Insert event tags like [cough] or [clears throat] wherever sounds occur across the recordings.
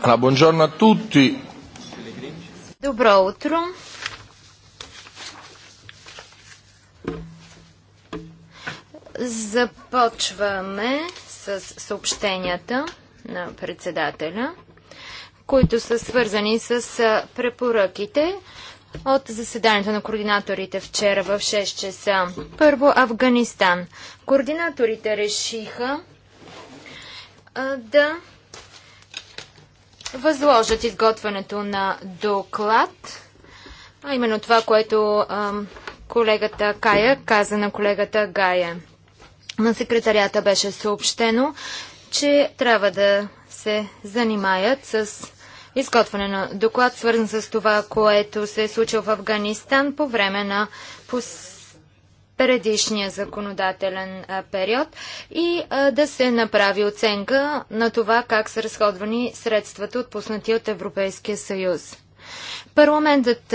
Allora, buongiorno a tutti. Добро утро. Започваме с съобщенията на председателя, които са свързани с препоръките от заседанието на координаторите вчера в 6 часа. Първо Афганистан. Координаторите решиха да възложат изготвянето на доклад, а именно това, което а, колегата Кая каза на колегата Гая. На секретарията беше съобщено, че трябва да се занимаят с изготвяне на доклад, свързан с това, което се е случило в Афганистан по време на пос предишния законодателен период и да се направи оценка на това как са разходвани средствата отпуснати от Европейския съюз. Парламентът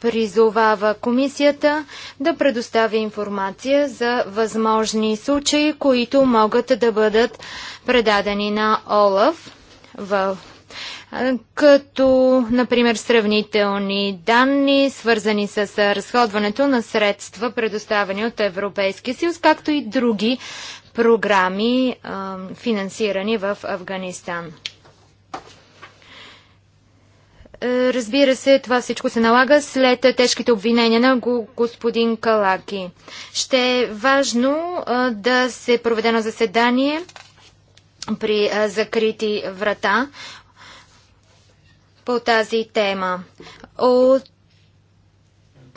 призовава комисията да предостави информация за възможни случаи, които могат да бъдат предадени на ОЛАФ в като, например, сравнителни данни, свързани с разходването на средства, предоставени от Европейския съюз, както и други програми, финансирани в Афганистан. Е, разбира се, това всичко се налага след тежките обвинения на господин Калаки. Ще е важно а, да се проведено заседание при а, закрити врата, по тази тема.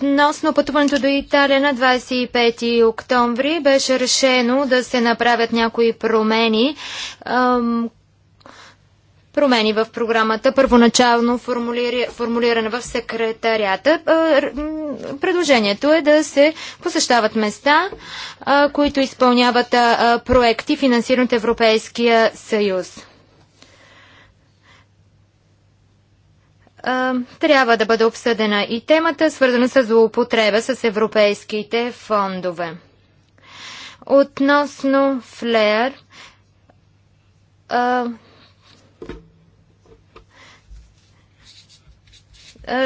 Относно пътуването до Италия на 25 октомври беше решено да се направят някои промени, промени в програмата, първоначално формулира, формулиране в секретарията. Предложението е да се посещават места, които изпълняват проекти, финансирани от Европейския съюз. трябва да бъде обсъдена и темата, свързана с злоупотреба с европейските фондове. Относно Флеер,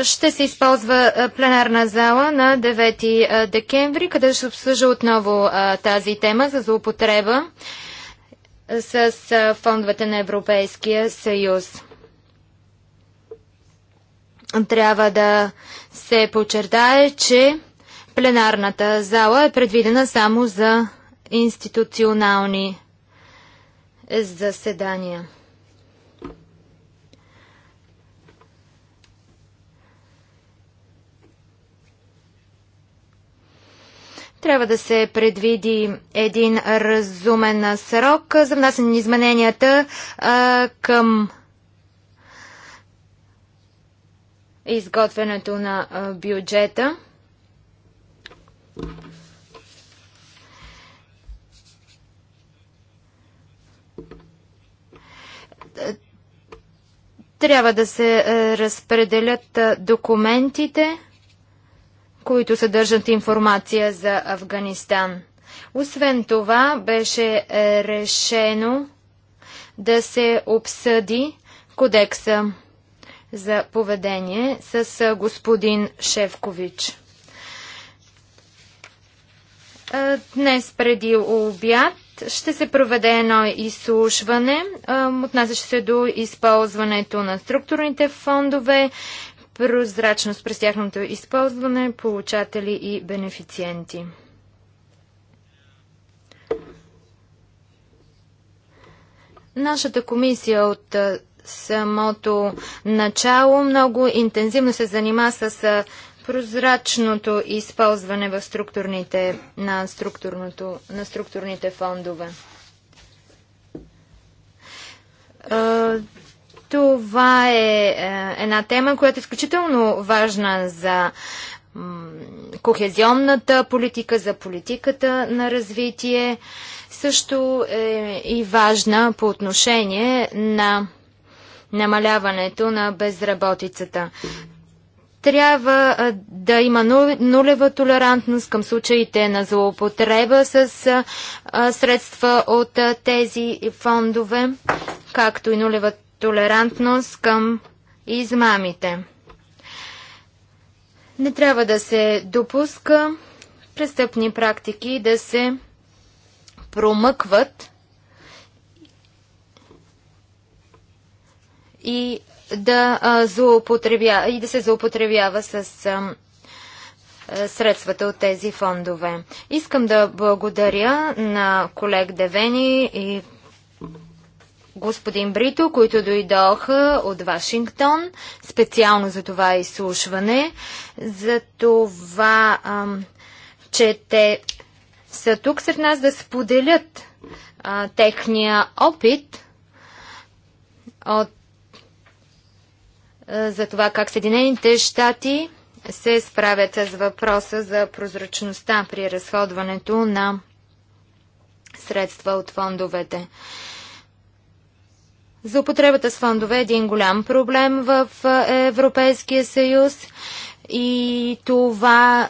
ще се използва пленарна зала на 9 декември, къде ще обсъжа отново тази тема за злоупотреба с фондовете на Европейския съюз трябва да се подчертае, че пленарната зала е предвидена само за институционални заседания. Трябва да се предвиди един разумен срок за внасяне на измененията към изготвянето на бюджета. Трябва да се разпределят документите, които съдържат информация за Афганистан. Освен това, беше е, решено да се обсъди кодекса за поведение с господин Шевкович. Днес преди обяд ще се проведе едно изслушване, отнасящо се до използването на структурните фондове, прозрачност през тяхното използване, получатели и бенефициенти. Нашата комисия от самото начало много интензивно се занима с прозрачното използване в структурните, на, структурното, на структурните фондове. Това е една тема, която е изключително важна за кохезионната политика, за политиката на развитие. Също е и важна по отношение на намаляването на безработицата. Трябва да има нулева толерантност към случаите на злоупотреба с средства от тези фондове, както и нулева толерантност към измамите. Не трябва да се допуска престъпни практики да се промъкват и да, а, и да се злоупотребява с а, средствата от тези фондове. Искам да благодаря на колег Девени и господин Брито, които дойдоха от Вашингтон специално за това изслушване, за това, че те са тук сред нас да споделят а, техния опит от е, за това как Съединените щати се справят с въпроса за прозрачността при разходването на средства от фондовете. За употребата с фондове е един голям проблем в е, Европейския съюз и това е,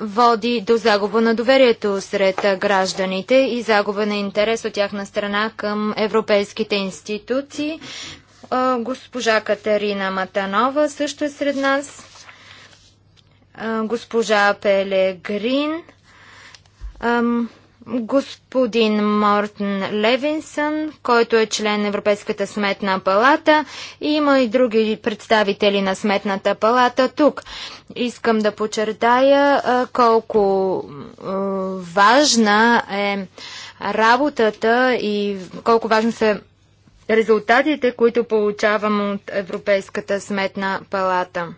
води до загуба на доверието сред гражданите и загуба на интерес от тяхна страна към европейските институции. Госпожа Катерина Матанова също е сред нас. Госпожа Пелегрин. Господин Мортен Левинсън, който е член на Европейската сметна палата. И има и други представители на сметната палата тук. Искам да подчертая колко важна е работата и колко важно се резултатите, които получавам от Европейската сметна палата.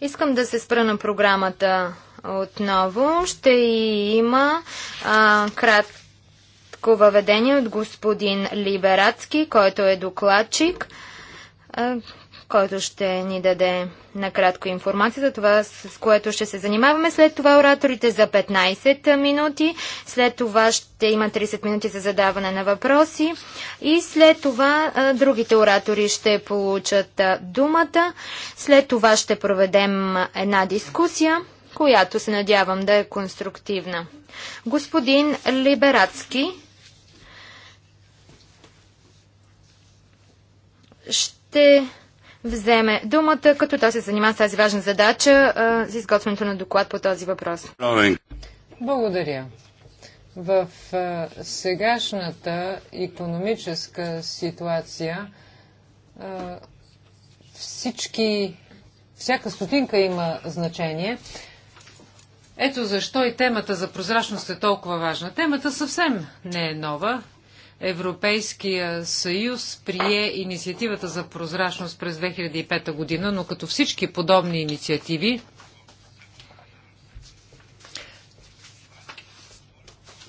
Искам да се спра на програмата отново. Ще има а, кратко въведение от господин Либерацки, който е докладчик. А, който ще ни даде накратко информация за това, с което ще се занимаваме. След това ораторите за 15 минути, след това ще има 30 минути за задаване на въпроси и след това другите оратори ще получат думата. След това ще проведем една дискусия, която се надявам да е конструктивна. Господин Либерацки, ще вземе думата, като той се занимава с тази важна задача за изготвянето на доклад по този въпрос. Благодаря. В сегашната економическа ситуация всички, всяка стотинка има значение. Ето защо и темата за прозрачност е толкова важна. Темата съвсем не е нова. Европейския съюз прие инициативата за прозрачност през 2005 година, но като всички подобни инициативи,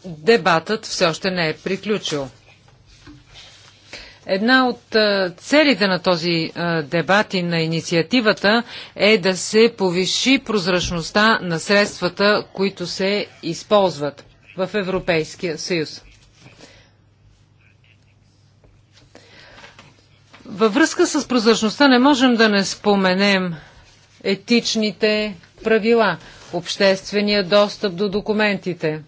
дебатът все още не е приключил. Една от целите на този дебат и на инициативата е да се повиши прозрачността на средствата, които се използват в Европейския съюз. Във връзка с прозрачността не можем да не споменем етичните правила, обществения достъп до документите,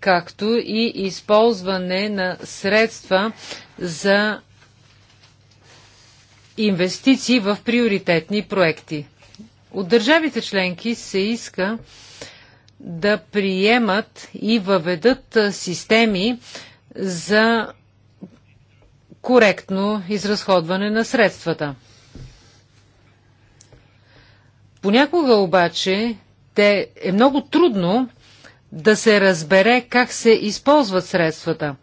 както и използване на средства за инвестиции в приоритетни проекти. От държавите членки се иска да приемат и въведат системи за коректно изразходване на средствата. Понякога обаче те е много трудно да се разбере как се използват средствата.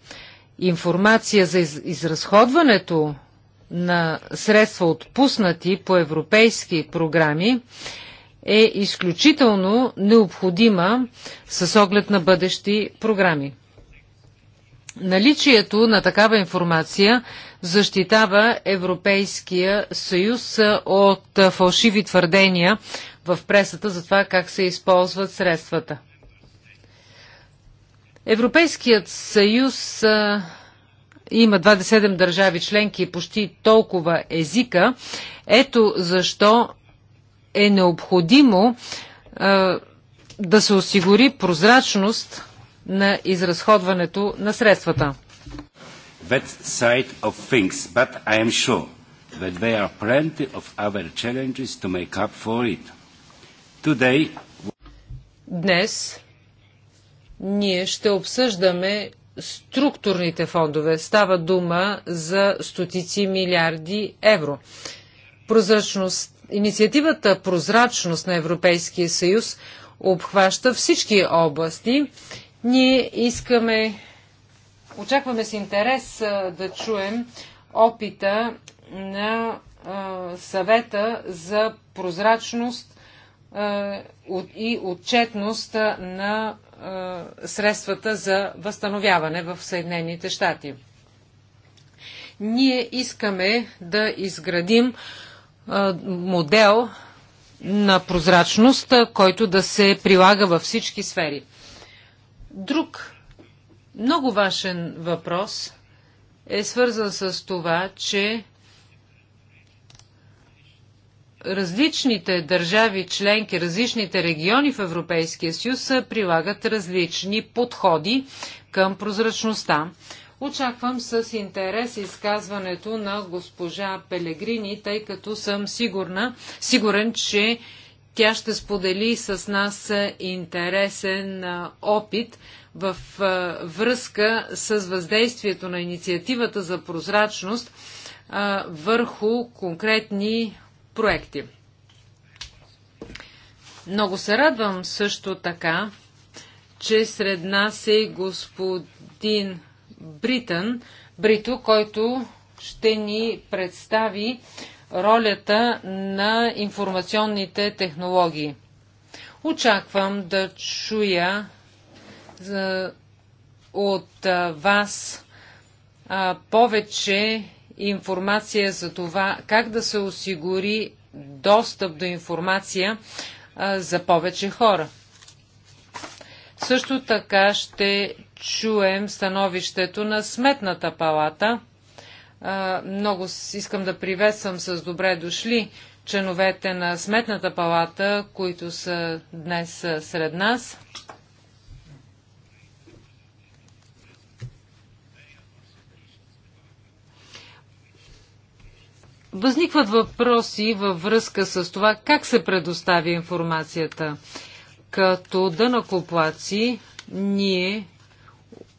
Информация за изразходването на средства отпуснати по европейски програми е изключително необходима с оглед на бъдещи програми. Наличието на такава информация защитава Европейския съюз от фалшиви твърдения в пресата за това как се използват средствата. Европейският съюз има 27 държави членки и почти толкова езика. Ето защо е необходимо да се осигури прозрачност на изразходването на средствата. Днес ние ще обсъждаме структурните фондове. Става дума за стотици милиарди евро. Прозрачност, инициативата Прозрачност на Европейския съюз обхваща всички области ние искаме, очакваме с интерес да чуем опита на съвета за прозрачност и отчетност на средствата за възстановяване в Съединените щати. Ние искаме да изградим модел на прозрачност, който да се прилага във всички сфери. Друг много важен въпрос е свързан с това, че различните държави членки, различните региони в Европейския съюз прилагат различни подходи към прозрачността. Очаквам с интерес изказването на госпожа Пелегрини, тъй като съм сигурна, сигурен, че тя ще сподели с нас интересен опит в връзка с въздействието на инициативата за прозрачност върху конкретни проекти. Много се радвам също така, че сред нас е господин Бритън, Брито, който ще ни представи ролята на информационните технологии. Очаквам да чуя от вас повече информация за това как да се осигури достъп до информация за повече хора. Също така ще чуем становището на Сметната палата – много искам да приветствам с добре дошли членовете на Сметната палата, които са днес сред нас. Възникват въпроси във връзка с това как се предостави информацията. Като дънакоплаци ние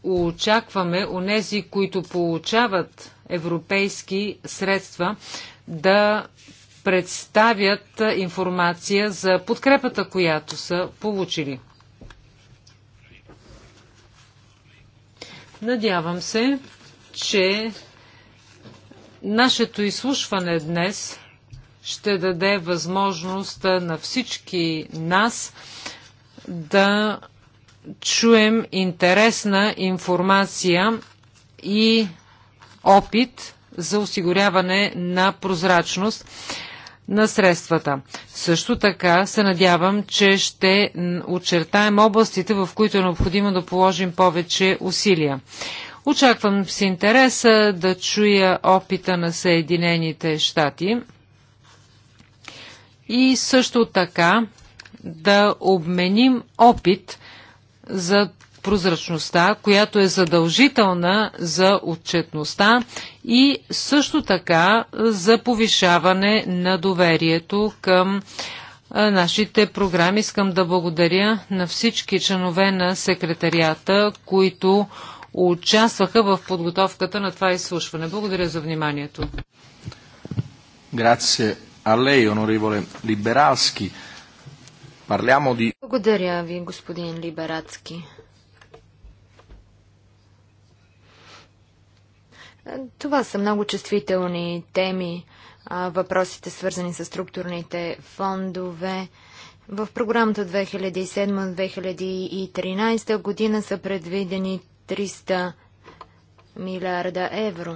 очакваме нези, които получават европейски средства да представят информация за подкрепата, която са получили. Надявам се, че нашето изслушване днес ще даде възможност на всички нас да чуем интересна информация и опит за осигуряване на прозрачност на средствата. Също така се надявам, че ще очертаем областите, в които е необходимо да положим повече усилия. Очаквам с интереса да чуя опита на Съединените щати и също така да обменим опит за прозрачността, която е задължителна за отчетността и също така за повишаване на доверието към нашите програми. Искам да благодаря на всички членове на секретарията, които участваха в подготовката на това изслушване. Благодаря за вниманието. Грация а лей, onorevole Либералски. Благодаря ви, господин Либерацки. Това са много чувствителни теми, въпросите свързани с структурните фондове. В програмата 2007-2013 година са предвидени 300 милиарда евро.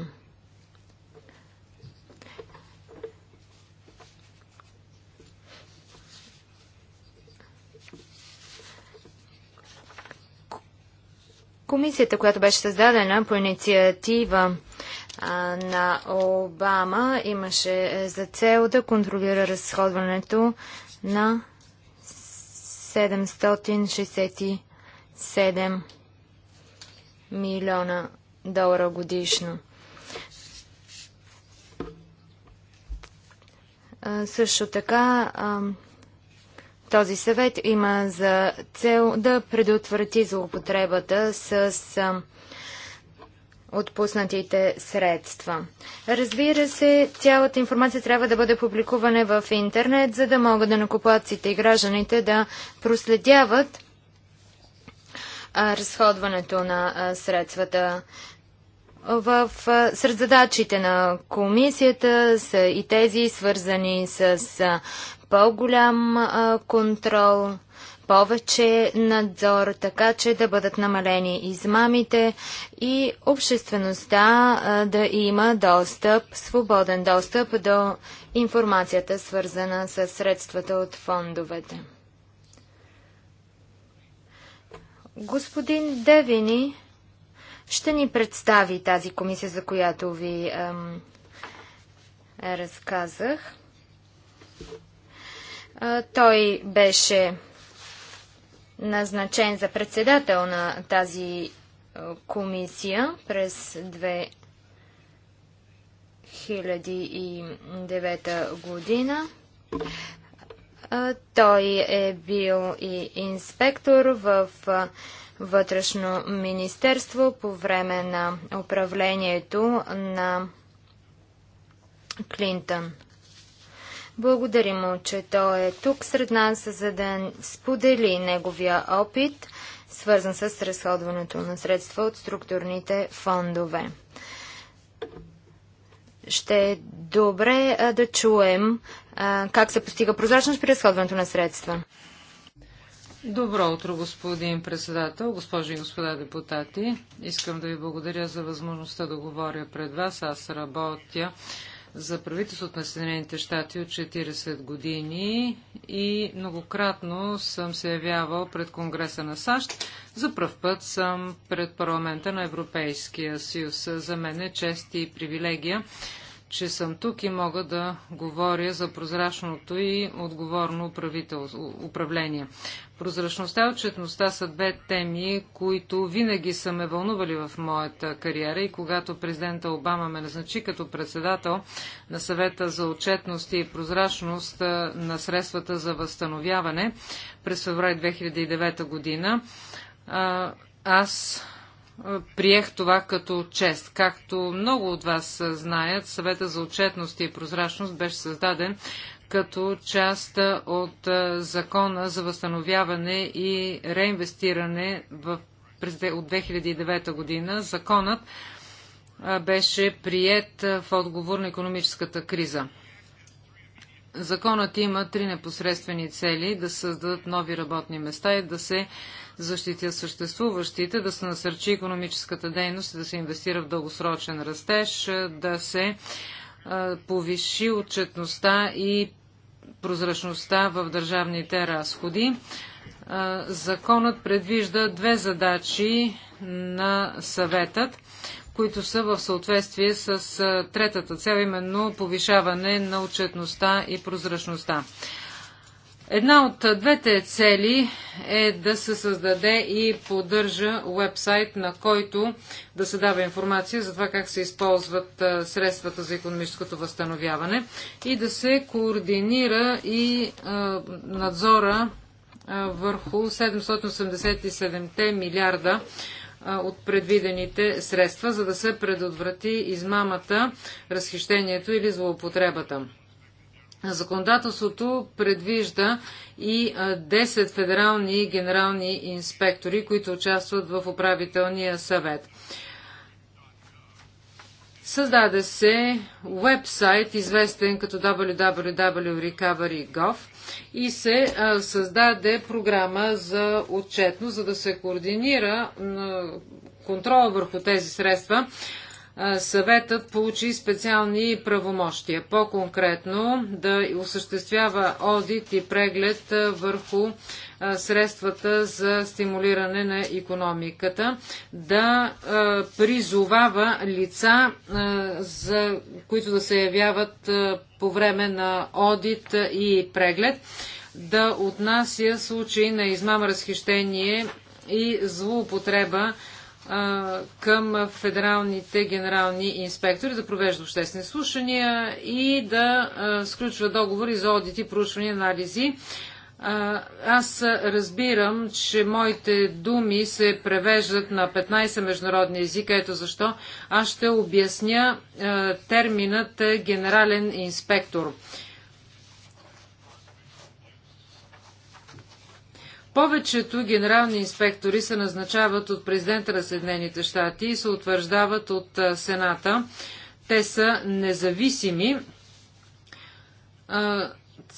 Комисията, която беше създадена по инициатива на Обама имаше е, за цел да контролира разходването на 767 милиона долара годишно. Също така този съвет има за цел да предотврати злоупотребата с отпуснатите средства. Разбира се, цялата информация трябва да бъде публикувана в интернет, за да могат да накупаците и гражданите да проследяват разходването на средствата. В, сред задачите на комисията са и тези свързани с по-голям контрол повече надзор, така че да бъдат намалени измамите и обществеността да има достъп, свободен достъп до информацията, свързана с средствата от фондовете. Господин Девини ще ни представи тази комисия, за която ви ем, разказах. той беше назначен за председател на тази е, комисия през 2009 година. Е, той е бил и инспектор в е, Вътрешно министерство по време на управлението на Клинтън. Благодари му, че той е тук сред нас, за да сподели неговия опит, свързан с разходването на средства от структурните фондове. Ще е добре а, да чуем а, как се постига прозрачност при разходването на средства. Добро утро, господин председател, госпожи и господа депутати. Искам да ви благодаря за възможността да говоря пред вас. Аз работя за правителството на Съединените щати от 40 години и многократно съм се явявал пред Конгреса на САЩ. За пръв път съм пред парламента на Европейския съюз. За мен е чест и привилегия че съм тук и мога да говоря за прозрачното и отговорно управление. Прозрачността и отчетността са две теми, които винаги са ме вълнували в моята кариера и когато президента Обама ме назначи като председател на съвета за отчетност и прозрачност на средствата за възстановяване през феврай 2009 година, аз приех това като чест. Както много от вас знаят, съвета за отчетност и прозрачност беше създаден като част от закона за възстановяване и реинвестиране в, през, от 2009 година. Законът беше прият в отговор на економическата криза. Законът има три непосредствени цели – да създадат нови работни места и да се защитят съществуващите, да се насърчи економическата дейност и да се инвестира в дългосрочен растеж, да се повиши отчетността и прозрачността в държавните разходи. Законът предвижда две задачи на съветът които са в съответствие с третата цел, именно повишаване на отчетността и прозрачността. Една от двете цели е да се създаде и поддържа уебсайт, на който да се дава информация за това как се използват средствата за економическото възстановяване и да се координира и надзора върху 787 милиарда от предвидените средства, за да се предотврати измамата, разхищението или злоупотребата. Законодателството предвижда и 10 федерални генерални инспектори, които участват в управителния съвет. Създаде се веб-сайт, известен като www.recovery.gov, и се създаде програма за отчетност, за да се координира контрола върху тези средства съветът получи специални правомощия. По-конкретно да осъществява одит и преглед върху средствата за стимулиране на економиката, да призовава лица, за които да се явяват по време на одит и преглед, да отнася случаи на измама, разхищение и злоупотреба към федералните генерални инспектори да провежда обществени слушания и да сключва договори за одити, проучвания, анализи аз разбирам, че моите думи се превеждат на 15 международни езика. Ето защо аз ще обясня терминът е генерален инспектор. Повечето генерални инспектори се назначават от президента на Съединените щати и се утвърждават от Сената. Те са независими.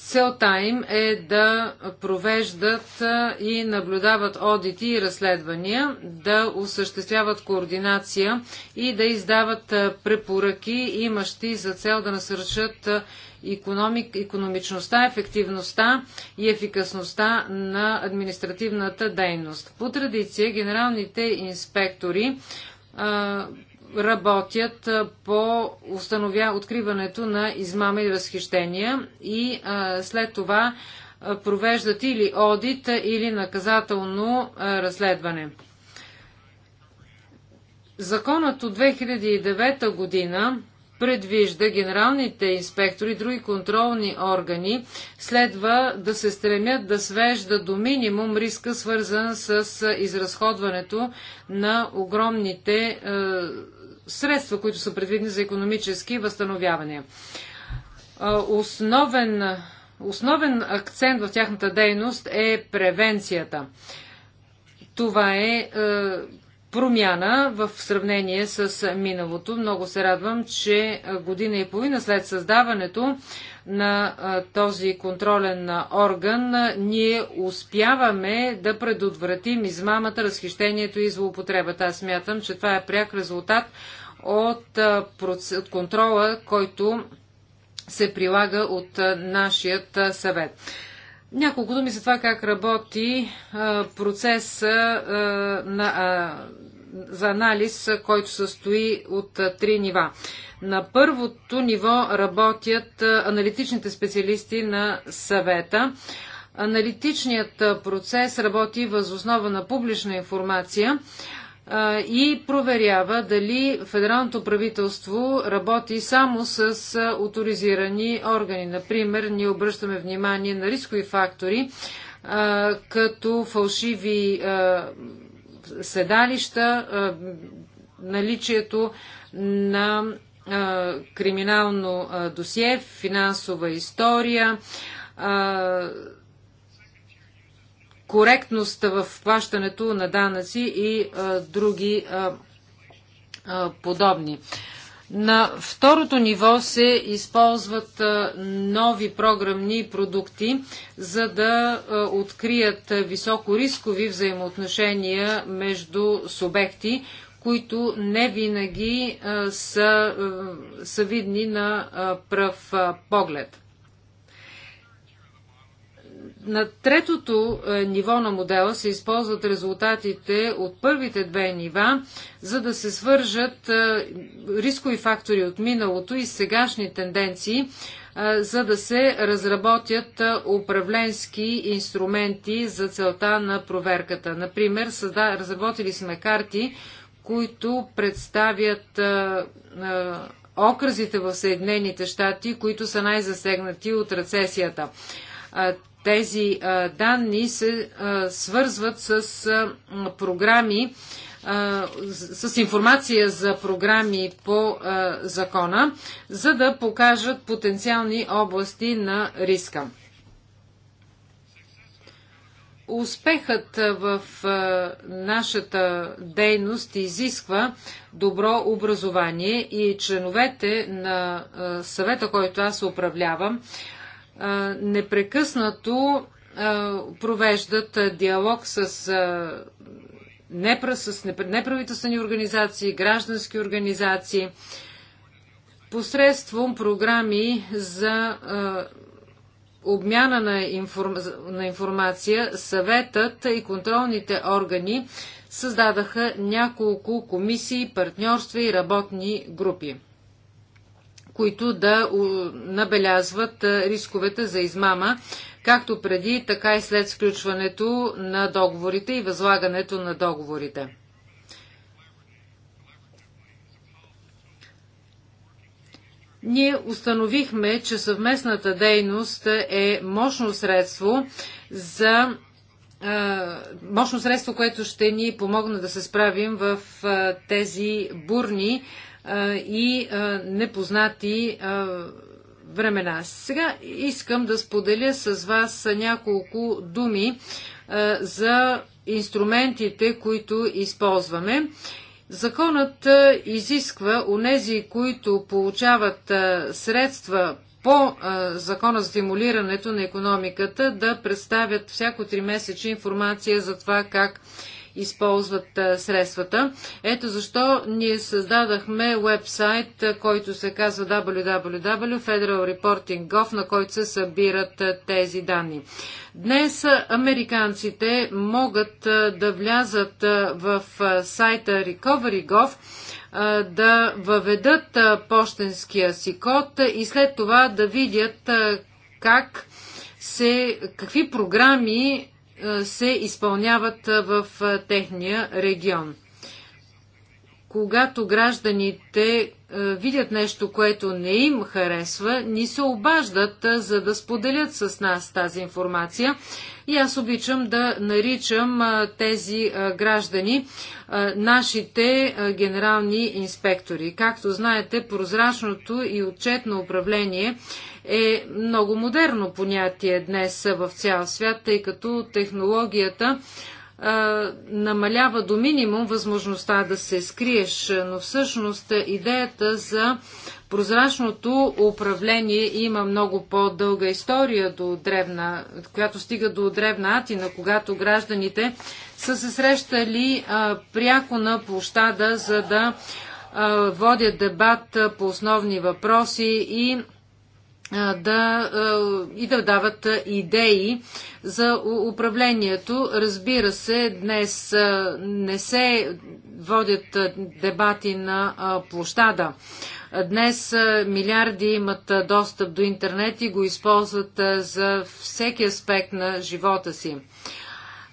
Целта им е да провеждат и наблюдават одити и разследвания, да осъществяват координация и да издават препоръки, имащи за цел да насърчат економик, економичността, ефективността и ефикасността на административната дейност. По традиция генералните инспектори работят по установя откриването на измама и разхищения и а, след това провеждат или одит, или наказателно разследване. Законът от 2009 година предвижда генералните инспектори и други контролни органи следва да се стремят да свежда до минимум риска, свързан с изразходването на огромните е, средства, които са предвидени за економически възстановявания. Основен, основен акцент в тяхната дейност е превенцията. Това е, е промяна в сравнение с миналото. Много се радвам, че година и половина след създаването на този контролен орган, ние успяваме да предотвратим измамата, разхищението и злоупотребата. Аз смятам, че това е пряк резултат от, от контрола, който се прилага от нашият съвет. Няколко думи за това как работи процес на за анализ, който състои от три нива. На първото ниво работят аналитичните специалисти на съвета. Аналитичният процес работи възоснова на публична информация и проверява дали федералното правителство работи само с авторизирани органи. Например, ние обръщаме внимание на рискови фактори, като фалшиви седалища, наличието на криминално досие, финансова история, коректност в плащането на данъци и други подобни. На второто ниво се използват нови програмни продукти, за да открият високорискови взаимоотношения между субекти, които не винаги са, са видни на пръв поглед. На третото е, ниво на модела се използват резултатите от първите две нива, за да се свържат е, рискови фактори от миналото и сегашни тенденции, е, за да се разработят управленски инструменти за целта на проверката. Например, разработили сме карти, които представят окразите в Съединените щати, които са най-засегнати от рецесията. Тези данни се свързват с програми, с информация за програми по закона, за да покажат потенциални области на риска. Успехът в нашата дейност изисква добро образование и членовете на съвета, който аз управлявам, непрекъснато провеждат диалог с, неправителствени организации, граждански организации, посредством програми за обмяна на, информация, съветът и контролните органи създадаха няколко комисии, партньорства и работни групи които да набелязват рисковете за измама, както преди, така и след сключването на договорите и възлагането на договорите. Ние установихме, че съвместната дейност е мощно средство за мощно средство, което ще ни помогне да се справим в тези бурни и непознати времена. Сега искам да споделя с вас няколко думи за инструментите, които използваме. Законът изисква у нези, които получават средства по закона за стимулирането на економиката, да представят всяко три месече информация за това как използват средствата. Ето защо ние създадахме вебсайт, който се казва www.federalreporting.gov, на който се събират тези данни. Днес американците могат да влязат в сайта Recovery.gov, да въведат почтенския си код и след това да видят как се, какви програми е, се изпълняват е, в е, техния регион. Когато гражданите е, видят нещо, което не им харесва, ни се обаждат, е, за да споделят с нас тази информация. И аз обичам да наричам е, тези граждани нашите генерални инспектори. Както знаете, прозрачното и отчетно управление е много модерно понятие днес в цял свят, тъй като технологията намалява до минимум възможността да се скриеш, но всъщност идеята за прозрачното управление има много по-дълга история, до древна, която стига до древна Атина, когато гражданите са се срещали а, пряко на площада, за да водят дебат по основни въпроси и да, и да дават идеи за управлението. Разбира се, днес не се водят дебати на площада. Днес милиарди имат достъп до интернет и го използват за всеки аспект на живота си.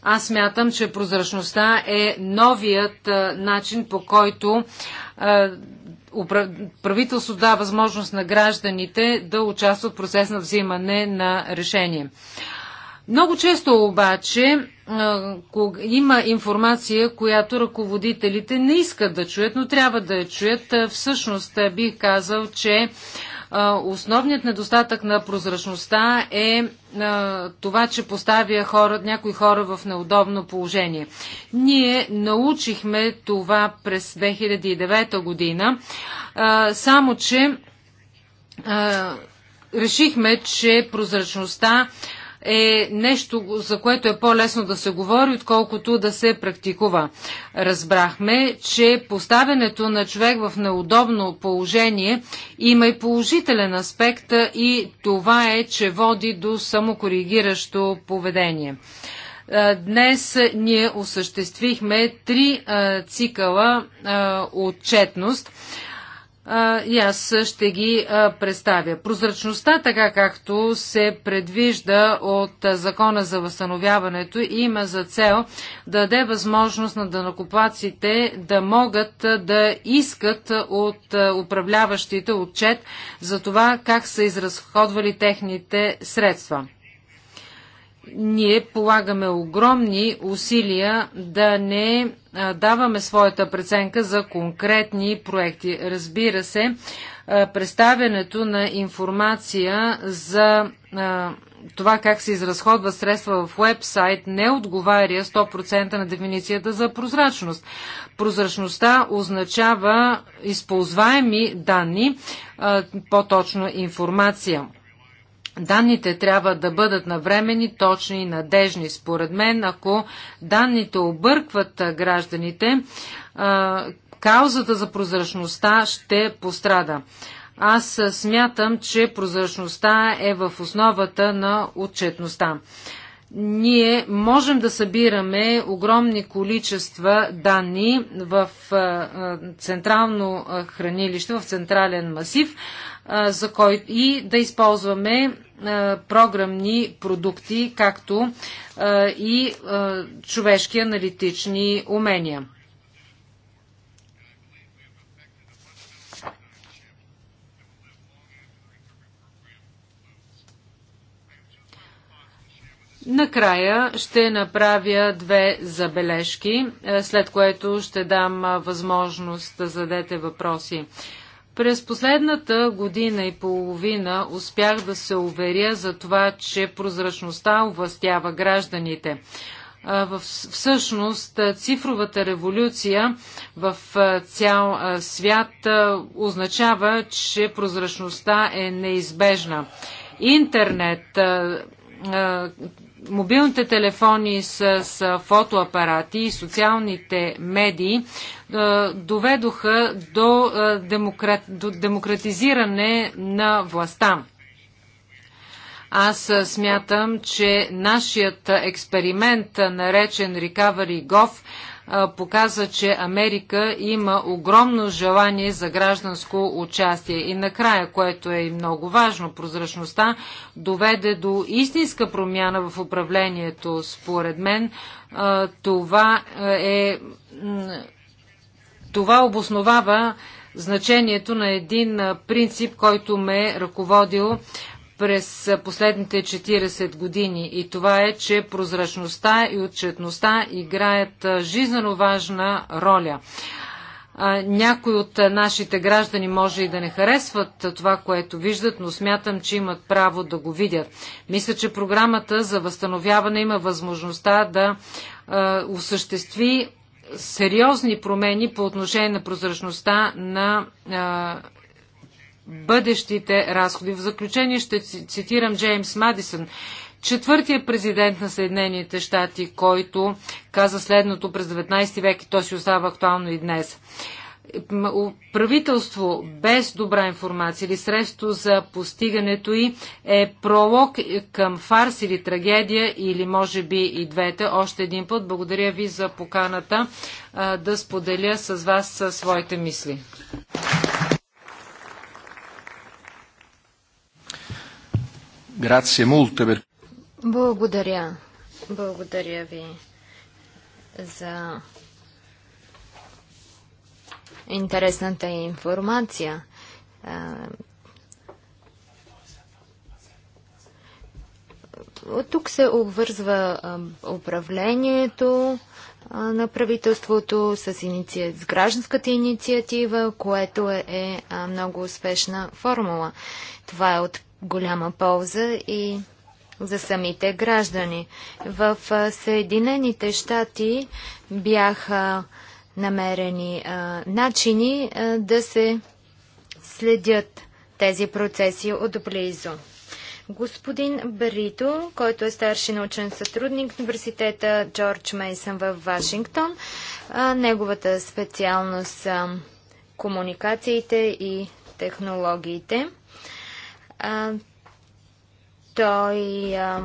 Аз мятам, че прозрачността е новият начин по който правителството дава възможност на гражданите да участват в процес на взимане на решение. Много често обаче има информация, която ръководителите не искат да чуят, но трябва да я чуят. Всъщност бих казал, че Основният недостатък на прозрачността е това, че поставя хора, някои хора в неудобно положение. Ние научихме това през 2009 година, само че решихме, че прозрачността е нещо, за което е по-лесно да се говори, отколкото да се практикува. Разбрахме, че поставянето на човек в неудобно положение има и положителен аспект и това е, че води до самокоригиращо поведение. Днес ние осъществихме три цикъла отчетност и аз ще ги представя. Прозрачността, така както се предвижда от Закона за възстановяването, има за цел да даде възможност на данокоплаците да могат да искат от управляващите отчет за това как са изразходвали техните средства ние полагаме огромни усилия да не даваме своята преценка за конкретни проекти. Разбира се, представянето на информация за това как се изразходва средства в вебсайт не отговаря 100% на дефиницията за прозрачност. Прозрачността означава използваеми данни, по-точно информация. Данните трябва да бъдат навремени, точни и надежни. Според мен, ако данните объркват гражданите, каузата за прозрачността ще пострада. Аз смятам, че прозрачността е в основата на отчетността. Ние можем да събираме огромни количества данни в централно хранилище, в централен масив, за кой... и да използваме е, програмни продукти, както е, и е, човешки аналитични умения. Накрая ще направя две забележки, след което ще дам възможност да зададете въпроси. През последната година и половина успях да се уверя за това, че прозрачността овластява гражданите. Всъщност, цифровата революция в цял свят означава, че прозрачността е неизбежна. Интернет, мобилните телефони с, с фотоапарати и социалните медии е, доведоха до, е, демократ, до демократизиране на властта. Аз е, смятам, че нашият експеримент, наречен Recovery Gov, показа, че Америка има огромно желание за гражданско участие. И накрая, което е и много важно, прозрачността доведе до истинска промяна в управлението. Според мен това е. Това обосновава значението на един принцип, който ме е ръководил през последните 40 години и това е, че прозрачността и отчетността играят жизненно важна роля. Някои от нашите граждани може и да не харесват това, което виждат, но смятам, че имат право да го видят. Мисля, че програмата за възстановяване има възможността да осъществи сериозни промени по отношение на прозрачността на бъдещите разходи. В заключение ще цитирам Джеймс Мадисън, четвъртия президент на Съединените щати, който каза следното през 19 век и то си остава актуално и днес правителство без добра информация или средство за постигането й е пролог към фарс или трагедия или може би и двете. Още един път благодаря ви за поканата да споделя с вас своите мисли. Грация мулте. Благодаря. Благодаря ви за интересната информация. От тук се обвързва управлението на правителството с, иници... с гражданската инициатива, което е, е много успешна формула. Това е от голяма полза и за самите граждани. В Съединените щати бяха намерени а, начини а, да се следят тези процеси отблизо. Господин Барито, който е старши научен сътрудник в университета Джордж Мейсън в Вашингтон, а, неговата специалност са комуникациите и технологиите. А, той а,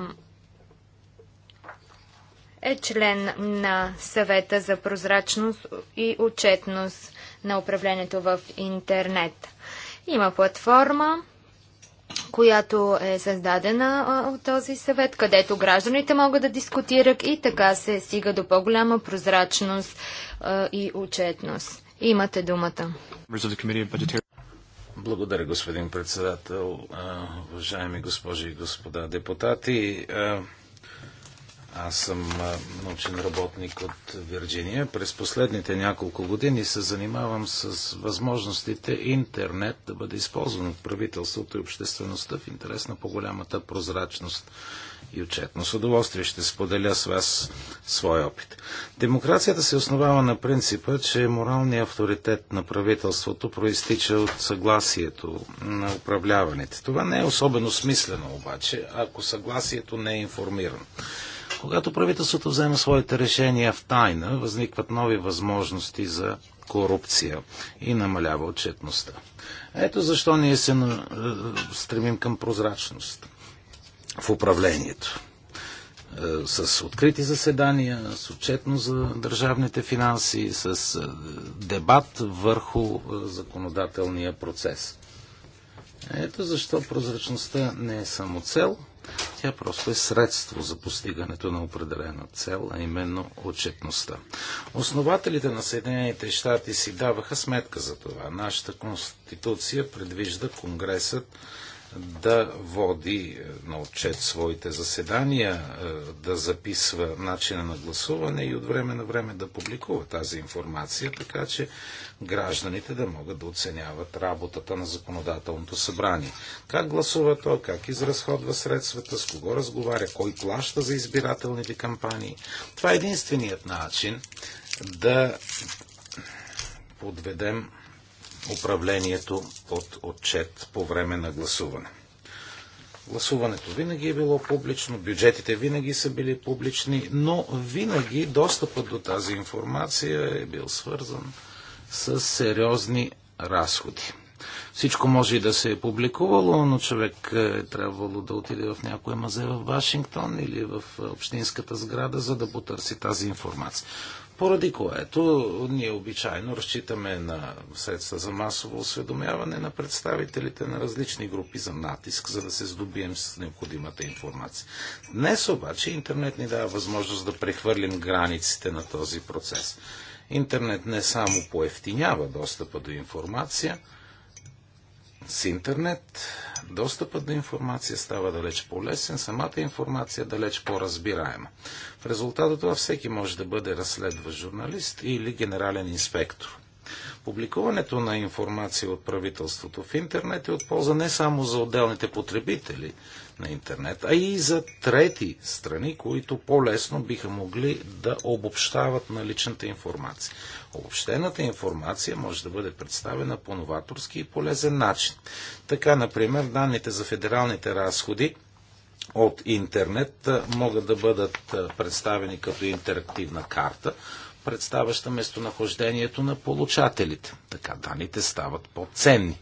е член на съвета за прозрачност и отчетност на управлението в интернет. Има платформа, която е създадена от този съвет, където гражданите могат да дискутират и така се стига до по-голяма прозрачност и отчетност. Имате думата. Благодаря, господин председател. Уважаеми госпожи и господа депутати, аз съм научен работник от Вирджиния. През последните няколко години се занимавам с възможностите интернет да бъде използван от правителството и обществеността в интерес на по-голямата прозрачност и отчетно. С удоволствие ще споделя с вас свой опит. Демокрацията се основава на принципа, че моралният авторитет на правителството проистича от съгласието на управляваните. Това не е особено смислено обаче, ако съгласието не е информирано. Когато правителството взема своите решения в тайна, възникват нови възможности за корупция и намалява отчетността. Ето защо ние се стремим към прозрачност в управлението. Е, с открити заседания, с отчетно за държавните финанси, с е, дебат върху е, законодателния процес. Ето защо прозрачността не е само цел, тя просто е средство за постигането на определена цел, а именно отчетността. Основателите на Съединените щати си даваха сметка за това. Нашата конституция предвижда Конгресът да води е, на отчет своите заседания, е, да записва начина на гласуване и от време на време да публикува тази информация, така че гражданите да могат да оценяват работата на законодателното събрание. Как гласува то, как изразходва средствата, с кого разговаря, кой плаща за избирателните кампании. Това е единственият начин да подведем управлението от отчет по време на гласуване. Гласуването винаги е било публично, бюджетите винаги са били публични, но винаги достъпът до тази информация е бил свързан с сериозни разходи. Всичко може и да се е публикувало, но човек е трябвало да отиде в някое мазе в Вашингтон или в е, общинската сграда, за да потърси тази информация. Поради което ние обичайно разчитаме на средства за масово осведомяване на представителите на различни групи за натиск, за да се здобием с необходимата информация. Днес обаче интернет ни дава възможност да прехвърлим границите на този процес. Интернет не само поевтинява достъпа до информация, с интернет достъпът до информация става далеч по-лесен, самата информация далеч по-разбираема. В резултат от това всеки може да бъде разследващ журналист или генерален инспектор. Публикуването на информация от правителството в интернет е от полза не само за отделните потребители, на интернет, а и за трети страни, които по-лесно биха могли да обобщават наличната информация. Обобщената информация може да бъде представена по новаторски и полезен начин. Така, например, данните за федералните разходи от интернет могат да бъдат представени като интерактивна карта, представяща местонахождението на получателите. Така данните стават по-ценни.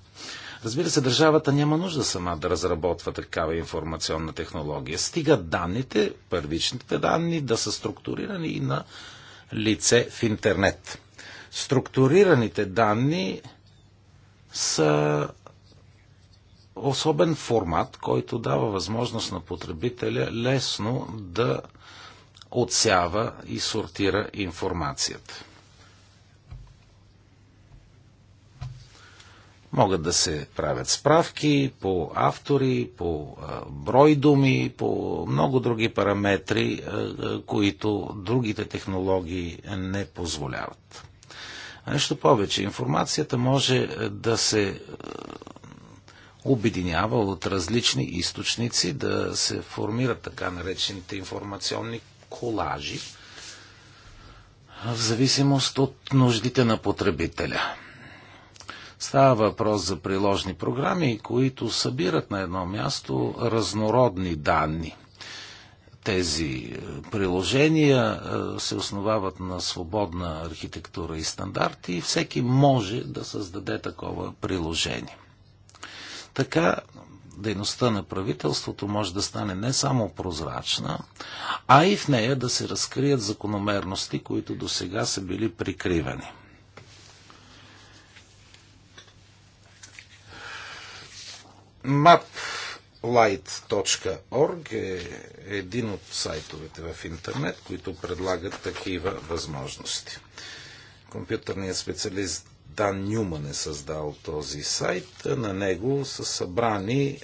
Разбира се, държавата няма нужда сама да разработва такава информационна технология. Стига данните, първичните данни, да са структурирани и на лице в интернет. Структурираните данни са особен формат, който дава възможност на потребителя лесно да отсява и сортира информацията. Могат да се правят справки по автори, по брой думи, по много други параметри, които другите технологии не позволяват. А нещо повече, информацията може да се обединява от различни източници, да се формират така наречените информационни колажи в зависимост от нуждите на потребителя. Става въпрос за приложни програми, които събират на едно място разнородни данни. Тези е, приложения е, се основават на свободна архитектура и стандарти и всеки може да създаде такова приложение. Така дейността на правителството може да стане не само прозрачна, а и в нея да се разкрият закономерности, които до сега са били прикривани. maplight.org е един от сайтовете в интернет, които предлагат такива възможности. Компютърният специалист Дан Нюман е създал този сайт. На него са събрани е,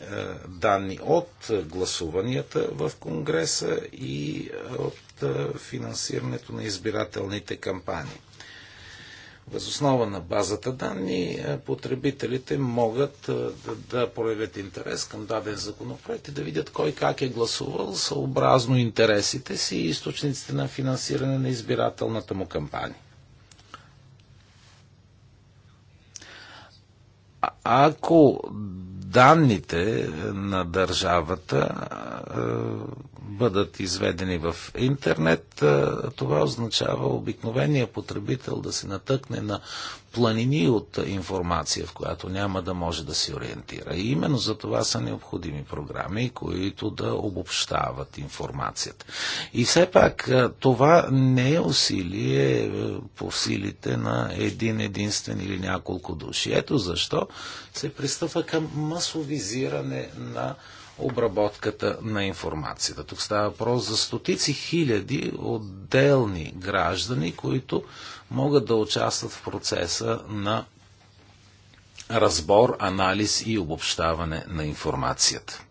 данни от гласуванията в Конгреса и е, от е, финансирането на избирателните кампании. Възоснова на базата данни е, потребителите могат е, да, да проявят интерес към даден законопроект и да видят кой как е гласувал съобразно интересите си и източниците на финансиране на избирателната му кампания. ако данните на държавата е, бъдат изведени в интернет, това означава обикновения потребител да се натъкне на планини от информация, в която няма да може да се ориентира. И именно за това са необходими програми, които да обобщават информацията. И все пак това не е усилие е, по силите на един единствен или няколко души. Ето защо се пристъпва към масовизиране на обработката на информацията. Тук става въпрос за стотици хиляди отделни граждани, които могат да участват в процеса на разбор, анализ и обобщаване на информацията.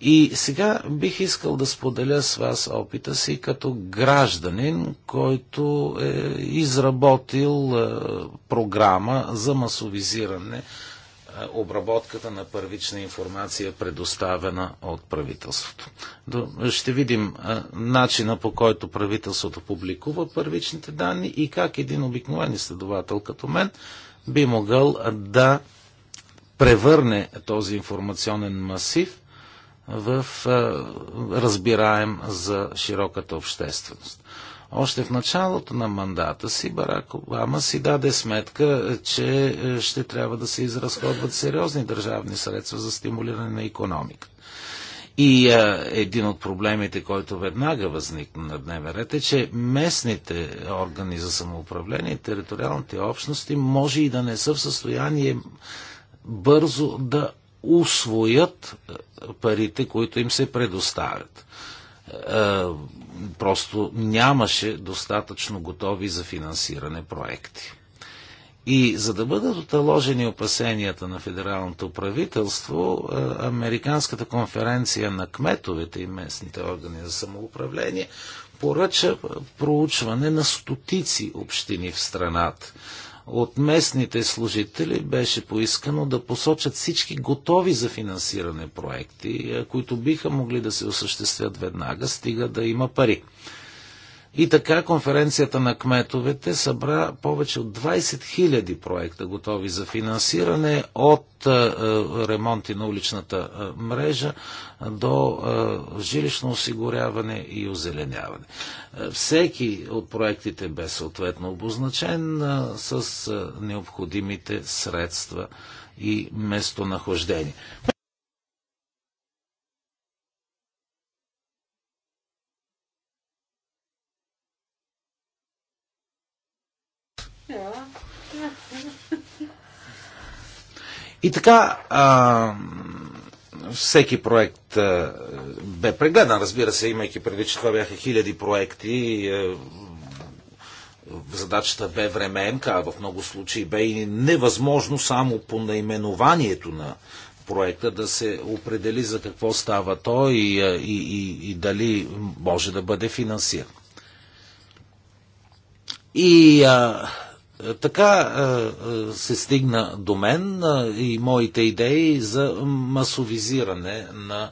И сега бих искал да споделя с вас опита си като гражданин, който е изработил е, програма за масовизиране е, обработката на първична информация, предоставена от правителството. Ще видим е, начина по който правителството публикува първичните данни и как един обикновен изследовател като мен би могъл да превърне този информационен масив в е, разбираем за широката общественост. Още в началото на мандата си Барак Обама си даде сметка, че е, ще трябва да се изразходват сериозни държавни средства за стимулиране на економика. И а, е, един от проблемите, който веднага възникна на дневен ред е, че местните органи за самоуправление, териториалните общности може и да не са в състояние бързо да усвоят е, парите, които им се предоставят просто нямаше достатъчно готови за финансиране проекти. И за да бъдат оталожени опасенията на федералното правителство, е, Американската конференция на кметовете и местните органи за самоуправление поръча проучване на стотици общини в страната от местните служители беше поискано да посочат всички готови за финансиране проекти, които биха могли да се осъществят веднага, стига да има пари. И така конференцията на кметовете събра повече от 20 000 проекта готови за финансиране от е, е, ремонти на уличната е, мрежа до жилищно осигуряване и озеленяване. Всеки от проектите бе съответно обозначен с необходимите средства и местонахождение. И така, а, всеки проект а, бе прегледан, разбира се, имайки преди, че това бяха хиляди проекти. А, задачата бе времеемка, а в много случаи бе и невъзможно само по наименованието на проекта да се определи за какво става то и, и, и, и дали може да бъде финансиран. И а, така е, е, се стигна до мен е, и моите идеи за масовизиране на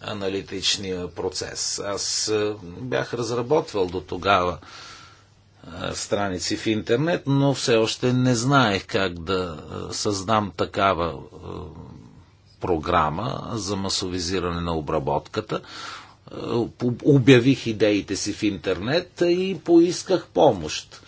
аналитичния процес. Аз бях разработвал до тогава страници в интернет, но все още не знаех как да създам такава програма за масовизиране на обработката. Обявих идеите си в интернет и поисках помощ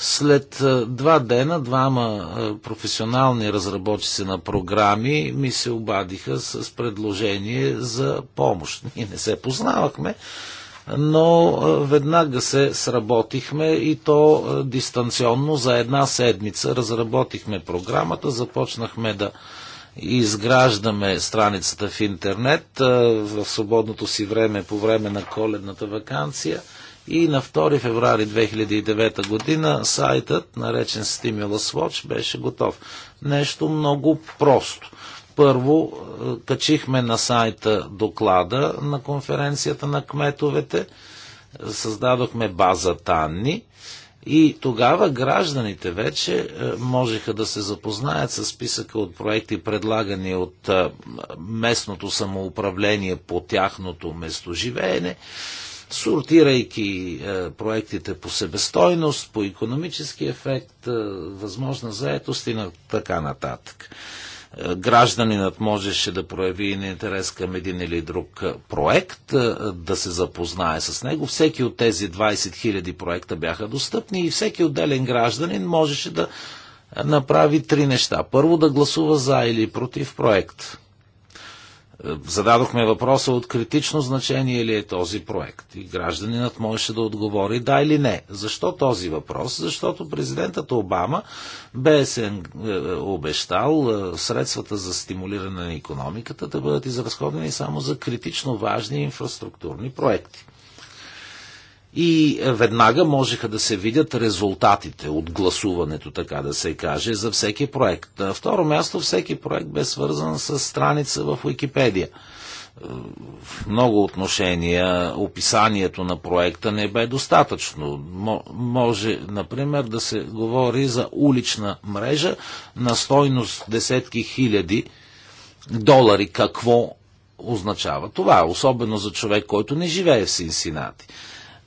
след два дена двама професионални разработчици на програми ми се обадиха с предложение за помощ. Ние не се познавахме, но веднага се сработихме и то дистанционно за една седмица. Разработихме програмата, започнахме да изграждаме страницата в интернет в свободното си време по време на коледната вакансия – и на 2 феврари 2009 година сайтът, наречен Stimulus Watch, беше готов. Нещо много просто. Първо, е, качихме на сайта доклада на конференцията на кметовете, създадохме база данни и тогава гражданите вече е, можеха да се запознаят с списъка от проекти, предлагани от е, местното самоуправление по тяхното местоживеене сортирайки е, проектите по себестойност, по економически ефект, е, възможна заетост и на така нататък. Е, гражданинът можеше да прояви интерес към един или друг проект, да се запознае с него. Всеки от тези 20 000 проекта бяха достъпни и всеки отделен гражданин можеше да направи три неща. Първо да гласува за или против проект е, зададохме въпроса от критично значение ли е този проект и гражданинът можеше да отговори да или не. Защо този въпрос? Защото президентът Обама бе се обещал е, средствата за стимулиране на економиката да бъдат изразходени само за критично важни инфраструктурни проекти и веднага можеха да се видят резултатите от гласуването, така да се каже, за всеки проект. На второ място, всеки проект бе свързан с страница в Уикипедия. Е, в много отношения описанието на проекта не бе достатъчно. Може, например, да се говори за улична мрежа на стойност десетки хиляди долари. Какво означава това? Особено за човек, който не живее в Синсинати.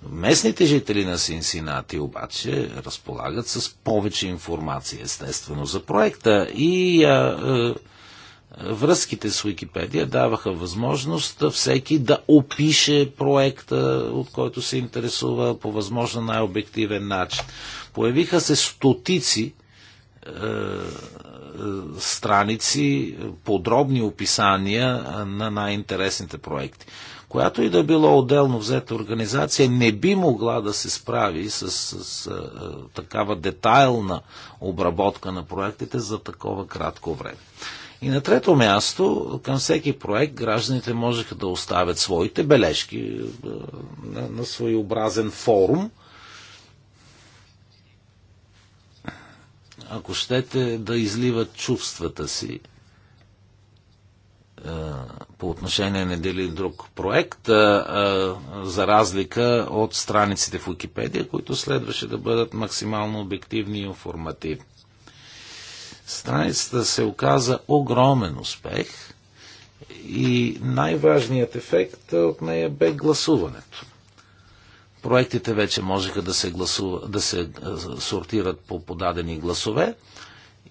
Местните жители на Синсинати обаче разполагат с повече информация, естествено, за проекта и а, а, връзките с Уикипедия даваха възможност всеки да опише проекта, от който се интересува по възможно най-обективен начин. Появиха се стотици страници, подробни описания на най-интересните проекти която и да било отделно взета организация, не би могла да се справи с, с, с такава детайлна обработка на проектите за такова кратко време. И на трето място, към всеки проект гражданите можеха да оставят своите бележки на, на своеобразен форум. Ако щете да изливат чувствата си по отношение на дели друг проект, за разлика от страниците в Уикипедия, които следваше да бъдат максимално обективни и информативни. Страницата се оказа огромен успех и най-важният ефект от нея бе гласуването. Проектите вече можеха да се, гласува, да се сортират по подадени гласове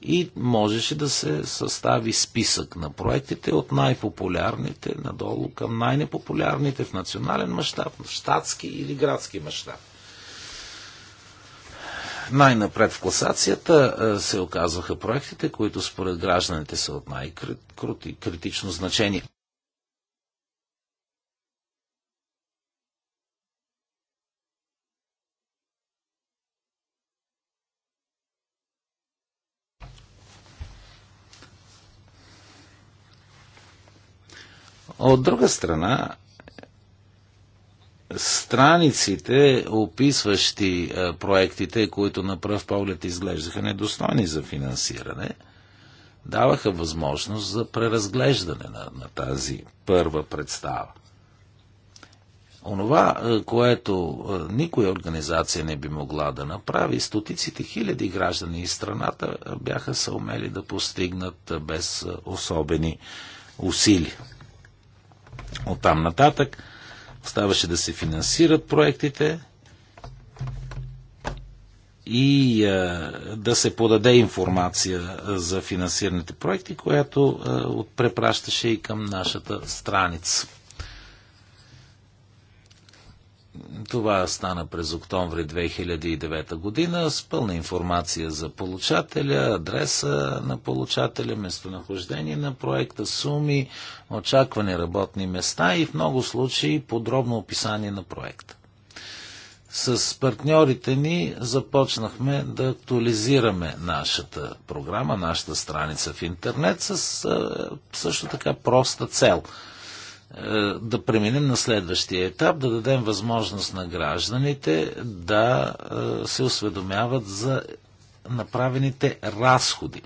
и можеше да се състави списък на проектите от най-популярните надолу към най-непопулярните в национален мащаб, в щатски или градски мащаб. Най-напред в класацията се оказваха проектите, които според гражданите са от най-критично значение. От друга страна, страниците, описващи проектите, които на пръв поглед изглеждаха недостойни за финансиране, даваха възможност за преразглеждане на, на тази първа представа. Онова, което никоя организация не би могла да направи, стотиците хиляди граждани из страната бяха се умели да постигнат без особени усилия. От там нататък оставаше да се финансират проектите и а, да се подаде информация за финансираните проекти, която а, препращаше и към нашата страница. Това стана през октомври 2009 година с пълна информация за получателя, адреса на получателя, местонахождение на проекта, суми, очаквани работни места и в много случаи подробно описание на проекта. С партньорите ни започнахме да актуализираме нашата програма, нашата страница в интернет с също така проста цел – е, да преминем на следващия етап, да дадем възможност на гражданите да е, се осведомяват за направените разходи.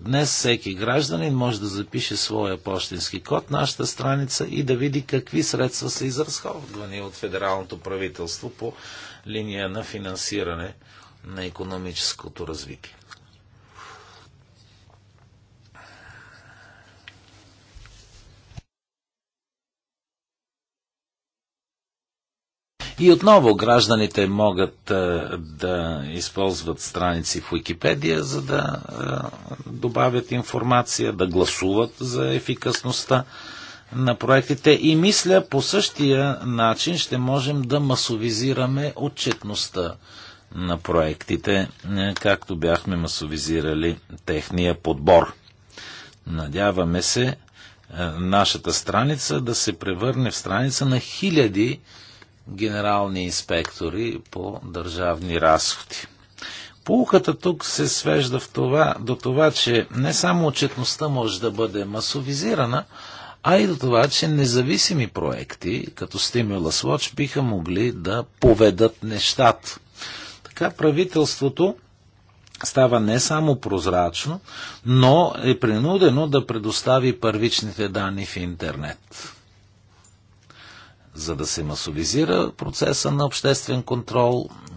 Днес всеки гражданин може да запише своя почтенски код, нашата страница и да види какви средства са изразходвани от федералното правителство по линия на финансиране на економическото развитие. И отново гражданите могат е, да използват страници в Уикипедия, за да е, добавят информация, да гласуват за ефикасността на проектите и мисля по същия начин ще можем да масовизираме отчетността на проектите, е, както бяхме масовизирали техния подбор. Надяваме се нашата страница да се превърне в страница на хиляди генерални инспектори по държавни разходи. Полуката тук се свежда в това, до това, че не само отчетността може да бъде масовизирана, а и до това, че независими проекти, като Стимула Watch, биха могли да поведат нещата. Така правителството става не само прозрачно, но е принудено да предостави първичните данни в интернет за да се масовизира процеса на обществен контрол, е,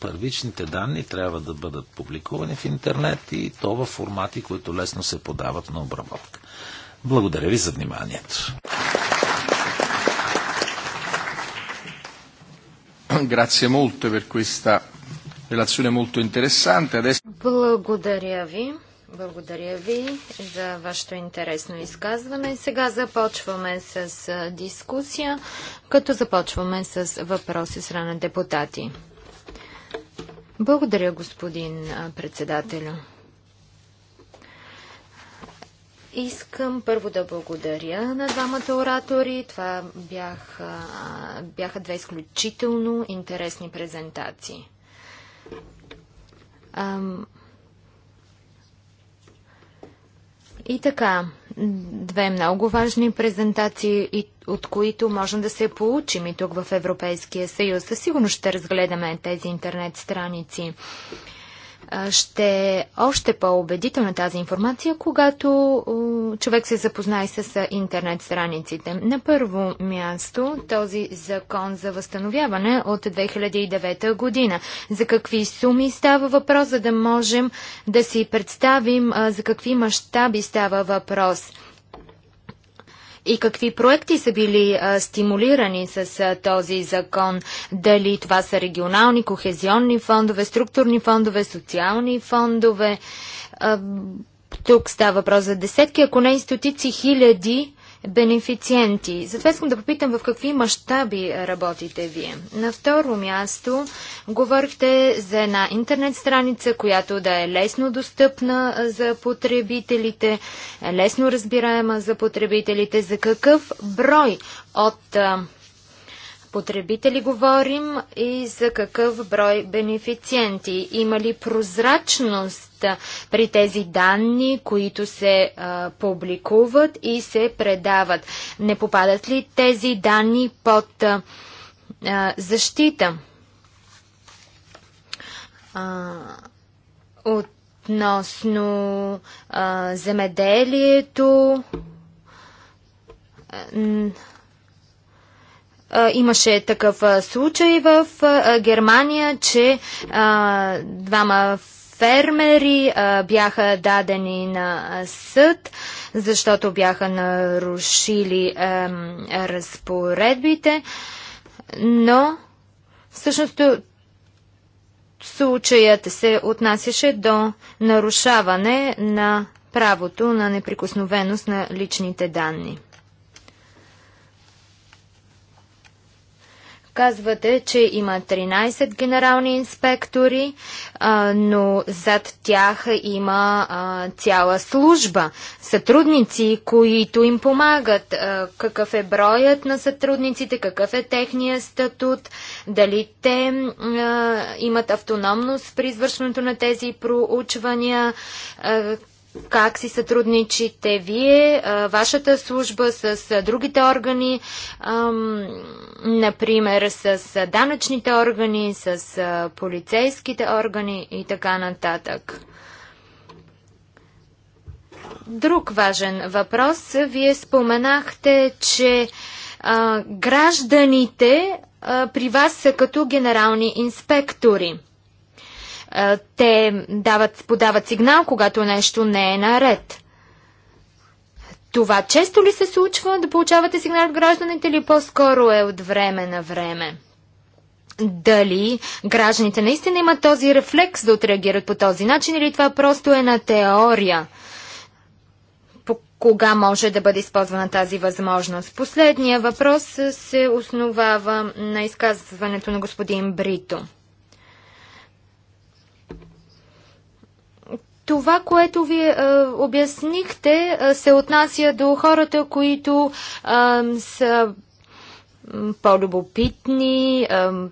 първичните данни трябва да бъдат публикувани в интернет и то в формати, които лесно се подават на обработка. Благодаря ви за вниманието. Grazie molto per questa relazione molto interessante. Благодаря ви. Благодаря ви за вашето интересно изказване. Сега започваме с дискусия, като започваме с въпроси с на депутати. Благодаря, господин председателю. Искам първо да благодаря на двамата оратори. Това бяха, бяха две изключително интересни презентации. Ам... И така, две много важни презентации, от които можем да се получим и тук в Европейския съюз. Със ще разгледаме тези интернет страници ще е още по-убедителна тази информация, когато човек се запознае с интернет страниците. На първо място този закон за възстановяване от 2009 година. За какви суми става въпрос, за да можем да си представим за какви мащаби става въпрос – и какви проекти са били а, стимулирани с а, този закон? Дали това са регионални, кохезионни фондове, структурни фондове, социални фондове? А, тук става въпрос за десетки, ако не и стотици хиляди бенефициенти. Затова искам да попитам в какви мащаби работите вие. На второ място говорихте за една интернет страница, която да е лесно достъпна за потребителите, лесно разбираема за потребителите. За какъв брой от потребители говорим и за какъв брой бенефициенти. Има ли прозрачност при тези данни, които се а, публикуват и се предават? Не попадат ли тези данни под а, защита? А, относно а, земеделието, Имаше такъв случай в Германия, че двама фермери бяха дадени на съд, защото бяха нарушили разпоредбите, но всъщност случаят се отнасяше до нарушаване на правото на неприкосновеност на личните данни. Казвате, че има 13 генерални инспектори, а, но зад тях има а, цяла служба, сътрудници, които им помагат. А, какъв е броят на сътрудниците, какъв е техния статут, дали те имат автономност при извършването на тези проучвания, как си сътрудничите вие, вашата служба с другите органи, например с данъчните органи, с полицейските органи и така нататък? Друг важен въпрос. Вие споменахте, че гражданите при вас са като генерални инспектори. Те дават, подават сигнал, когато нещо не е наред. Това често ли се случва да получавате сигнал от гражданите или по-скоро е от време на време? Дали гражданите наистина имат този рефлекс да отреагират по този начин или това просто е на теория? По кога може да бъде използвана тази възможност? Последния въпрос се основава на изказването на господин Брито. Това, което ви а, е, обяснихте, а, е, се отнася до хората, които а, е, са по-любопитни,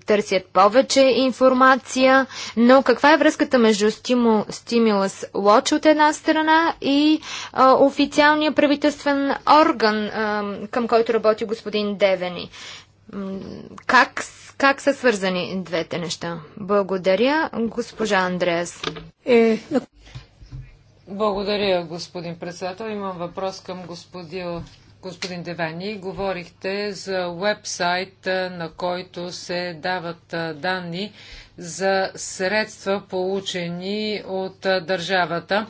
търсят повече информация, но каква е връзката между стимул, стимулъс лоч от една страна и а, официалния правителствен орган, а, към който работи господин Девени? Как, как са свързани двете неща? Благодаря, госпожа Андреас. Е, благодаря, господин председател. Имам въпрос към господин, господин Девани. Говорихте за вебсайт, на който се дават данни за средства, получени от държавата.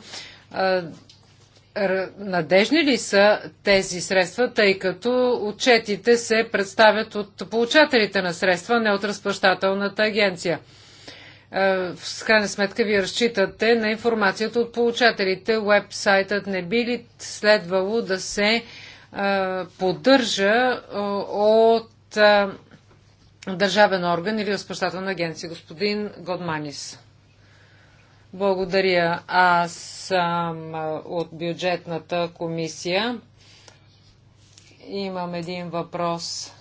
Надежни ли са тези средства, тъй като отчетите се представят от получателите на средства, не от разплащателната агенция? Е, в крайна сметка вие разчитате на информацията от получателите. Уебсайтът не би ли следвало да се е, поддържа е, от държавен орган или разпощателна агенция? Господин Годманис. Благодаря. Аз съм от бюджетната комисия. Имам един въпрос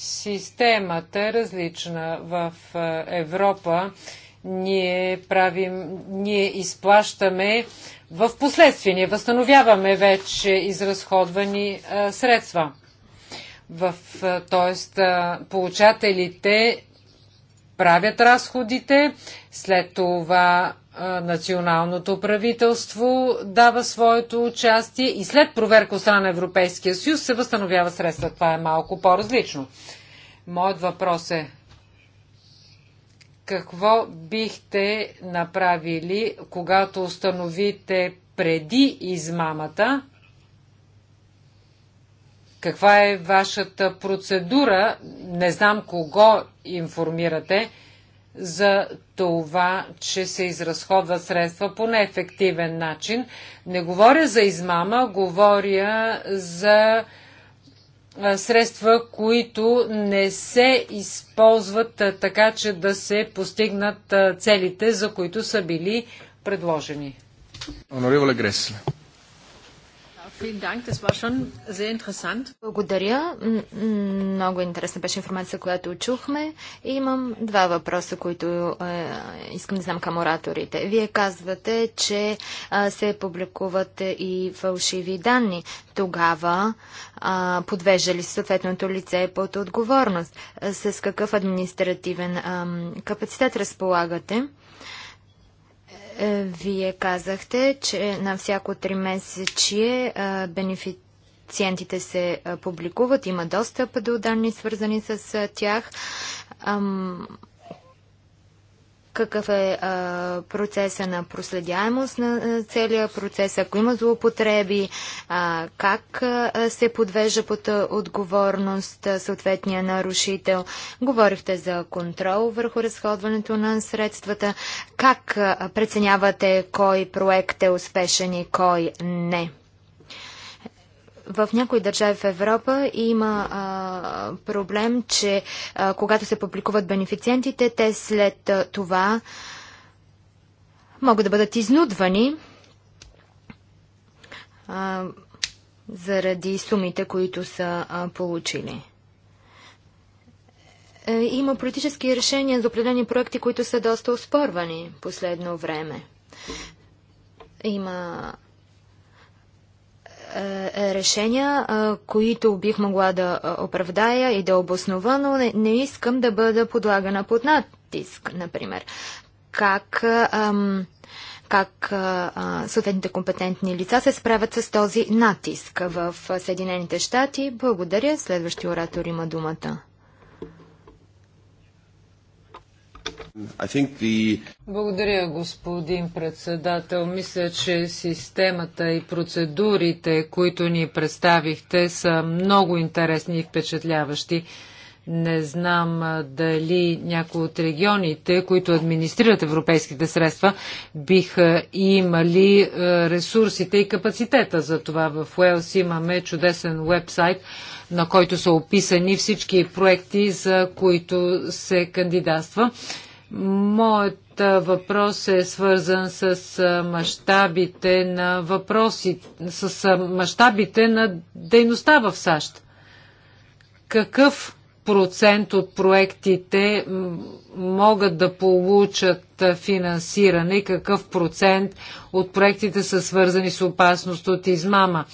Системата е различна. В е, Европа ние правим, ние изплащаме в последствие, ние възстановяваме вече изразходвани е, средства. В, т.е. Е, получателите правят разходите, след това националното правителство дава своето участие и след проверка от страна на Европейския съюз се възстановява средства. Това е малко по-различно. Моят въпрос е какво бихте направили, когато установите преди измамата? Каква е вашата процедура? Не знам кого информирате за това, че се изразходват средства по неефективен начин. Не говоря за измама, говоря за средства, които не се използват така, че да се постигнат целите, за които са били предложени. Онореволе Гресле. Благодаря. Много интересна беше информация, която чухме. И имам два въпроса, които е, искам да знам към ораторите. Вие казвате, че е, се публикуват и фалшиви данни. Тогава е, подвежда ли съответното лице под отговорност? С какъв административен капацитет разполагате? Е, вие казахте, че на всяко три месечие е, бенефициентите се е, публикуват, има достъп до данни свързани с тях какъв е а, процеса на проследяемост на а, целия процес, ако има злоупотреби, а, как а, се подвежда под а, отговорност а, съответния нарушител. Говорихте за контрол върху разходването на средствата. Как а, преценявате кой проект е успешен и кой не? В някои държави в Европа има а, проблем, че а, когато се публикуват бенефициентите, те след а, това могат да бъдат изнудвани а, заради сумите, които са а, получили. Е, има политически решения за определени проекти, които са доста оспорвани последно време. Има е, е, решения, е, които бих могла да оправдая и да обоснова, но не, не искам да бъда подлагана под натиск, например. Как, ам, как съответните компетентни лица се справят с този натиск в Съединените щати? Благодаря. Следващия оратор има думата. Благодаря, господин председател. Мисля, че системата и процедурите, които ни представихте, са много интересни и впечатляващи. Не знам дали някои от регионите, които администрират европейските средства, биха имали ресурсите и капацитета за това. В Уелс имаме чудесен вебсайт, на който са описани всички проекти, за които се кандидатства. Моят въпрос е свързан с мащабите на въпроси, с мащабите на дейността в САЩ. Какъв процент от проектите могат да получат финансиране и какъв процент от проектите са свързани с опасност от измама?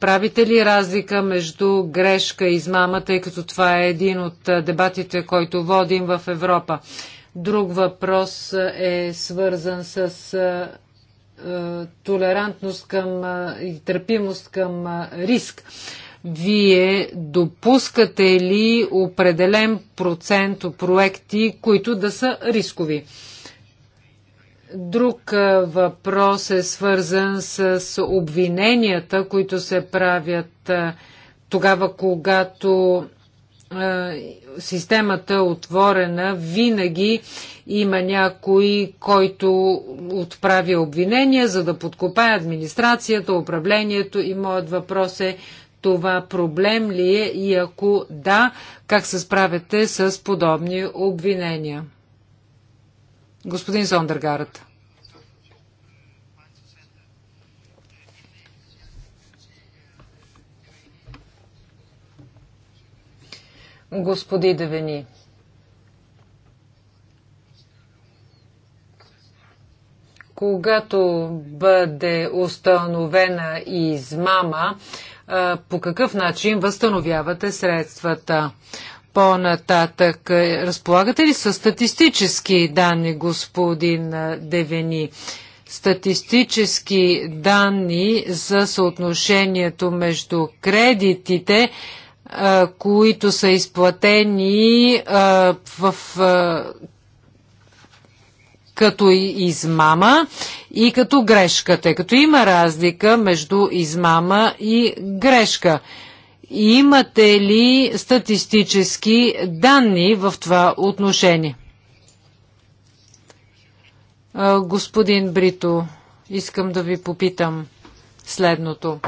Правите ли разлика между грешка и измама, тъй като това е един от дебатите, който водим в Европа? Друг въпрос е свързан с толерантност към и търпимост към риск. Вие допускате ли определен процент проекти, които да са рискови? Друг въпрос е свързан с обвиненията, които се правят тогава, когато е, системата отворена, винаги има някой, който отправя обвинения, за да подкопае администрацията, управлението и моят въпрос е това проблем ли е и ако да, как се справяте с подобни обвинения? Господин Сондергарът. господи Девени. Когато бъде установена измама, по какъв начин възстановявате средствата? По-нататък, е, разполагате ли с статистически данни, господин Девени? Статистически данни за съотношението между кредитите които са изплатени в като измама и като грешка, тъй като има разлика между измама и грешка. Имате ли статистически данни в това отношение? Господин Брито, искам да ви попитам следното.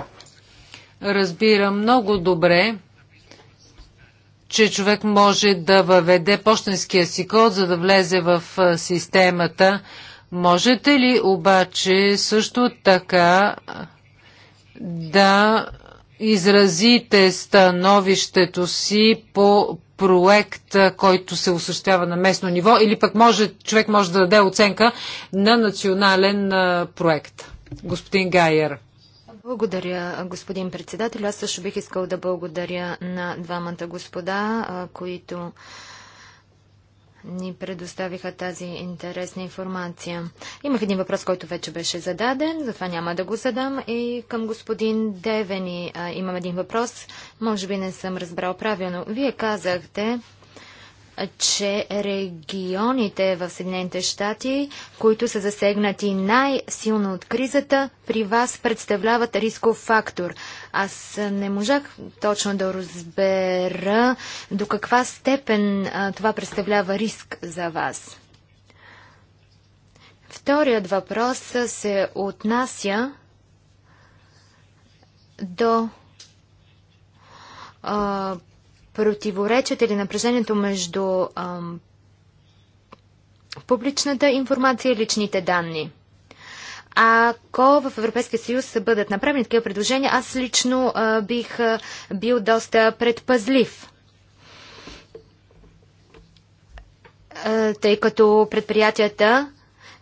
Разбирам много добре, че човек може да въведе почтенския си код, за да влезе в системата. Можете ли обаче също така да изразите становището си по проект, който се осъществява на местно ниво или пък може, човек може да даде оценка на национален проект? Господин Гайер. Благодаря, господин председател. Аз също бих искал да благодаря на двамата господа, които ни предоставиха тази интересна информация. Имах един въпрос, който вече беше зададен, затова няма да го задам. И към господин Девени имам един въпрос. Може би не съм разбрал правилно. Вие казахте, че регионите в Съединените щати, които са засегнати най-силно от кризата, при вас представляват рисков фактор. Аз не можах точно да разбера до каква степен а, това представлява риск за вас. Вторият въпрос се отнася до а, противоречат или напрежението между ам, публичната информация и личните данни. Ако в Европейския съюз бъдат направени такива предложения, аз лично а, бих а, бил доста предпазлив. А, тъй като предприятията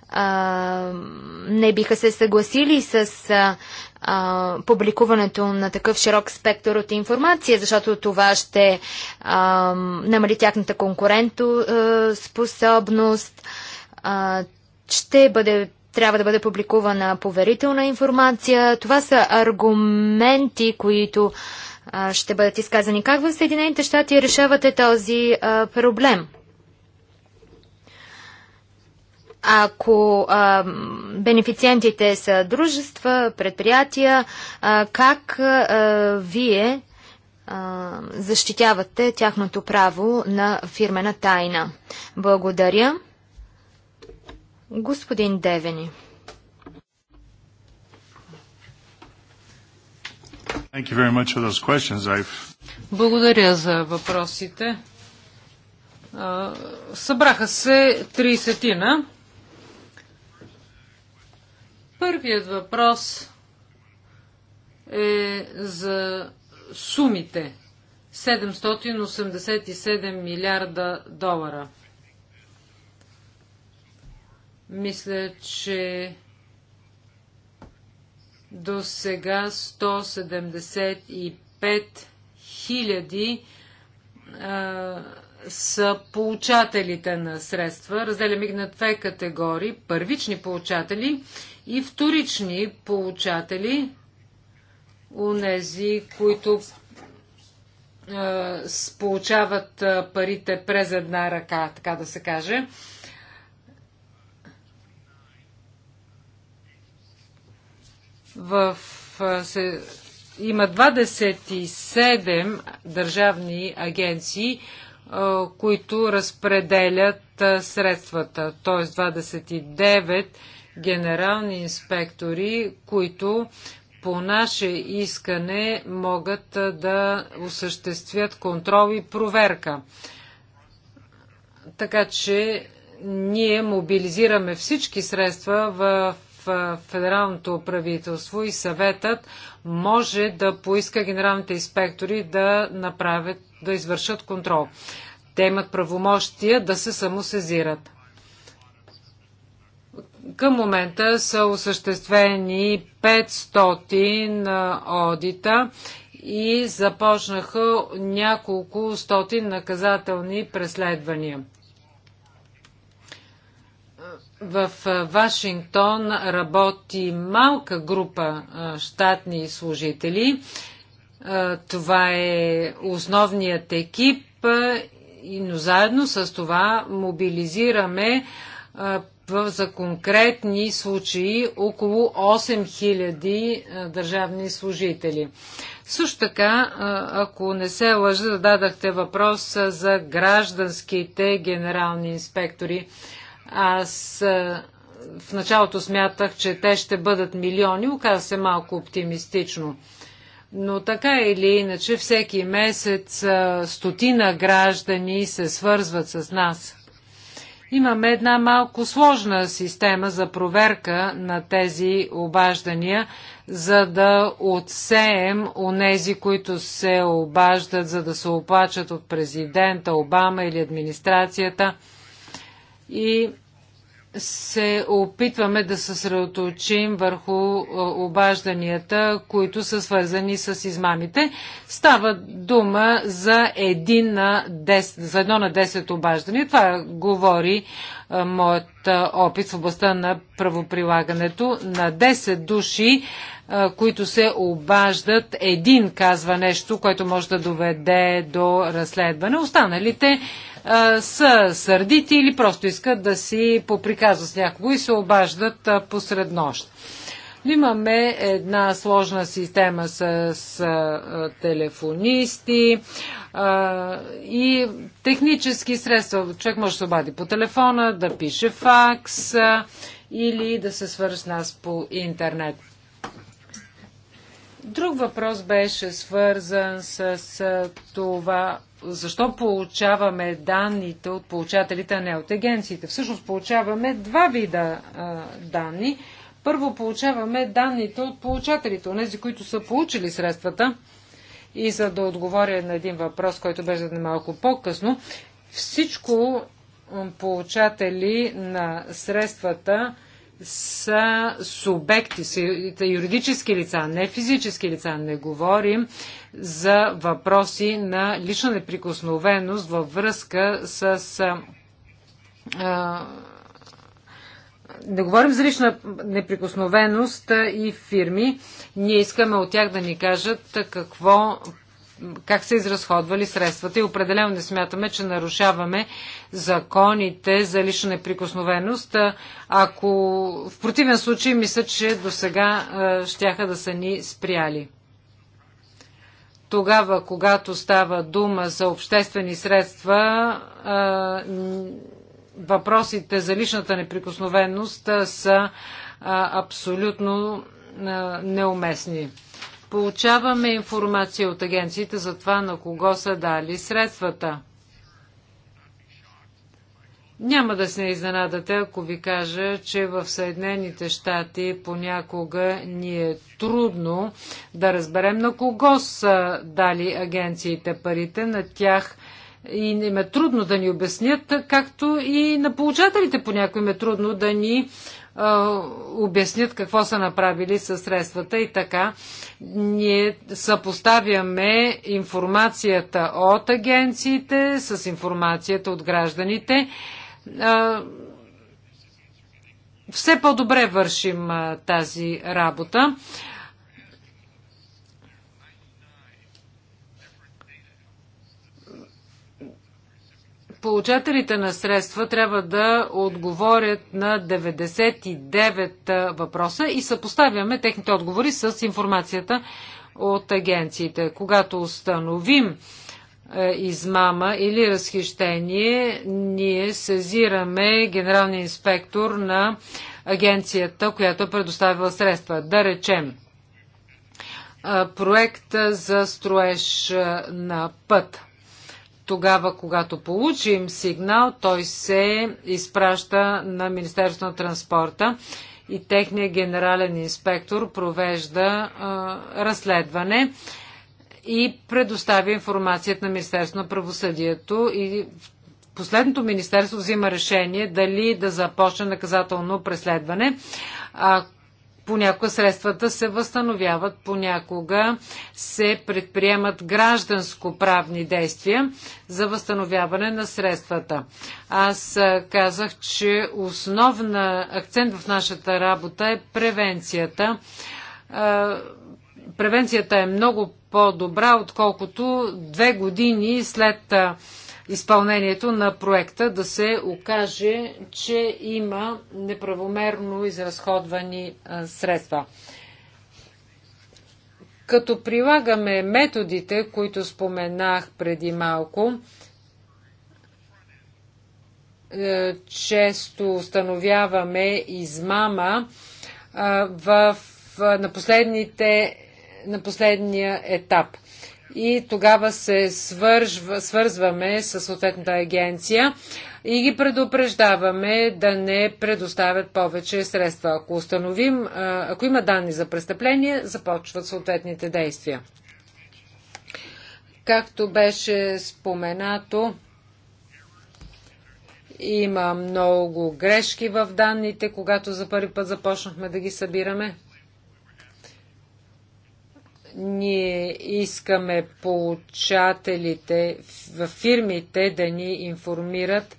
а, не биха се съгласили с а, а, публикуването на такъв широк спектър от информация, защото това ще а, намали тяхната конкурентоспособност, а, ще бъде трябва да бъде публикувана поверителна информация. Това са аргументи, които а, ще бъдат изказани. Как в Съединените щати решавате този а, проблем? Ако а, бенефициентите са дружества, предприятия, а, как а, вие а, защитявате тяхното право на фирмена тайна? Благодаря. Господин Девени. Благодаря за въпросите. Събраха се на. Първият въпрос е за сумите. 787 милиарда долара. Мисля, че до сега 175 хиляди са получателите на средства. Разделяме ги на две категории. Първични получатели и вторични получатели, унези, които получават парите през една ръка, така да се каже. В, се, има 27 държавни агенции, които разпределят средствата, т.е. 29 генерални инспектори, които по наше искане могат да осъществят контрол и проверка. Така че ние мобилизираме всички средства в федералното правителство и съветът може да поиска генералните инспектори да направят, да извършат контрол. Те имат правомощия да се самосезират. Към момента са осъществени 500 одита и започнаха няколко стотин наказателни преследвания. В Вашингтон работи малка група щатни служители. Това е основният екип, но заедно с това мобилизираме в, за конкретни случаи около 8000 държавни служители. Също така, ако не се лъжа, зададахте въпрос за гражданските генерални инспектори. Аз в началото смятах, че те ще бъдат милиони, оказа се малко оптимистично. Но така или иначе, всеки месец стотина граждани се свързват с нас – Имаме една малко сложна система за проверка на тези обаждания, за да отсеем онези, които се обаждат, за да се оплачат от президента Обама или администрацията. И се опитваме да съсредоточим върху обажданията, които са свързани с измамите. Става дума за, един на 10, за едно на 10 обаждания. Това говори моят опит в областта на правоприлагането. На 10 души, които се обаждат, един казва нещо, което може да доведе до разследване. Останалите са сърдити или просто искат да си поприказват с някого и се обаждат посред нощ. Но имаме една сложна система с, с а, телефонисти а, и технически средства. Човек може да се обади по телефона, да пише факс а, или да се свържи с нас по интернет. Друг въпрос беше свързан с това защо получаваме данните от получателите, а не от агенциите? Всъщност получаваме два вида а, данни. Първо получаваме данните от получателите, от тези, които са получили средствата. И за да отговоря на един въпрос, който беше за малко по-късно, всичко получатели на средствата са субекти, са юридически лица, не физически лица. Не говорим за въпроси на лична неприкосновеност във връзка с. А, не говорим за лична неприкосновеност и фирми. Ние искаме от тях да ни кажат какво, как са изразходвали средствата и определено не смятаме, че нарушаваме законите за лична неприкосновеност. Ако в противен случай, мисля, че до сега щяха да са ни спряли. Тогава, когато става дума за обществени средства, въпросите за личната неприкосновеност са абсолютно неуместни. Получаваме информация от агенциите за това на кого са дали средствата. Няма да се изненадате, ако ви кажа, че в Съединените щати понякога ни е трудно да разберем на кого са дали агенциите парите, на тях и им е трудно да ни обяснят, както и на получателите понякога им е трудно да ни обяснят какво са направили със средствата и така. Ние съпоставяме информацията от агенциите с информацията от гражданите все по-добре вършим тази работа. Получателите на средства трябва да отговорят на 99 въпроса и съпоставяме техните отговори с информацията от агенциите. Когато установим е, измама или разхищение, ние сезираме генералния инспектор на агенцията, която е предоставила средства. Да речем, е, проект за строеж е, на път. Тогава, когато получим сигнал, той се изпраща на Министерство на транспорта и техният генерален инспектор провежда а, разследване и предоставя информацията на Министерство на правосъдието и последното министерство взима решение дали да започне наказателно преследване. понякога средствата се възстановяват, понякога се предприемат гражданско-правни действия за възстановяване на средствата. Аз казах, че основна акцент в нашата работа е превенцията. Превенцията е много по-добра, отколкото две години след изпълнението на проекта да се окаже, че има неправомерно изразходвани средства. Като прилагаме методите, които споменах преди малко, е, често установяваме измама в, на последните на последния етап. И тогава се свържва, свързваме с съответната агенция и ги предупреждаваме да не предоставят повече средства. Ако установим, ако има данни за престъпление, започват съответните действия. Както беше споменато, има много грешки в данните, когато за първи път започнахме да ги събираме. Ние искаме получателите в фирмите да ни информират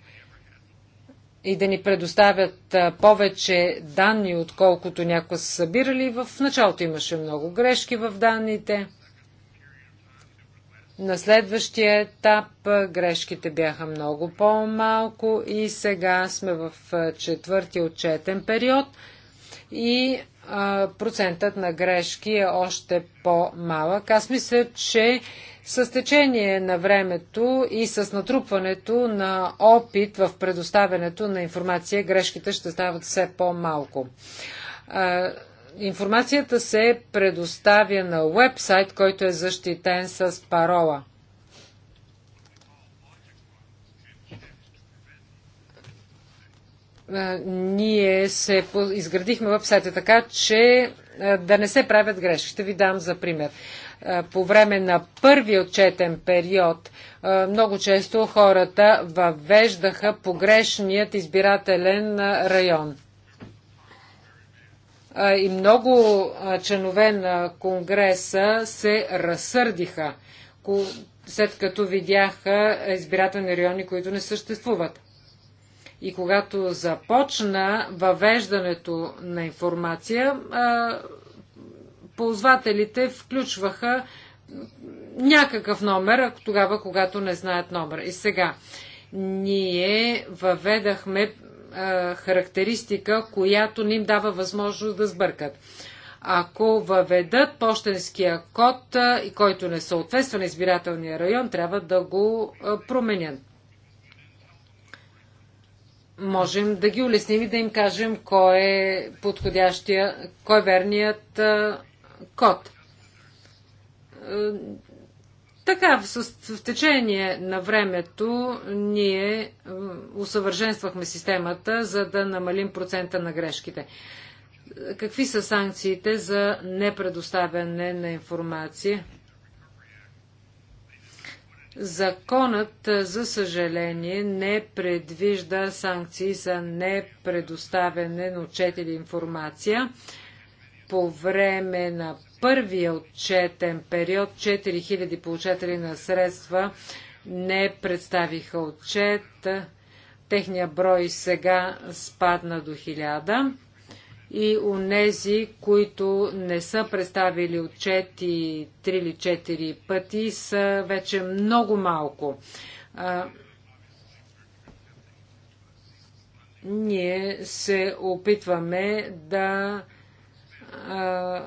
и да ни предоставят повече данни, отколкото някои са събирали. В началото имаше много грешки в данните. На следващия етап грешките бяха много по-малко и сега сме в четвъртия отчетен период и процентът на грешки е още по-малък. Аз мисля, че с течение на времето и с натрупването на опит в предоставянето на информация, грешките ще стават все по-малко. Информацията се предоставя на уебсайт, който е защитен с парола. ние се изградихме в сайта така, че да не се правят грешки. Ще ви дам за пример. По време на първи отчетен период много често хората въвеждаха погрешният избирателен район. И много членове на Конгреса се разсърдиха, след като видяха избирателни райони, които не съществуват. И когато започна въвеждането на информация, ползвателите включваха някакъв номер, тогава, когато не знаят номер. И сега, ние въведахме характеристика, която ни им дава възможност да сбъркат. Ако въведат почтенския код, който не съответства на избирателния район, трябва да го променят можем да ги улесним и да им кажем кой е подходящия, кой е верният а, код. А, така, в, в течение на времето ние усъвършенствахме системата, за да намалим процента на грешките. Какви са санкциите за непредоставяне на информация? Законът, за съжаление, не предвижда санкции за непредоставяне на отчетели информация. По време на първия отчетен период 4000 получатели на средства не представиха отчет. Техния брой сега спадна до 1000 и нези, които не са представили отчети 3 или 4 пъти, са вече много малко. А, ние се опитваме да а,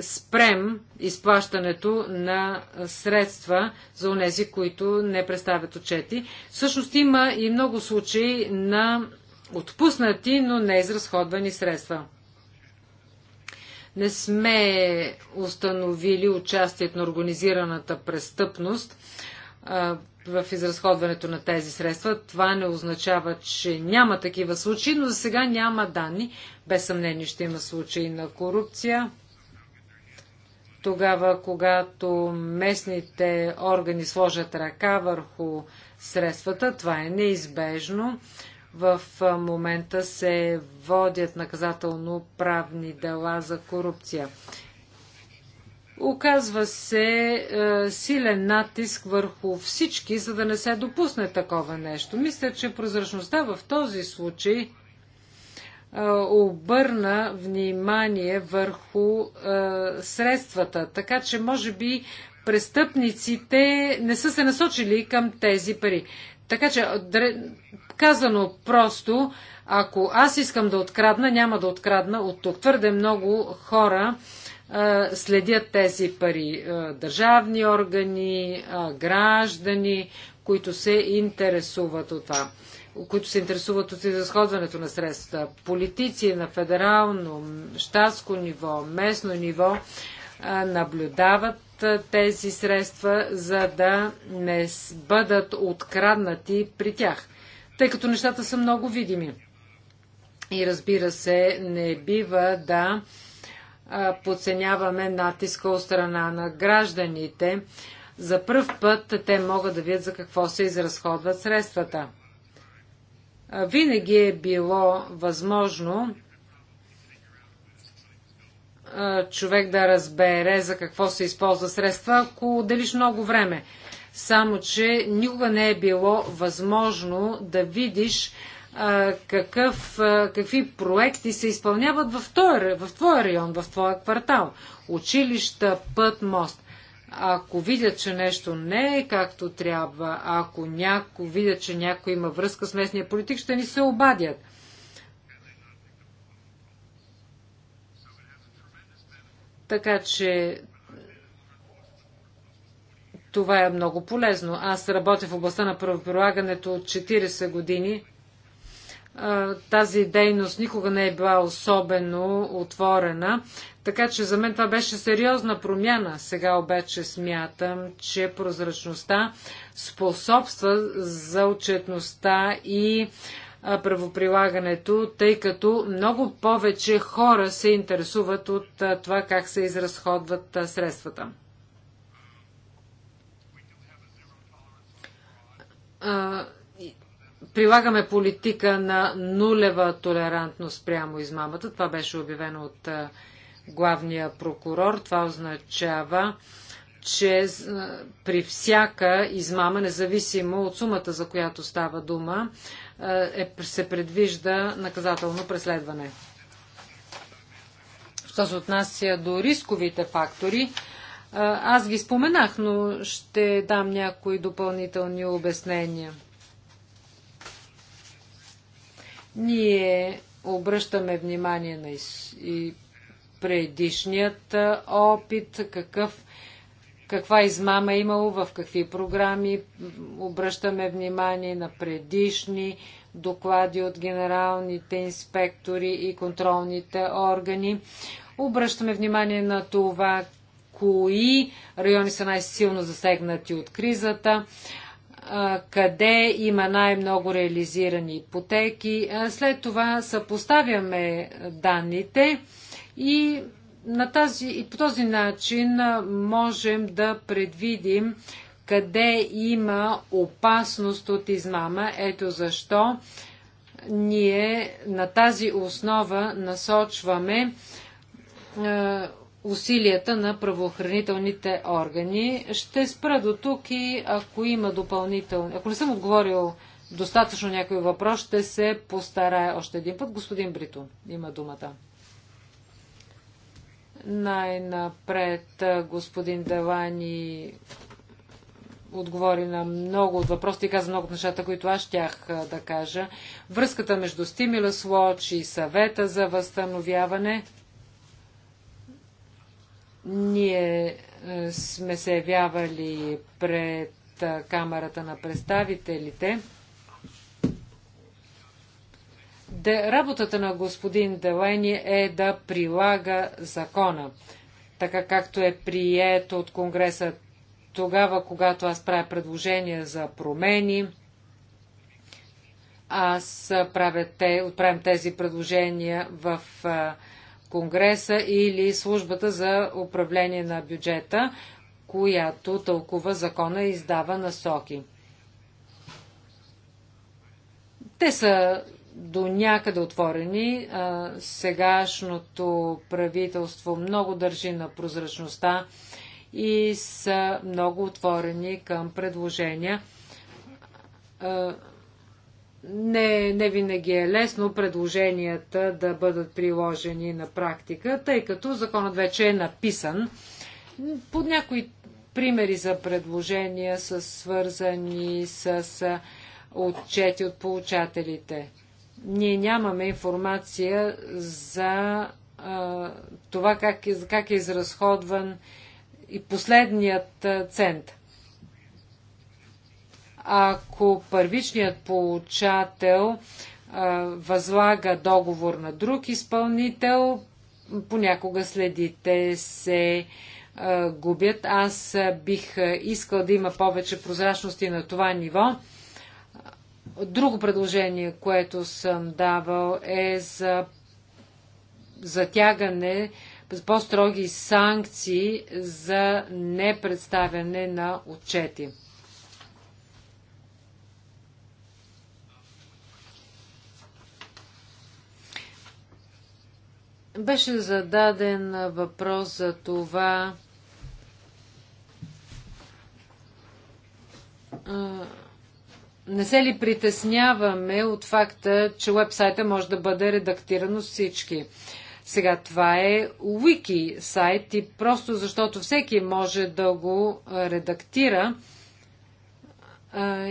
спрем изплащането на средства за онези, които не представят отчети. Всъщност има и много случаи на отпуснати, но не изразходвани средства. Не сме установили участието на организираната престъпност в изразходването на тези средства. Това не означава, че няма такива случаи, но за сега няма данни. Без съмнение ще има случаи на корупция тогава, когато местните органи сложат ръка върху средствата, това е неизбежно. В момента се водят наказателно-правни дела за корупция. Оказва се е, силен натиск върху всички, за да не се допусне такова нещо. Мисля, че прозрачността в този случай е, обърна внимание върху е, средствата, така че може би престъпниците не са се насочили към тези пари. Така че Казано просто, ако аз искам да открадна, няма да открадна от тук. Твърде много хора следят тези пари. държавни органи, граждани, които се интересуват от това които се интересуват от изразходването на средства. Политици на федерално, щатско ниво, местно ниво наблюдават тези средства, за да не бъдат откраднати при тях тъй като нещата са много видими. И разбира се, не бива да подценяваме натиска от страна на гражданите. За първ път те могат да видят за какво се изразходват средствата. Винаги е било възможно човек да разбере за какво се използва средства, ако делиш много време. Само, че никога не е било възможно да видиш а, какъв, а, какви проекти се изпълняват в, той, в твоя район, в твоя квартал. Училища, път, мост. Ако видят, че нещо не е както трябва, ако някой видят, че някой има връзка с местния политик, ще ни се обадят. Така че това е много полезно. Аз работя в областта на правоприлагането от 40 години. Тази дейност никога не е била особено отворена, така че за мен това беше сериозна промяна. Сега обаче смятам, че прозрачността способства за отчетността и правоприлагането, тъй като много повече хора се интересуват от това как се изразходват средствата. прилагаме политика на нулева толерантност прямо измамата. Това беше обявено от главния прокурор. Това означава, че при всяка измама, независимо от сумата, за която става дума, е, се предвижда наказателно преследване. Що се отнася до рисковите фактори, аз ги споменах, но ще дам някои допълнителни обяснения. Ние обръщаме внимание на и предишният опит, какъв, каква измама е имало, в какви програми. Обръщаме внимание на предишни доклади от генералните инспектори и контролните органи. Обръщаме внимание на това кои райони са най-силно засегнати от кризата, къде има най-много реализирани ипотеки. След това съпоставяме данните и на тази, и по този начин можем да предвидим къде има опасност от измама. Ето защо ние на тази основа насочваме усилията на правоохранителните органи. Ще спра до тук и ако има допълнителни... Ако не съм отговорил достатъчно някой въпрос, ще се постарая още един път. Господин Брито има думата. Най-напред господин Давани отговори на много от въпросите и каза много от нещата, които аз щях да кажа. Връзката между стимула Watch и съвета за възстановяване – ние е, сме се явявали пред е, Камерата на представителите. Де, работата на господин Делени е да прилага закона, така както е прието от Конгреса тогава, когато аз правя предложения за промени. Аз правя те, отправям тези предложения в а, е, Конгреса или службата за управление на бюджета, която тълкува закона и издава насоки. Те са до някъде отворени. Сегашното правителство много държи на прозрачността и са много отворени към предложения не, не винаги е лесно предложенията да бъдат приложени на практика, тъй като законът вече е написан. Под някои примери за предложения са свързани с отчети от получателите. Ние нямаме информация за а, това как е, как е изразходван и последният цент. Ако първичният получател възлага договор на друг изпълнител, понякога следите се губят. Аз бих искал да има повече прозрачности на това ниво. Друго предложение, което съм давал е за затягане по-строги санкции за непредставяне на отчети. Беше зададен въпрос за това не се ли притесняваме от факта, че вебсайта може да бъде редактиран от всички. Сега това е wiki сайт и просто защото всеки може да го редактира,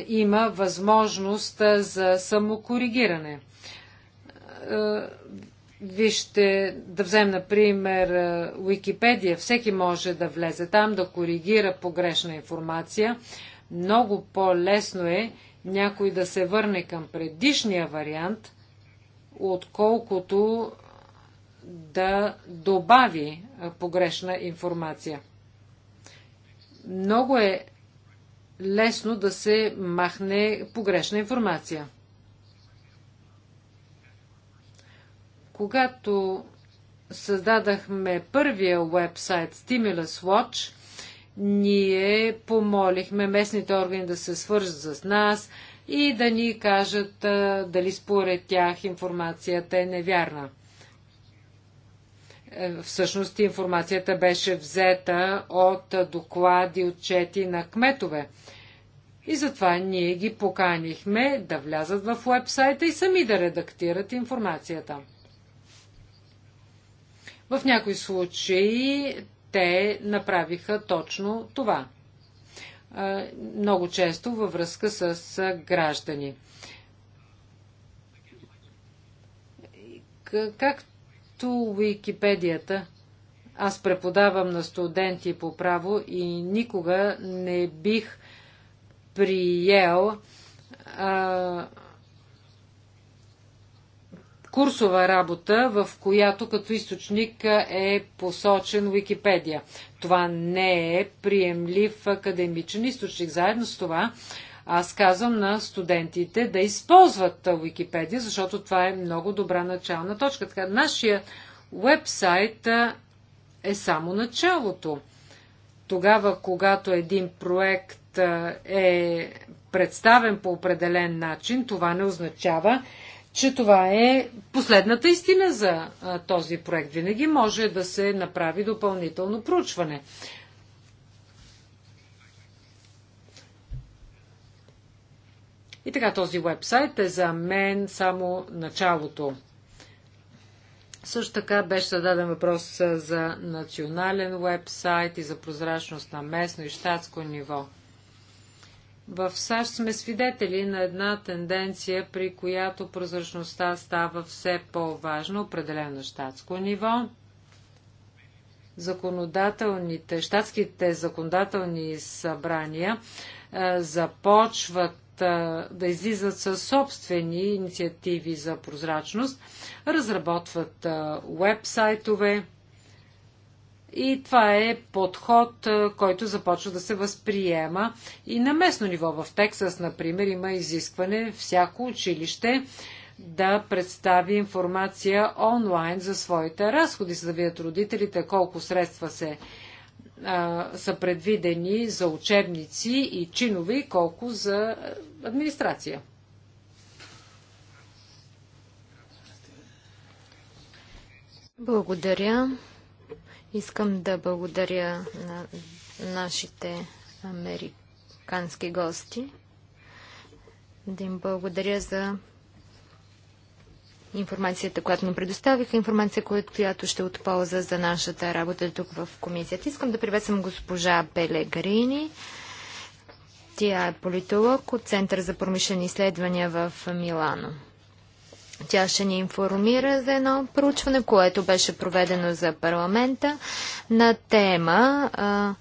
има възможност за самокоригиране. Вижте, да вземем, например, е, Уикипедия. Всеки може да влезе там, да коригира погрешна информация. Много по-лесно е някой да се върне към предишния вариант, отколкото да добави е, погрешна информация. Много е лесно да се махне погрешна информация. Когато създадахме първия вебсайт Stimulus Watch, ние помолихме местните органи да се свържат с нас и да ни кажат дали според тях информацията е невярна. Е, всъщност информацията беше взета от доклади, отчети на кметове. И затова ние ги поканихме да влязат в уебсайта и сами да редактират информацията. В някои случаи те направиха точно това. Много често във връзка с граждани. Както Википедията, аз преподавам на студенти по право и никога не бих приел а, курсова работа, в която като източник е посочен Википедия. Това не е приемлив академичен източник. Заедно с това аз казвам на студентите да използват Википедия, защото това е много добра начална точка. Така, нашия вебсайт е само началото. Тогава, когато един проект е представен по определен начин, това не означава, че това е последната истина за а, този проект. Винаги може да се направи допълнително проучване. И така, този вебсайт е за мен само началото. Също така беше зададен въпрос за национален вебсайт и за прозрачност на местно и щатско ниво. В САЩ сме свидетели на една тенденция, при която прозрачността става все по-важна, определено на щатско ниво. Законодателните, щатските законодателни събрания е, започват да излизат със собствени инициативи за прозрачност, разработват уебсайтове, и това е подход, който започва да се възприема и на местно ниво. В Тексас, например, има изискване всяко училище да представи информация онлайн за своите разходи, за да видят родителите колко средства се, а, са предвидени за учебници и чинове и колко за администрация. Благодаря. Искам да благодаря на нашите американски гости, да им благодаря за информацията, която ни предоставиха, информация, която ще отполза за нашата работа тук в комисията. Искам да приветствам госпожа Пелегрини. Тя е политолог от Център за промишлени изследвания в Милано. Тя ще ни информира за едно проучване, което беше проведено за парламента на тема а,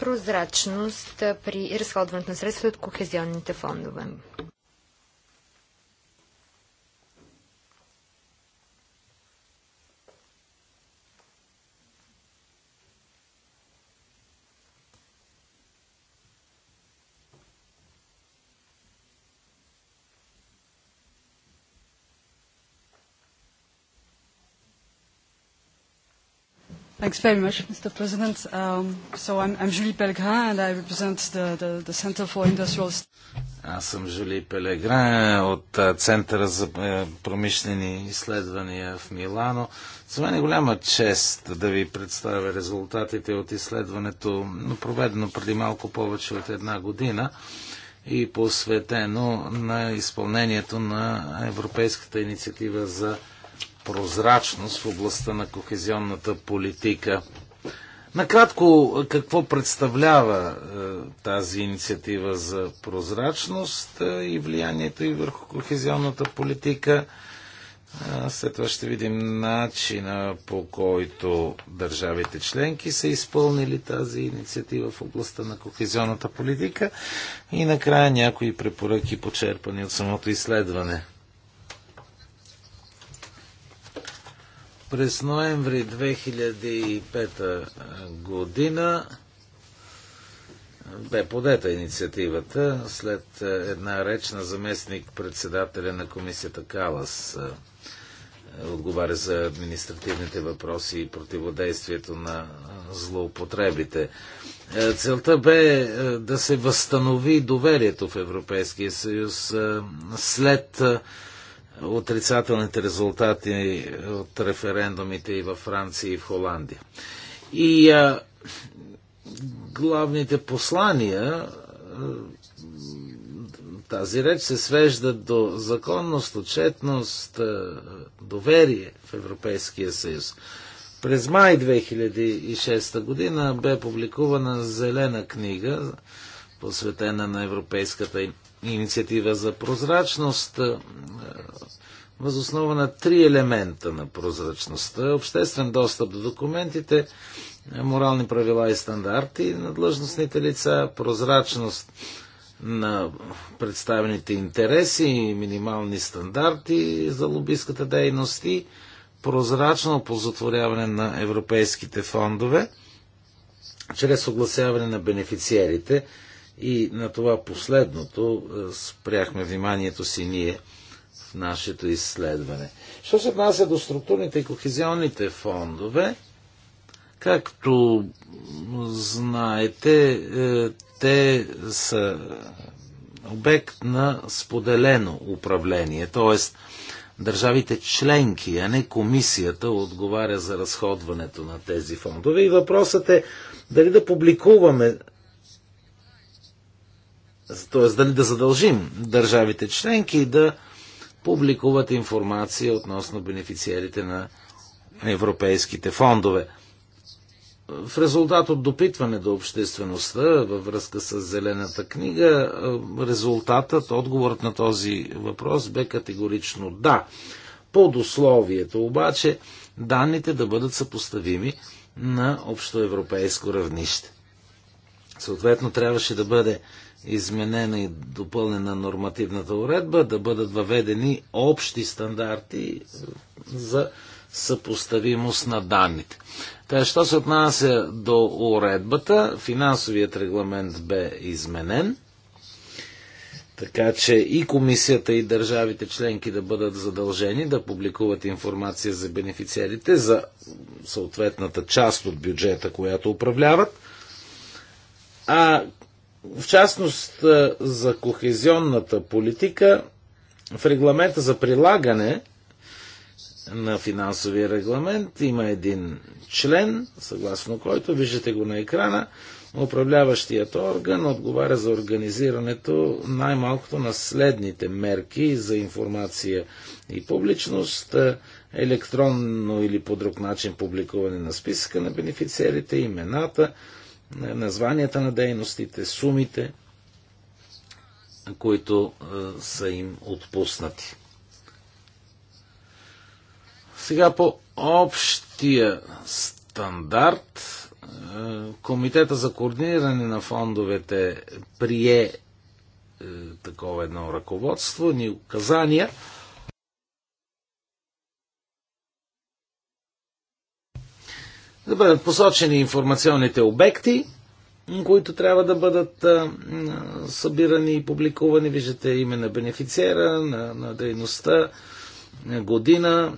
прозрачност при разходването на средства от кохезионните фондове. Thanks very much, Mr. President. Um, so I'm, I'm Julie Pellegrin and I represent the, the, the Center for Industrial Аз съм Жули Пелегрин от Центъра за промишлени изследвания в Милано. За мен е голяма чест да ви представя резултатите от изследването, проведено преди малко повече от една година и посветено на изпълнението на Европейската инициатива за прозрачност в областта на кохезионната политика. Накратко, какво представлява е, тази инициатива за прозрачност е, и влиянието и върху кохезионната политика? Е, след това ще видим начина по който държавите членки са изпълнили тази инициатива в областта на кохезионната политика и накрая някои препоръки, почерпани от самото изследване. През ноември 2005 година бе подета инициативата след една реч на заместник председателя на комисията Калас. Отговаря за административните въпроси и противодействието на злоупотребите. Целта бе да се възстанови доверието в Европейския съюз след отрицателните резултати от референдумите и във Франция и в Холандия. И а, главните послания тази реч се свежда до законност, отчетност, доверие в Европейския съюз. През май 2006 година бе публикувана зелена книга, посветена на европейската инициатива за прозрачност е, възоснова на три елемента на прозрачността. Обществен достъп до документите, морални правила и стандарти на длъжностните лица, прозрачност на представените интереси и минимални стандарти за лобистката дейност и прозрачно оползотворяване на европейските фондове чрез огласяване на бенефициерите и на това последното е, спряхме вниманието си ние в нашето изследване. Що се отнася до структурните и кохезионните фондове, както знаете, е, те са обект на споделено управление, т.е. държавите членки, а не комисията отговаря за разходването на тези фондове. И въпросът е дали да публикуваме т.е. да, да задължим държавите членки да публикуват информация относно бенефициерите на европейските фондове. В резултат от допитване до обществеността във връзка с Зелената книга, резултатът, отговорът на този въпрос бе категорично да. Под условието обаче данните да бъдат съпоставими на общоевропейско равнище. Съответно трябваше да бъде изменена и допълнена нормативната уредба, да бъдат въведени общи стандарти е, за съпоставимост на данните. Та, що се отнася до уредбата, финансовият регламент бе изменен, така че и комисията и държавите членки да бъдат задължени да публикуват информация за бенефициарите, за съответната част от бюджета, която управляват. А в частност за кохезионната политика в регламента за прилагане на финансовия регламент има един член, съгласно който, виждате го на екрана, управляващият орган отговаря за организирането най-малкото на следните мерки за информация и публичност, електронно или по друг начин публикуване на списъка на бенефициерите, имената, названията на дейностите, сумите, които е, са им отпуснати. Сега по общия стандарт е, Комитета за координиране на фондовете прие е, такова едно ръководство, ни указания – да бъдат посочени информационните обекти, които трябва да бъдат а, събирани и публикувани. Виждате име на бенефициера, на, на дейността, на година,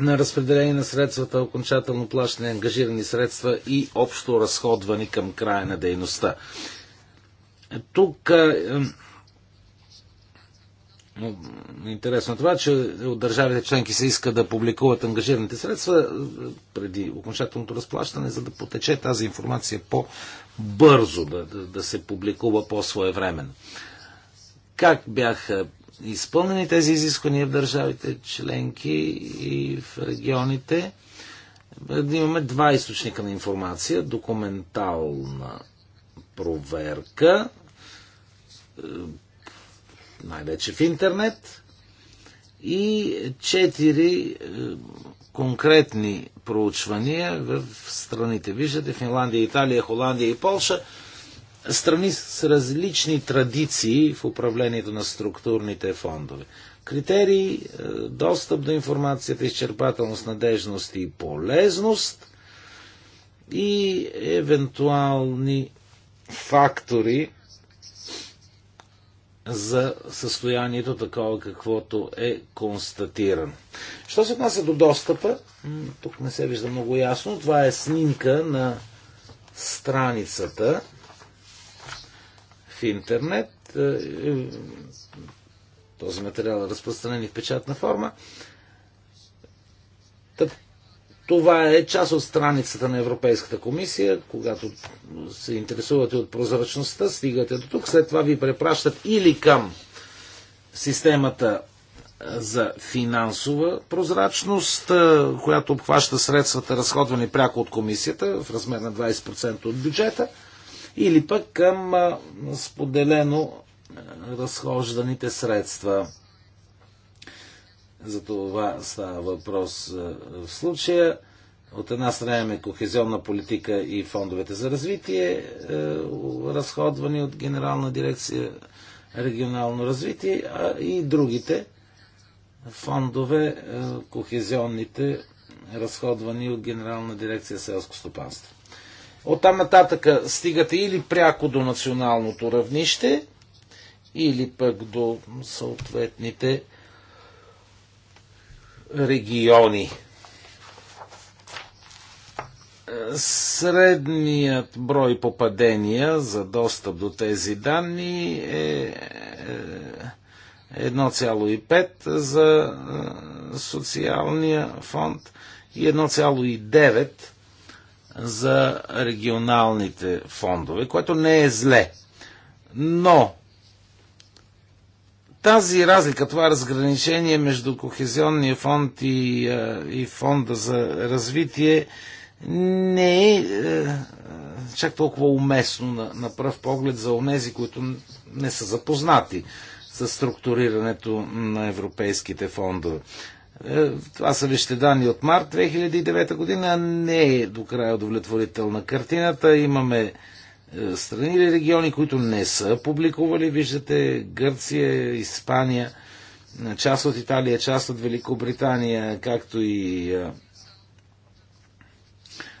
на разпределение на средствата, окончателно плащане, ангажирани средства и общо разходвани към края на дейността. Тук а, интересно това, че от държавите членки се иска да публикуват ангажираните средства е, преди окончателното разплащане, за да потече тази информация по-бързо, да, да, да се публикува по-своевременно. Как бяха изпълнени тези изисквания в държавите членки и в регионите? Е, имаме два източника на информация. Документална проверка, е, най-вече в интернет, и четири е, конкретни проучвания в страните. Виждате Финландия, Италия, Холандия и Полша. Страни с различни традиции в управлението на структурните фондове. Критерии, е, достъп до информацията, изчерпателност, надежност и полезност и евентуални фактори, за състоянието такова, каквото е констатирано. Що се отнася до достъпа, тук не се вижда много ясно, това е снимка на страницата в интернет. Е, е, този материал е разпространен и в печатна форма. Това е част от страницата на Европейската комисия. Когато се интересувате от прозрачността, стигате до тук. След това ви препращат или към системата за финансова прозрачност, която обхваща средствата, разходвани пряко от комисията в размер на 20% от бюджета, или пък към споделено разхожданите средства. За това става въпрос е, в случая. От една страна имаме кохезионна политика и фондовете за развитие, е, разходвани от Генерална дирекция регионално развитие, а и другите фондове, е, кохезионните, разходвани от Генерална дирекция селско стопанство. От там нататък стигате или пряко до националното равнище, или пък до съответните региони. Средният брой попадения за достъп до тези данни е 1,5 е, за е, социалния фонд и 1,9 за регионалните фондове, което не е зле. Но тази разлика, това разграничение между Кохезионния фонд и, и фонда за развитие не е, е чак толкова уместно на, на пръв поглед за онези, които не са запознати с структурирането на европейските фондове. Е, това са вижте данни от март 2009 година. Не е до края удовлетворителна картината. Имаме е, страни или региони, които не са публикували. Виждате Гърция, Испания, е, част от Италия, част от Великобритания, както и е,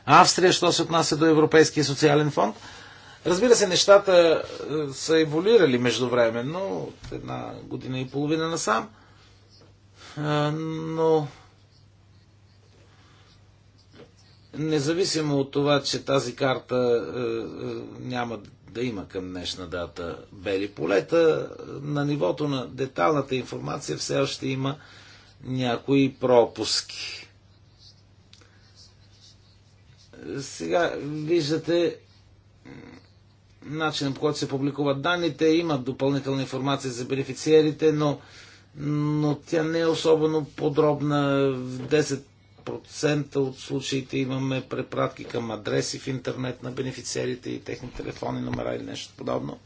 Австрия, що се отнася до Европейския социален фонд. Разбира се, нещата са еволюирали междувременно от една година и половина насам, но Независимо от това, че тази карта е, е, няма да има към днешна дата бели полета, на нивото на деталната информация все още има някои пропуски. Сега виждате начинът по който се публикуват данните, има допълнителна информация за бенефициерите, но, но тя не е особено подробна. 10 процента от случаите имаме препратки към адреси в интернет на бенефициерите и техни телефонни номера или нещо подобно.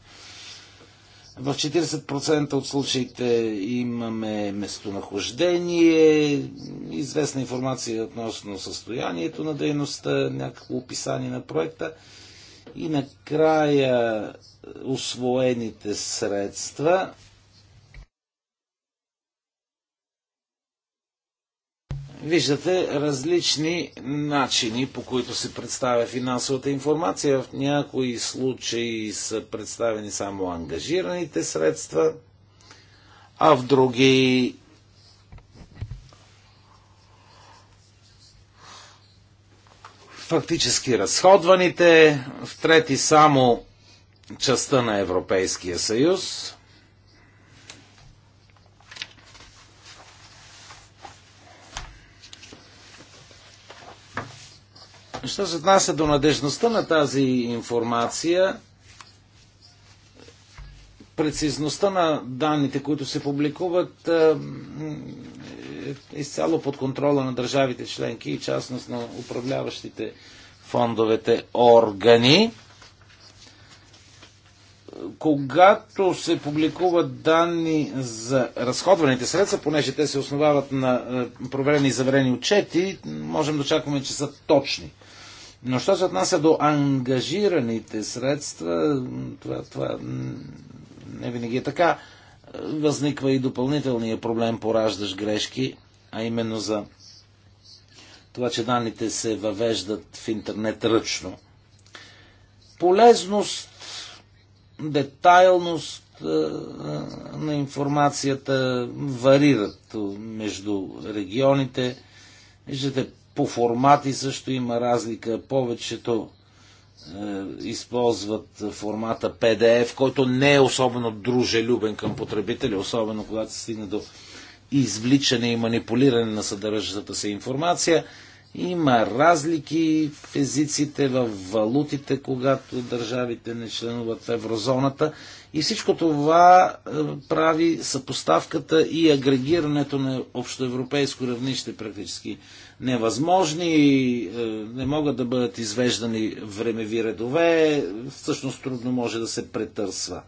В 40% от случаите имаме местонахождение, известна информация относно състоянието на дейността, някакво описание на проекта и накрая освоените е, средства – Виждате различни начини, по които се представя финансовата информация. В някои случаи са представени само ангажираните средства, а в други фактически разходваните, в трети само частта на Европейския съюз. Що се отнася до надежността на тази информация, прецизността на данните, които се публикуват, е, е изцяло под контрола на държавите членки и частност на управляващите фондовете органи. Когато се публикуват данни за разходваните средства, понеже те се основават на е, проверени и заверени отчети, можем да очакваме, че са точни. Но що се отнася до ангажираните средства, това, това не винаги е така. Възниква и допълнителния проблем, пораждаш грешки, а именно за това, че данните се въвеждат в интернет ръчно. Полезност, детайлност на информацията варират между регионите. Виждате, по формати също има разлика. Повечето е, използват формата PDF, който не е особено дружелюбен към потребителя, особено когато се стигне до извличане и манипулиране на съдържащата се информация. Има разлики в езиците, в валутите, когато държавите не членуват в еврозоната. И всичко това е, прави съпоставката и агрегирането на общоевропейско равнище практически невъзможни, е, не могат да бъдат извеждани времеви редове, всъщност трудно може да се претърсва.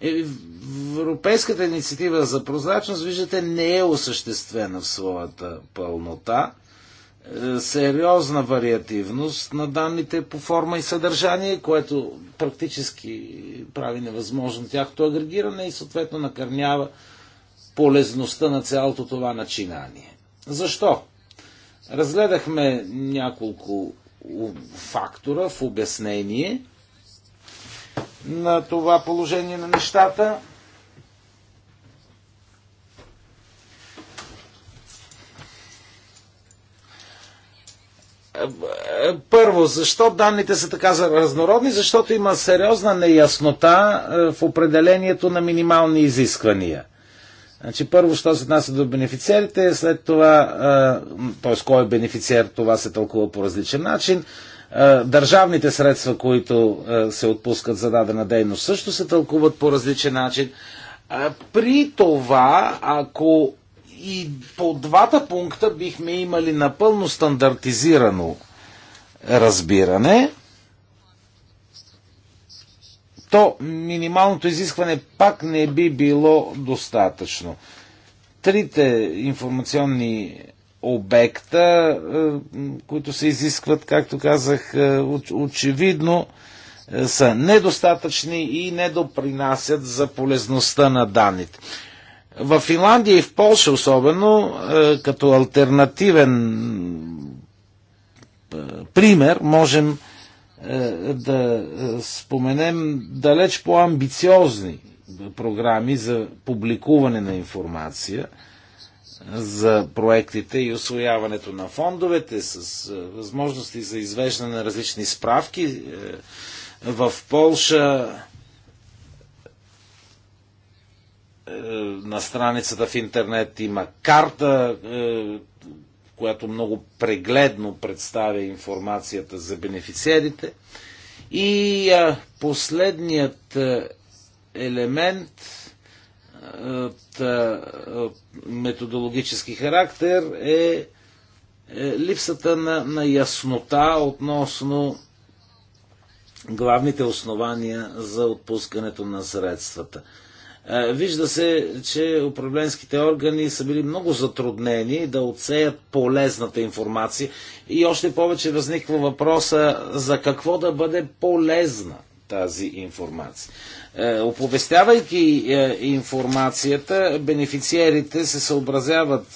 Е, Европейската инициатива за прозрачност, виждате, не е осъществена в своята пълнота – сериозна вариативност на данните по форма и съдържание, което практически прави невъзможно тяхното агрегиране и съответно накърнява полезността на цялото това начинание. Защо? Разгледахме няколко фактора в обяснение на това положение на нещата – Първо, защо данните са така разнородни? Защото има сериозна неяснота е, в определението на минимални изисквания. Значи първо, що се отнася до бенефициерите, след това, т.е. кой е бенефициер, това се тълкува по различен начин. Е, държавните средства, които е, се отпускат за дадена дейност, също се тълкуват по различен начин. При това, ако и по двата пункта бихме имали напълно стандартизирано разбиране, то минималното изискване пак не би било достатъчно. Трите информационни обекта, е, които се изискват, както казах, е, очевидно е, са недостатъчни и не допринасят за полезността на данните. В Финландия и в Польша особено, е, като альтернативен е, пример, можем е, да споменем далеч по-амбициозни програми за публикуване на информация за проектите и освояването на фондовете с възможности за извеждане на различни справки. В Полша Е, на страницата в интернет има карта, е, която много прегледно представя информацията за бенефициерите. И е, последният елемент от методологически характер е липсата на, на яснота относно главните основания за отпускането на средствата. Е, вижда се, че управленските органи са били много затруднени да отсеят полезната информация и още повече възниква въпроса за какво да бъде полезна тази информация. Е, оповестявайки е, информацията, бенефициерите се съобразяват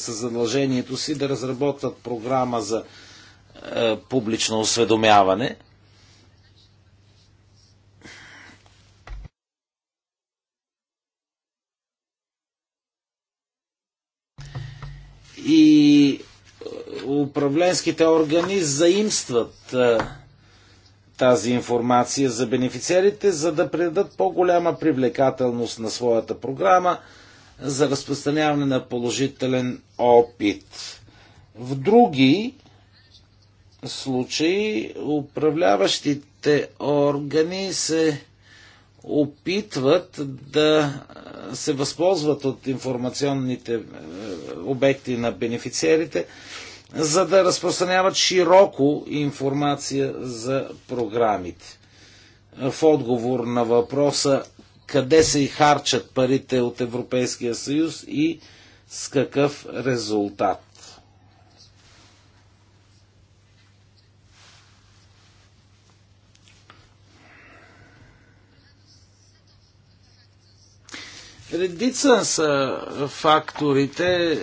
с задължението си да разработват програма за публично осведомяване – и е, управленските органи заимстват е, тази информация за бенефициарите, за да придадат по-голяма привлекателност на своята програма за разпространяване на положителен опит. В други случаи управляващите органи се опитват да се възползват от информационните обекти на бенефициерите, за да разпространяват широко информация за програмите. В отговор на въпроса къде се и харчат парите от Европейския съюз и с какъв резултат. Редица са е, факторите, е,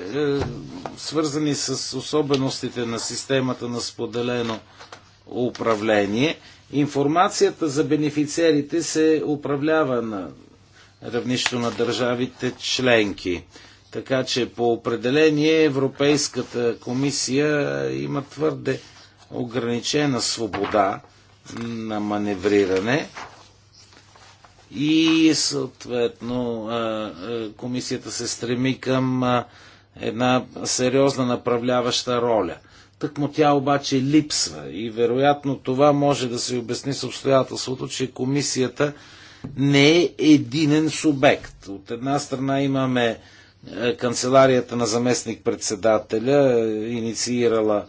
свързани с особеностите на системата на споделено управление. Информацията за бенефициерите се управлява на равнището на държавите членки. Така че по определение Европейската комисия има твърде ограничена свобода на маневриране и съответно комисията се стреми към една сериозна направляваща роля. Тъкмо му тя обаче липсва и вероятно това може да се обясни с обстоятелството, че комисията не е единен субект. От една страна имаме канцеларията на заместник-председателя, е, инициирала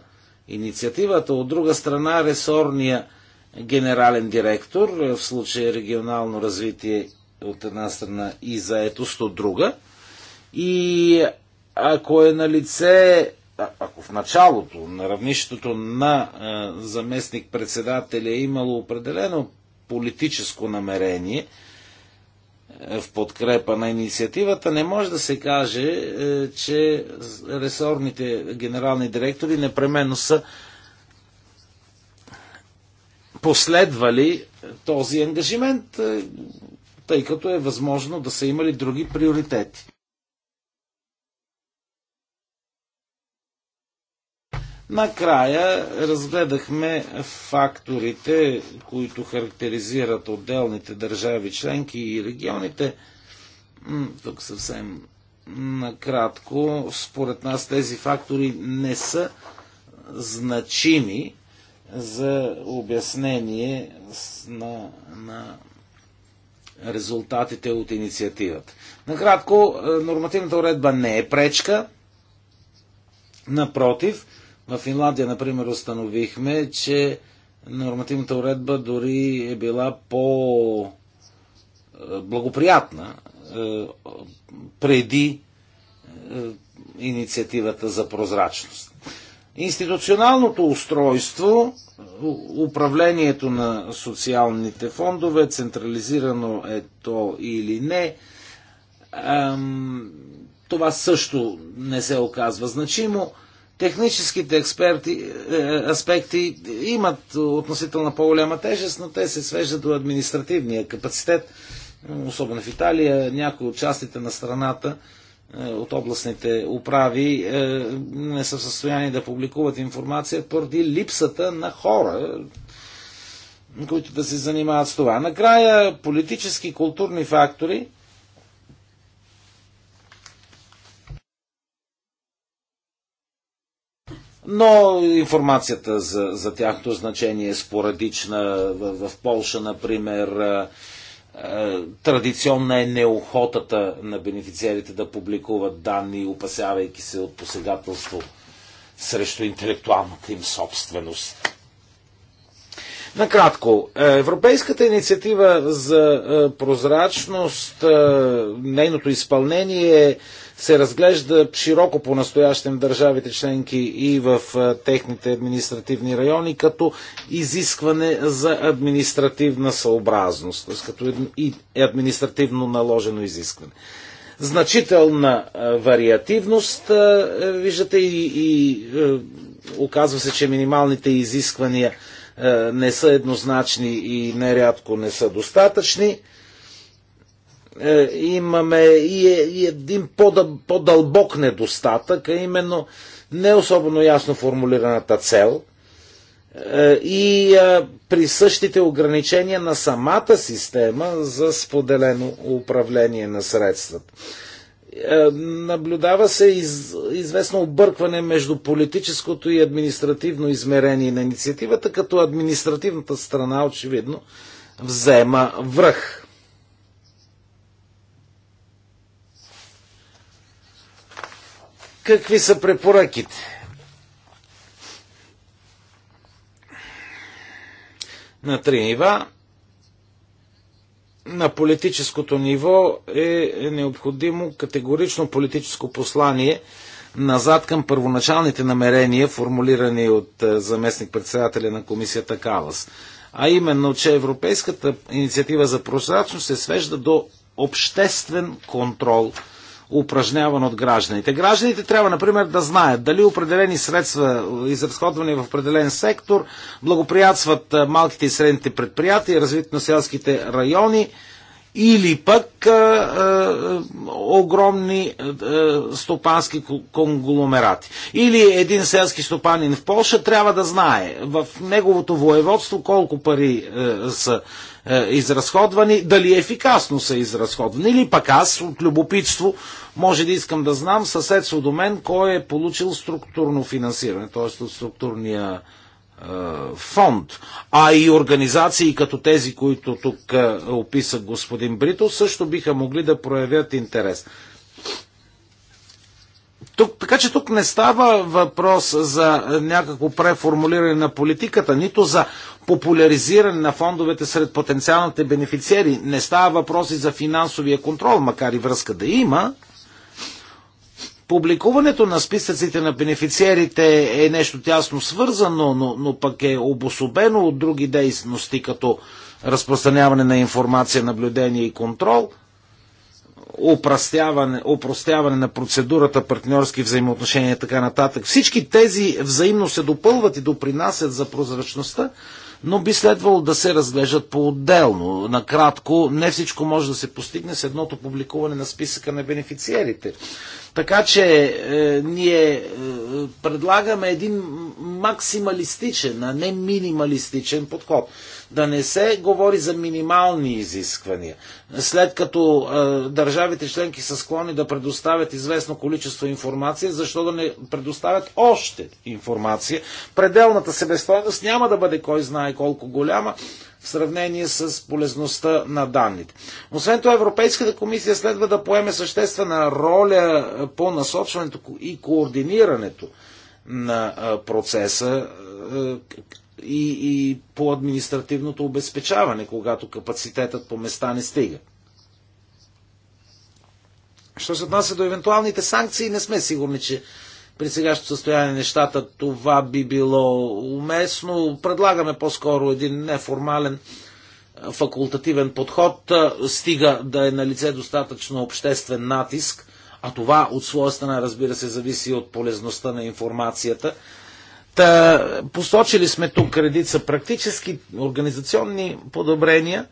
инициативата, от друга страна ресорния генерален директор, в случая регионално развитие от една страна и заетост от друга. И ако е на лице, ако в началото на равнището на заместник-председателя е имало определено политическо намерение, в подкрепа на инициативата, не може да се каже, е, че ресорните генерални директори непременно са последвали този ангажимент, е, тъй като е възможно да са имали други приоритети. Накрая разгледахме факторите, които характеризират отделните държави, членки и регионите. Тук съвсем накратко, според нас тези фактори не са значими за обяснение на, на резултатите от инициативата. Накратко, е, нормативната уредба не е пречка. Напротив, в Финландия, например, установихме, че нормативната уредба дори е била по е, благоприятна е, преди инициативата за прозрачност. Институционалното устройство, управлението на социалните фондове, централизирано е то или не, това също не се оказва значимо. Техническите експерти, е, е, аспекти имат относително по-голяма тежест, но те се свеждат до административния капацитет, особено в Италия, някои от частите на страната е, от областните управи е, не са в състояние да публикуват информация поради липсата на хора, които да се занимават с това. Накрая политически и културни фактори. Но информацията за, за тяхното значение е спорадична. В, в Полша, например, е, Традиционна е неохотата на бенефициарите да публикуват данни, опасявайки се от посегателство срещу интелектуалната им собственост. Накратко, Европейската инициатива за е, прозрачност, е, нейното изпълнение е се разглежда широко по-настоящем в държавите членки и в техните административни райони като изискване за административна съобразност, т.е. като и административно наложено изискване. Значителна вариативност, виждате, и, и оказва се, че минималните изисквания не са еднозначни и нерядко не са достатъчни. Е, имаме и е, един по-дълбок недостатък, а именно не особено ясно формулираната цел е, и при същите ограничения на самата система за споделено управление на средствата. Наблюдава се из, известно объркване между политическото и административно измерение на инициативата, като административната страна очевидно взема връх. Какви са препоръките? На три нива на политическото ниво е, е необходимо категорично политическо послание назад към първоначалните намерения, формулирани от е, заместник-председателя на комисията Калас. А именно, че Европейската инициатива за прозрачност се свежда до обществен контрол упражняван от гражданите. Гражданите трябва, например, да знаят дали определени средства, изразходвани в определен сектор, благоприятстват малките и средните предприятия, развитието на селските райони, или пък а, а, огромни а, стопански конгломерати. Или един селски стопанин в Польша трябва да знае в неговото воеводство колко пари а, е, са а, е, изразходвани, дали ефикасно са изразходвани. Или пък аз от любопитство може да искам да знам съседство до мен кой е получил структурно финансиране, т.е. от структурния е, фонд, а и организации като тези, които тук е, описа господин Брито, също биха могли да проявят интерес. Тук, така че тук не става въпрос за някакво преформулиране на политиката, нито за популяризиране на фондовете сред потенциалните бенефициери. Не става въпрос и за финансовия контрол, макар и връзка да има, Публикуването на списъците на бенефициерите е нещо тясно свързано, но, но пък е обособено от други дейности, като разпространяване на информация, наблюдение и контрол, упростяване на процедурата, партньорски взаимоотношения и така нататък. Всички тези взаимно се допълват и допринасят за прозрачността но би следвало да се разглеждат по-отделно. Накратко, не всичко може да се постигне с едното публикуване на списъка на бенефициерите. Така че е, ние е, предлагаме един максималистичен, а не минималистичен подход да не се говори за минимални изисквания. След като е, държавите членки са склонни да предоставят известно количество информация, защо да не предоставят още информация? Пределната себестойност няма да бъде кой знае колко голяма в сравнение с полезността на данните. Освен това, Европейската комисия следва да поеме съществена роля е, по насочването и координирането на е, процеса, е, и, и по административното обезпечаване, когато капацитетът по места не стига. Що се отнася до евентуалните санкции, не сме сигурни, че при сегашното състояние на нещата това би било уместно. Предлагаме по-скоро един неформален факултативен подход, стига да е на лице достатъчно обществен натиск, а това от своя страна, разбира се, зависи от полезността на информацията – Та, посочили сме тук редица практически организационни подобрения.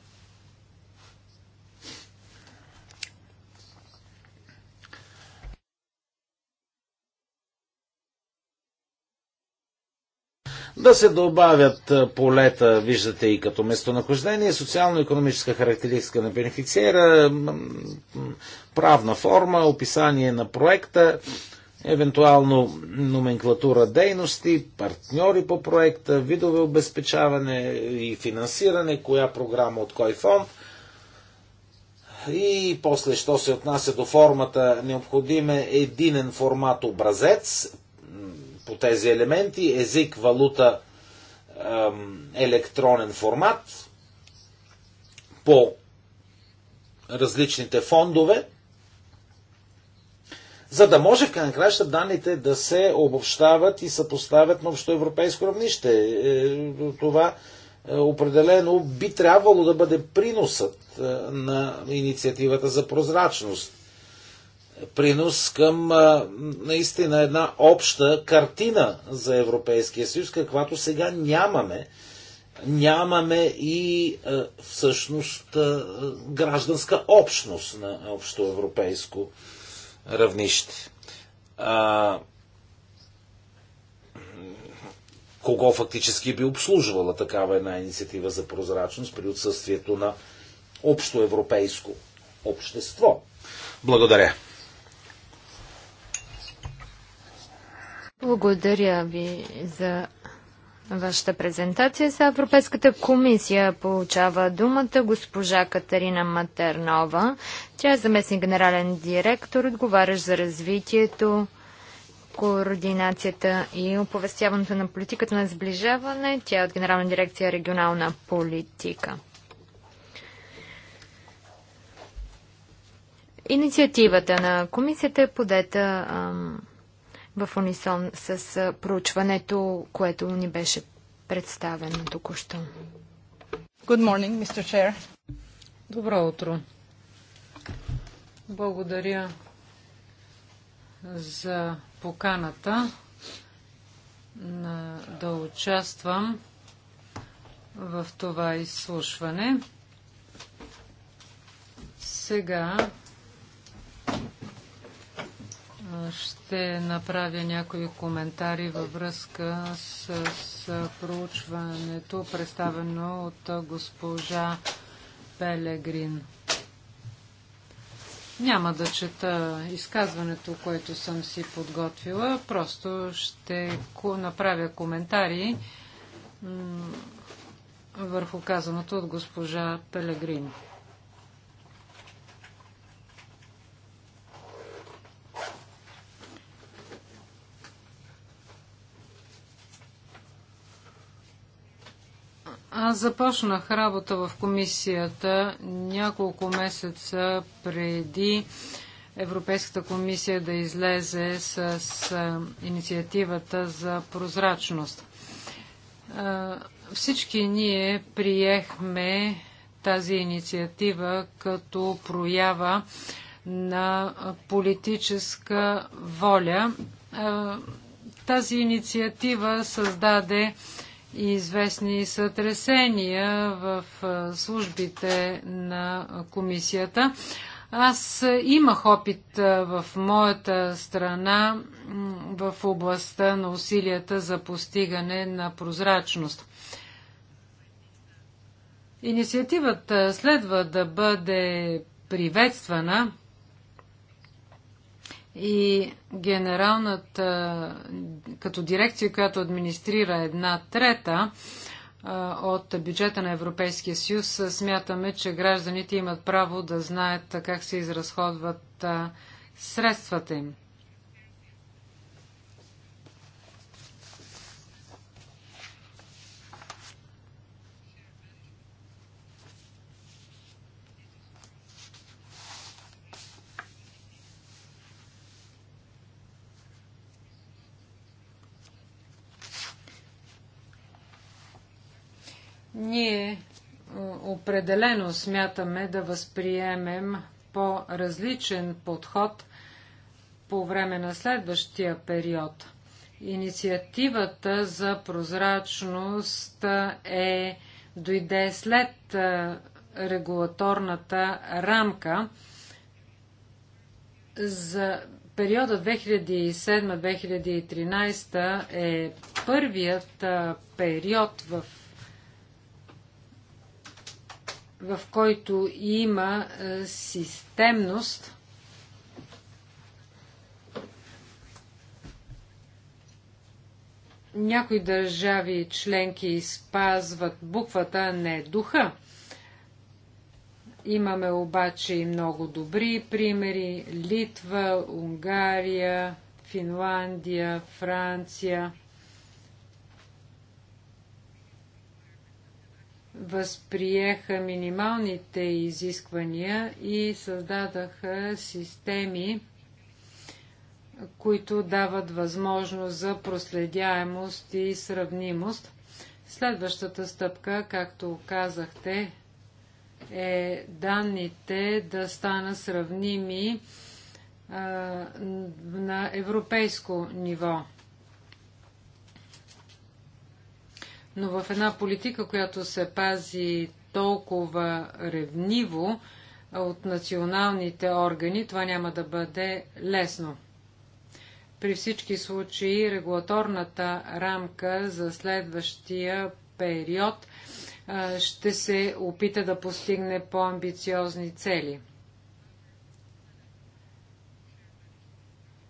Да се добавят полета, виждате и като местонахождение, социално-економическа характеристика на бенефициера, правна форма, описание на проекта, евентуално номенклатура дейности, партньори по проекта, видове обезпечаване и финансиране, коя програма от кой фонд. И после, що се отнася до формата, необходим е единен формат образец по тези елементи, език, валута, електронен формат по различните фондове за да може в крайна краща данните да се обобщават и съпоставят на общо европейско равнище. Е, това е, определено би трябвало да бъде приносът е, на инициативата за прозрачност. Принос към наистина една обща картина за Европейския съюз, каквато сега нямаме. Нямаме и всъщност гражданска общност на общо европейско равнище. А, кого фактически би обслужвала такава една инициатива за прозрачност при отсъствието на общо европейско общество? Благодаря. Благодаря ви за вашата презентация. за Европейската комисия получава думата госпожа Катерина Матернова. Тя е заместник генерален директор, отговарящ за развитието, координацията и оповестяването на политиката на сближаване. Тя е от Генерална дирекция регионална политика. Инициативата на комисията е подета ам, в унисон с проучването, което ни беше представено току-що. Good morning, Mr. Chair. Добро утро. Благодаря за поканата на, да участвам в това изслушване. Сега ще направя някои коментари във връзка с, проучването, представено от госпожа Пелегрин. Няма да чета изказването, което съм си подготвила, просто ще направя коментари върху казаното от госпожа Пелегрин. Аз започнах работа в комисията няколко месеца преди Европейската комисия да излезе с инициативата за прозрачност. Всички ние приехме тази инициатива като проява на политическа воля. Тази инициатива създаде известни сътресения в службите на комисията. Аз имах опит в моята страна в областта на усилията за постигане на прозрачност. Инициативата следва да бъде приветствана и генералната, като дирекция, която администрира една трета от бюджета на Европейския съюз, смятаме, че гражданите имат право да знаят как се изразходват средствата им. Ние е, определено смятаме да възприемем по-различен подход по време на следващия период. Инициативата за прозрачност е дойде след е, регулаторната рамка за периода 2007-2013 е първият е, период в в който има е, системност, някои държави членки спазват буквата, а не духа. Имаме обаче и много добри примери. Литва, Унгария, Финландия, Франция – възприеха минималните изисквания и създадаха системи, които дават възможност за проследяемост и сравнимост. Следващата стъпка, както казахте, е данните да станат сравними а, на европейско ниво. но в една политика, която се пази толкова ревниво от националните органи, това няма да бъде лесно. При всички случаи регулаторната рамка за следващия период ще се опита да постигне по-амбициозни цели.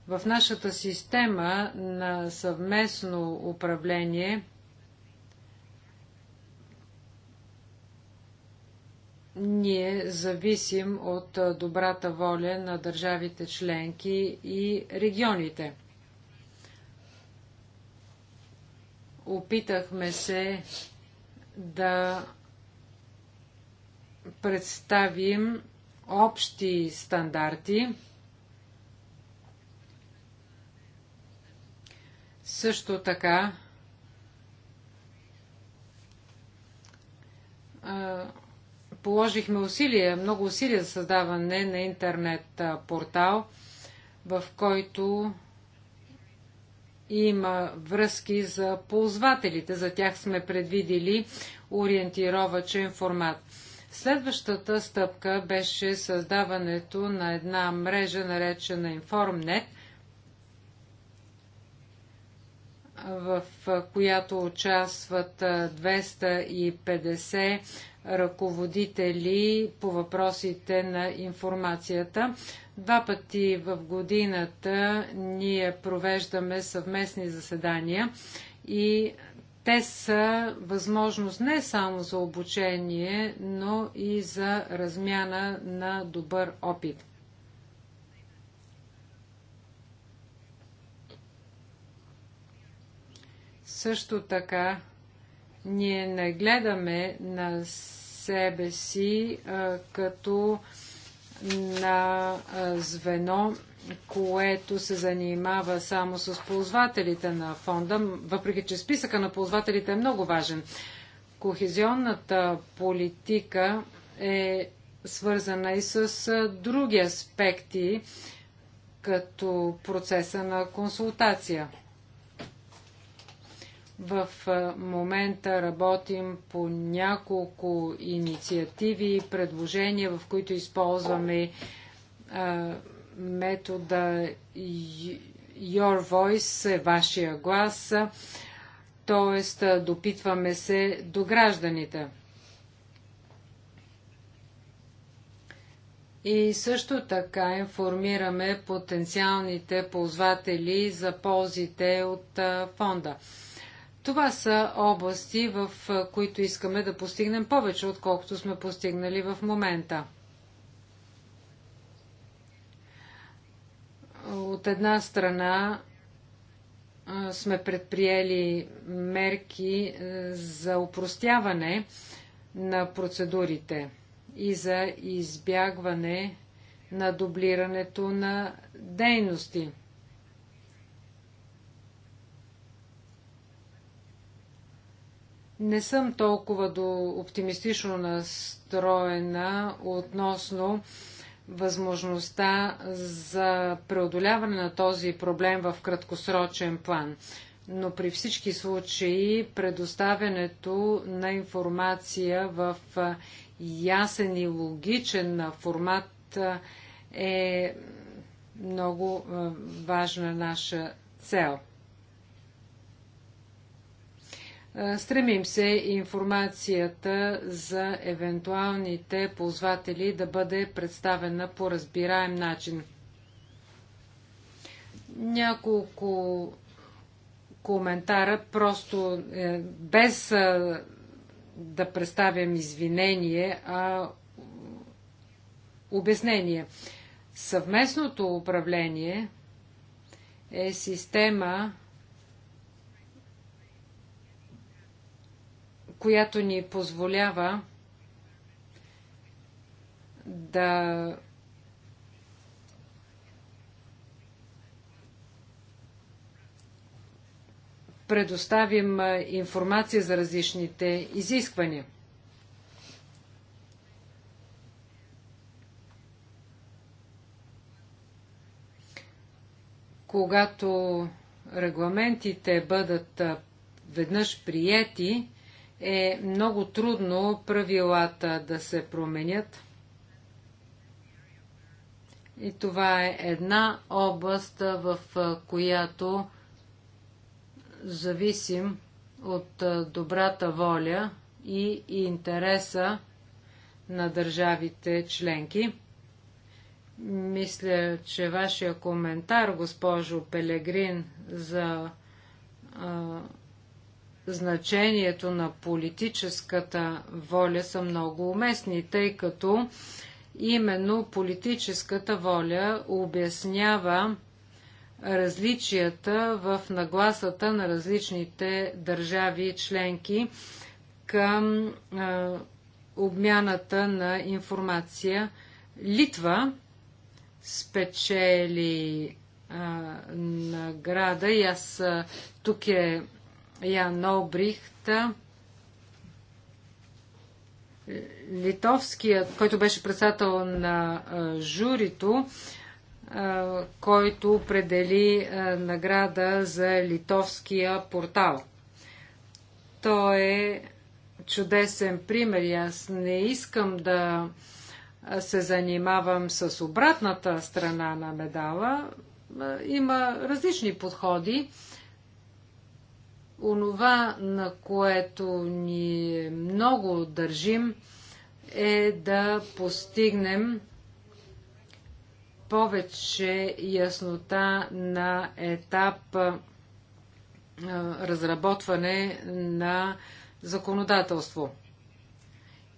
В нашата система на съвместно управление – ние зависим от добрата воля на държавите членки и регионите. Опитахме се да представим общи стандарти, също така положихме усилия, много усилия за създаване на интернет портал, в който има връзки за ползвателите. За тях сме предвидили ориентировачен формат. Следващата стъпка беше създаването на една мрежа, наречена InformNet, в която участват 250 ръководители по въпросите на информацията. Два пъти в годината ние провеждаме съвместни заседания и те са възможност не само за обучение, но и за размяна на добър опит. Също така, ние не гледаме на себе си а, като на а, звено, което се занимава само с ползвателите на фонда, въпреки че списъка на ползвателите е много важен. Кохезионната политика е свързана и с а, други аспекти, като процеса на консултация. В момента работим по няколко инициативи и предложения, в които използваме метода Your Voice, е вашия глас, т.е. допитваме се до гражданите. И също така информираме потенциалните ползватели за ползите от фонда. Това са области, в които искаме да постигнем повече, отколкото сме постигнали в момента. От една страна сме предприели мерки за упростяване на процедурите и за избягване на дублирането на дейности – Не съм толкова до оптимистично настроена относно възможността за преодоляване на този проблем в краткосрочен план. Но при всички случаи предоставянето на информация в ясен и логичен формат е много важна наша цел. Е, стремим се информацията за евентуалните ползватели да бъде представена по разбираем начин. Няколко коментара, просто е, без е, да представям извинение, а обяснение. Съвместното управление е система, която ни позволява да предоставим информация за различните изисквания. Когато регламентите бъдат веднъж приети, е много трудно правилата да се променят. И това е една област, в която зависим от добрата воля и интереса на държавите членки. Мисля, че вашия коментар, госпожо Пелегрин, за значението на политическата воля са много уместни, тъй като именно политическата воля обяснява различията в нагласата на различните държави и членки към е, обмяната на информация. Литва спечели е, награда и аз тук е Ян Обрихт, е, литовският, който беше председател на е, журито, е, който определи награда за литовския портал. Той е чудесен пример и аз не искам да се занимавам с обратната страна на медала. Има различни подходи. Онова, на което ни много държим, е да постигнем повече яснота на етап разработване на законодателство.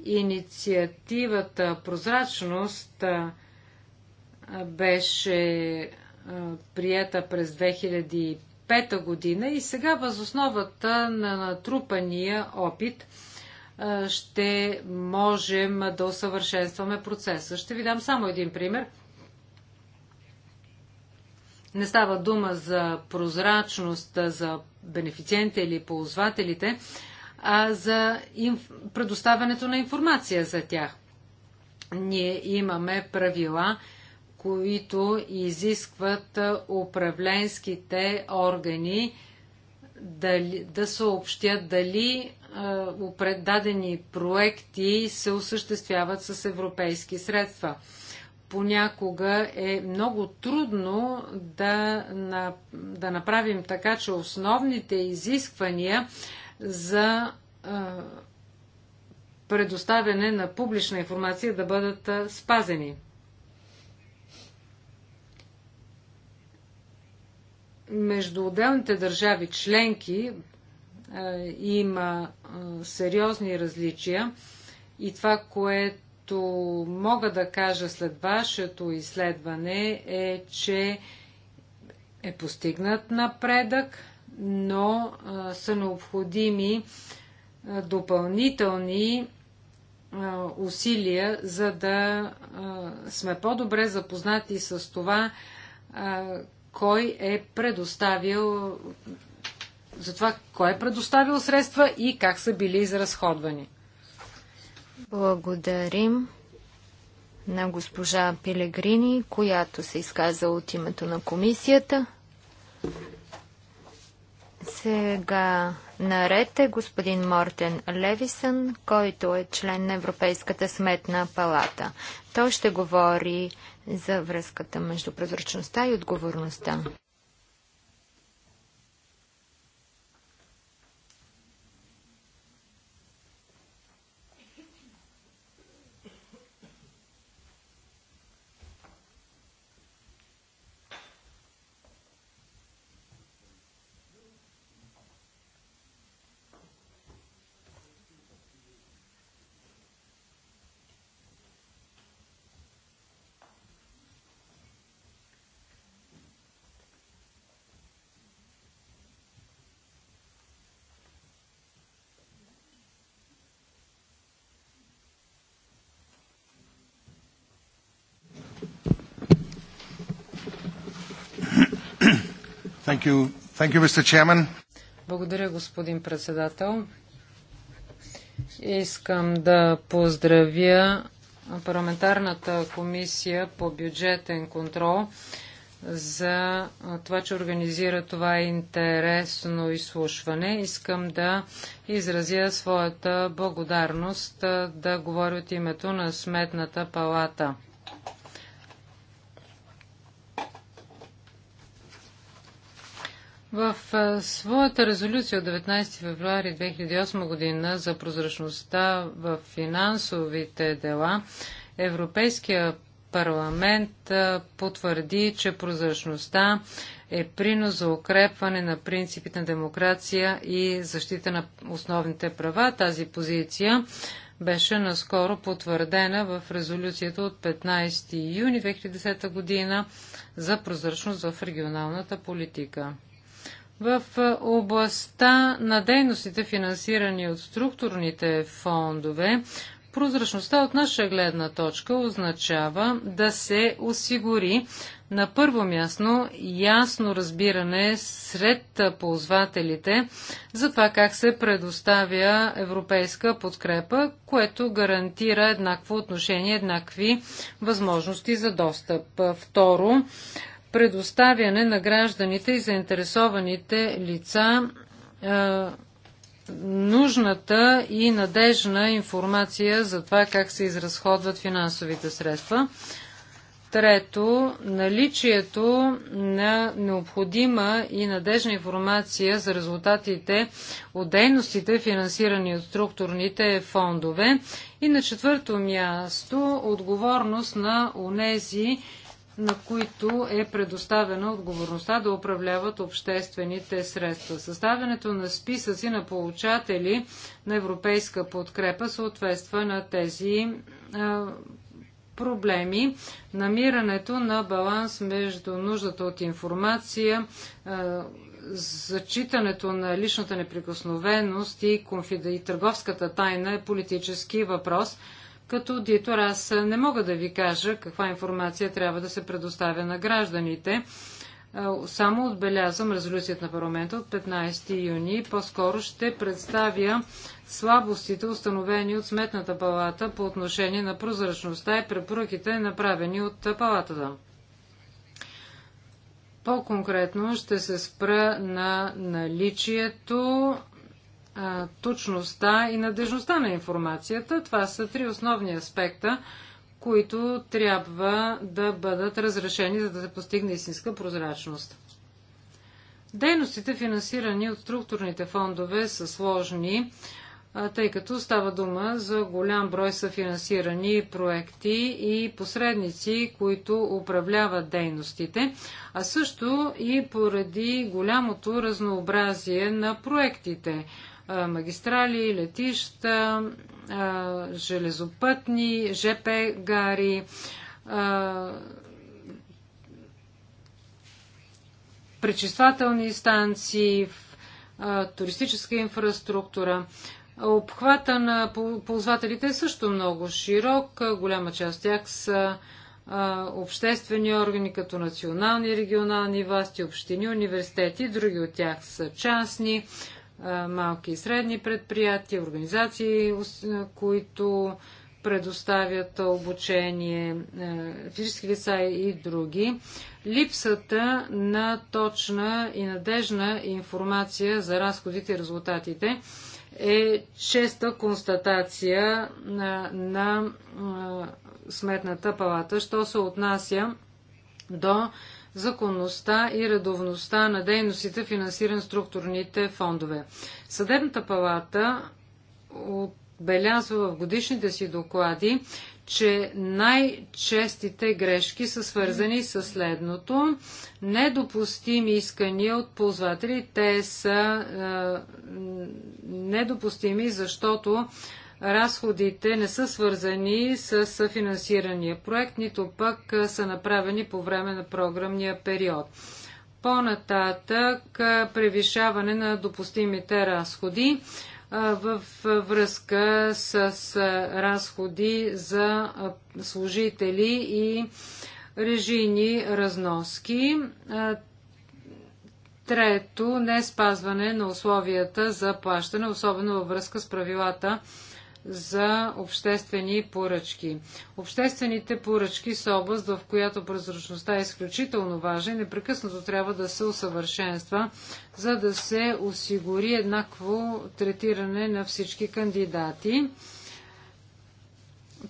Инициативата Прозрачност беше прията през 2005 2005 година и сега възосновата на натрупания опит ще можем да усъвършенстваме процеса. Ще ви дам само един пример. Не става дума за прозрачност за бенефициентите или ползвателите, а за предоставянето на информация за тях. Ние имаме правила, които изискват управленските органи да съобщят дали предадени проекти се осъществяват с европейски средства. Понякога е много трудно да, на, да направим така, че основните изисквания за предоставяне на публична информация да бъдат спазени. между отделните държави членки е, има е, сериозни различия и това, което мога да кажа след вашето изследване е, че е постигнат напредък, но е, са необходими допълнителни усилия, за да сме по-добре запознати с това кой е предоставил за това кой е предоставил средства и как са били изразходвани. Благодарим на госпожа Пилегрини, която се изказа от името на комисията. Сега наред е господин Мортен Левисън, който е член на Европейската сметна палата. Той ще говори за връзката между прозрачността и отговорността. Thank you. Thank you, Mr. Chairman. Благодаря, господин председател. Искам да поздравя парламентарната комисия по бюджетен контрол за това, че организира това интересно изслушване. Искам да изразя своята благодарност да говоря от името на Сметната палата. В своята резолюция от 19 февруари 2008 година за прозрачността в финансовите дела Европейския парламент потвърди, че прозрачността е принос за укрепване на принципите на демокрация и защита на основните права. Тази позиция беше наскоро потвърдена в резолюцията от 15 юни 2010 година за прозрачност в регионалната политика. В областта на дейностите, финансирани от структурните фондове, прозрачността от наша гледна точка означава да се осигури на първо място ясно разбиране сред ползвателите за това как се предоставя европейска подкрепа, което гарантира еднакво отношение, еднакви възможности за достъп. Второ, предоставяне на гражданите и заинтересованите лица е, нужната и надежна информация за това как се изразходват финансовите средства. Трето, наличието на необходима и надежна информация за резултатите от дейностите, финансирани от структурните фондове. И на четвърто място, отговорност на унези, на които е предоставена отговорността да управляват обществените средства. Съставянето на списъци на получатели на европейска подкрепа съответства на тези проблеми. Намирането на баланс между нуждата от информация, зачитането на личната неприкосновеност и, конфид... и търговската тайна е политически въпрос – като аудитор аз не мога да ви кажа каква информация трябва да се предоставя на гражданите. Само отбелязвам резолюцията на парламента от 15 юни и по-скоро ще представя слабостите, установени от Сметната палата по отношение на прозрачността и препоръките, направени от палатата. По-конкретно ще се спра на наличието а, точността и надежността на информацията. Това са три основни аспекта, които трябва да бъдат разрешени, за да се постигне истинска прозрачност. Дейностите, финансирани от структурните фондове, са сложни, тъй като става дума за голям брой съфинансирани проекти и посредници, които управляват дейностите, а също и поради голямото разнообразие на проектите магистрали, летища, железопътни, ЖП гари, пречиствателни станции, туристическа инфраструктура. Обхвата на ползвателите е също много широк. Голяма част от тях са обществени органи, като национални и регионални власти, общини, университети. Други от тях са частни малки и средни предприятия, организации, които предоставят обучение, физически лица и други. Липсата на точна и надежна информация за разходите и резултатите е честа констатация на, на Сметната палата, що се отнася до законността и редовността на дейностите, финансиран структурните фондове. Съдебната палата отбелязва в годишните си доклади, че най-честите грешки са свързани с следното. Недопустими искания от ползватели. Те са е, недопустими, защото разходите не са свързани с финансирания проект, нито пък са направени по време на програмния период. По-нататък превишаване на допустимите разходи в връзка с разходи за служители и режийни разноски. Трето, не спазване на условията за плащане, особено във връзка с правилата за обществени поръчки. Обществените поръчки са област, в която прозрачността е изключително важна и непрекъснато трябва да се усъвършенства, за да се осигури еднакво третиране на всички кандидати.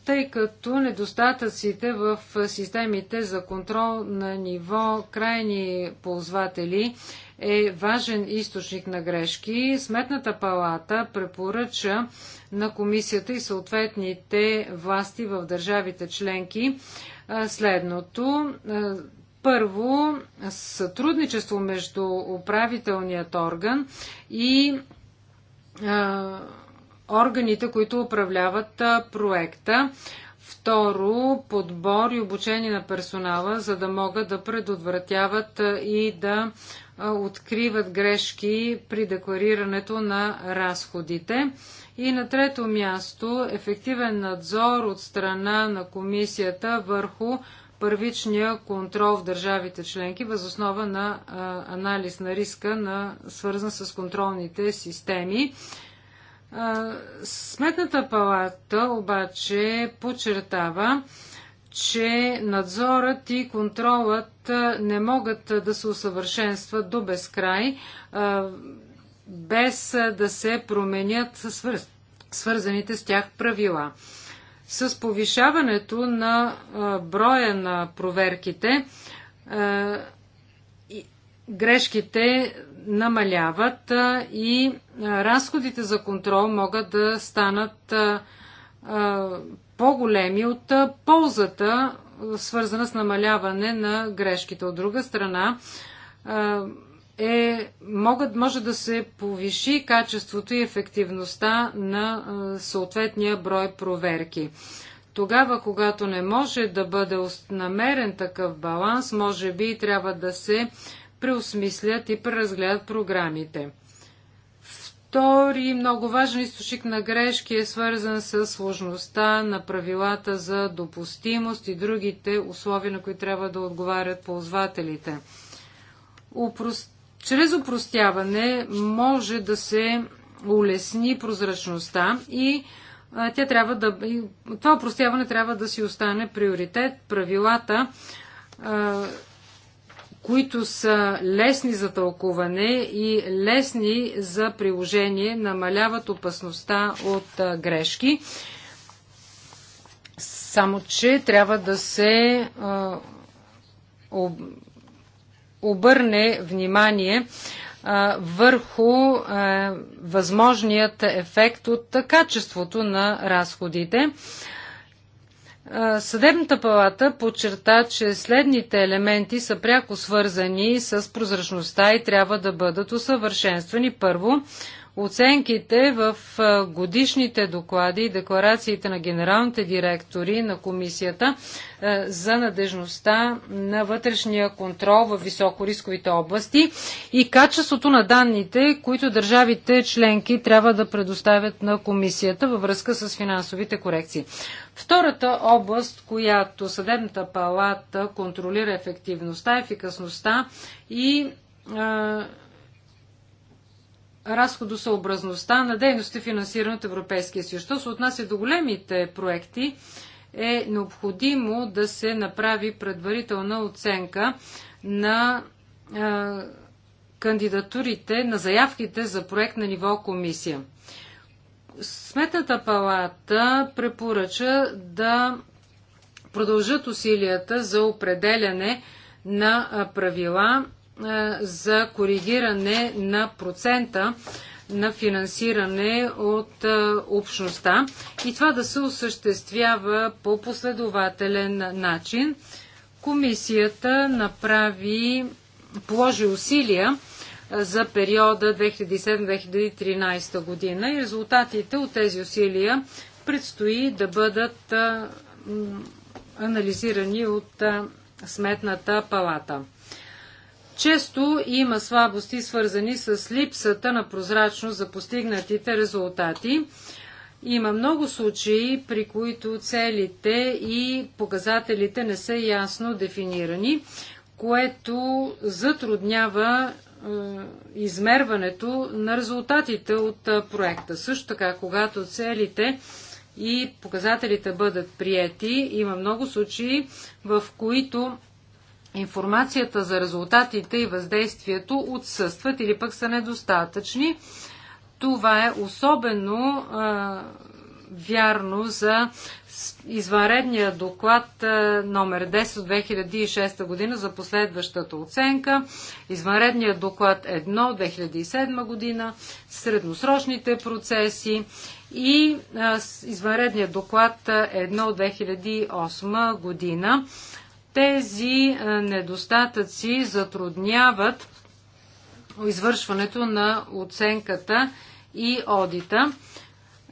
Тъй като недостатъците в системите за контрол на ниво крайни ползватели е важен източник на грешки. Сметната палата препоръча на комисията и съответните власти в държавите членки следното. Първо, сътрудничество между управителният орган и органите, които управляват проекта. Второ, подбор и обучение на персонала, за да могат да предотвратяват и да откриват грешки при декларирането на разходите. И на трето място ефективен надзор от страна на комисията върху първичния контрол в държавите членки възоснова на а, анализ на риска, на, свързан с контролните системи. А, сметната палата обаче подчертава, че надзорът и контролът не могат да се усъвършенстват до безкрай, без да се променят свързаните с тях правила. С повишаването на броя на проверките, грешките намаляват и разходите за контрол могат да станат по-големи от ползата, свързана с намаляване на грешките. От друга страна, е, могат, може да се повиши качеството и ефективността на съответния брой проверки. Тогава, когато не може да бъде намерен такъв баланс, може би трябва да се преосмислят и преразгледат програмите. Втори много важен източник на грешки е свързан с сложността на правилата за допустимост и другите условия, на които трябва да отговарят ползвателите. Упрост... Чрез упростяване може да се улесни прозрачността и тя трябва да, това упростяване трябва да си остане приоритет. Правилата които са лесни за тълкуване и лесни за приложение, намаляват опасността от грешки. Само, че трябва да се обърне внимание върху възможният ефект от качеството на разходите. Съдебната палата подчерта, че следните елементи са пряко свързани с прозрачността и трябва да бъдат усъвършенствани. Първо, Оценките в годишните доклади и декларациите на генералните директори на комисията за надежността на вътрешния контрол в високорисковите области и качеството на данните, които държавите членки трябва да предоставят на комисията във връзка с финансовите корекции. Втората област, която Съдебната палата контролира ефективността, ефикасността и разходосъобразността на дейности, финансирани от Европейския съюз. Що се отнася до големите проекти, е необходимо да се направи предварителна оценка на е, кандидатурите, на заявките за проект на ниво комисия. Сметната палата препоръча да продължат усилията за определяне на правила е, за коригиране на процента на финансиране от е, общността и това да се осъществява по последователен начин. Комисията направи, положи усилия е, за периода 2007-2013 година и резултатите от тези усилия предстои да бъдат анализирани от Сметната палата. Често има слабости, свързани с липсата на прозрачност за постигнатите резултати. Има много случаи, при които целите и показателите не са ясно дефинирани, което затруднява е, измерването на резултатите от е, проекта. Също така, когато целите и показателите бъдат приети, има много случаи, в които информацията за резултатите и въздействието отсъстват или пък са недостатъчни. Това е особено а, вярно за извънредния доклад а, номер 10 от 2006 година за последващата оценка, извънредния доклад 1 от 2007 година, средносрочните процеси и извънредния доклад 1 от 2008 година тези недостатъци затрудняват извършването на оценката и одита.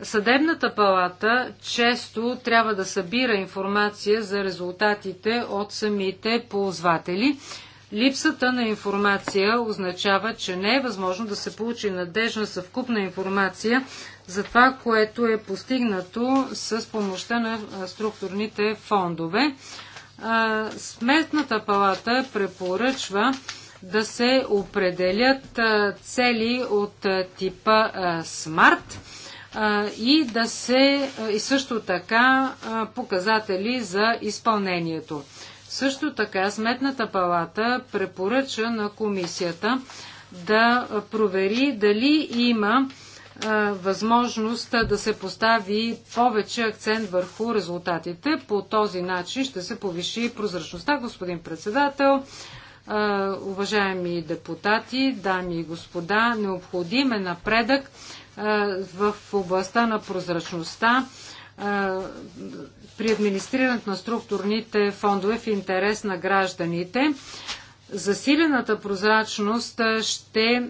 Съдебната палата често трябва да събира информация за резултатите от самите ползватели. Липсата на информация означава, че не е възможно да се получи надежна съвкупна информация за това, което е постигнато с помощта на структурните фондове. Сметната палата препоръчва да се определят цели от типа смарт и да се и също така показатели за изпълнението. Също така Сметната палата препоръча на комисията да провери дали има възможност да се постави повече акцент върху резултатите. По този начин ще се повиши прозрачността, господин председател. Уважаеми депутати, дами и господа, необходим е напредък в областта на прозрачността при администрирането на структурните фондове в интерес на гражданите. Засилената прозрачност ще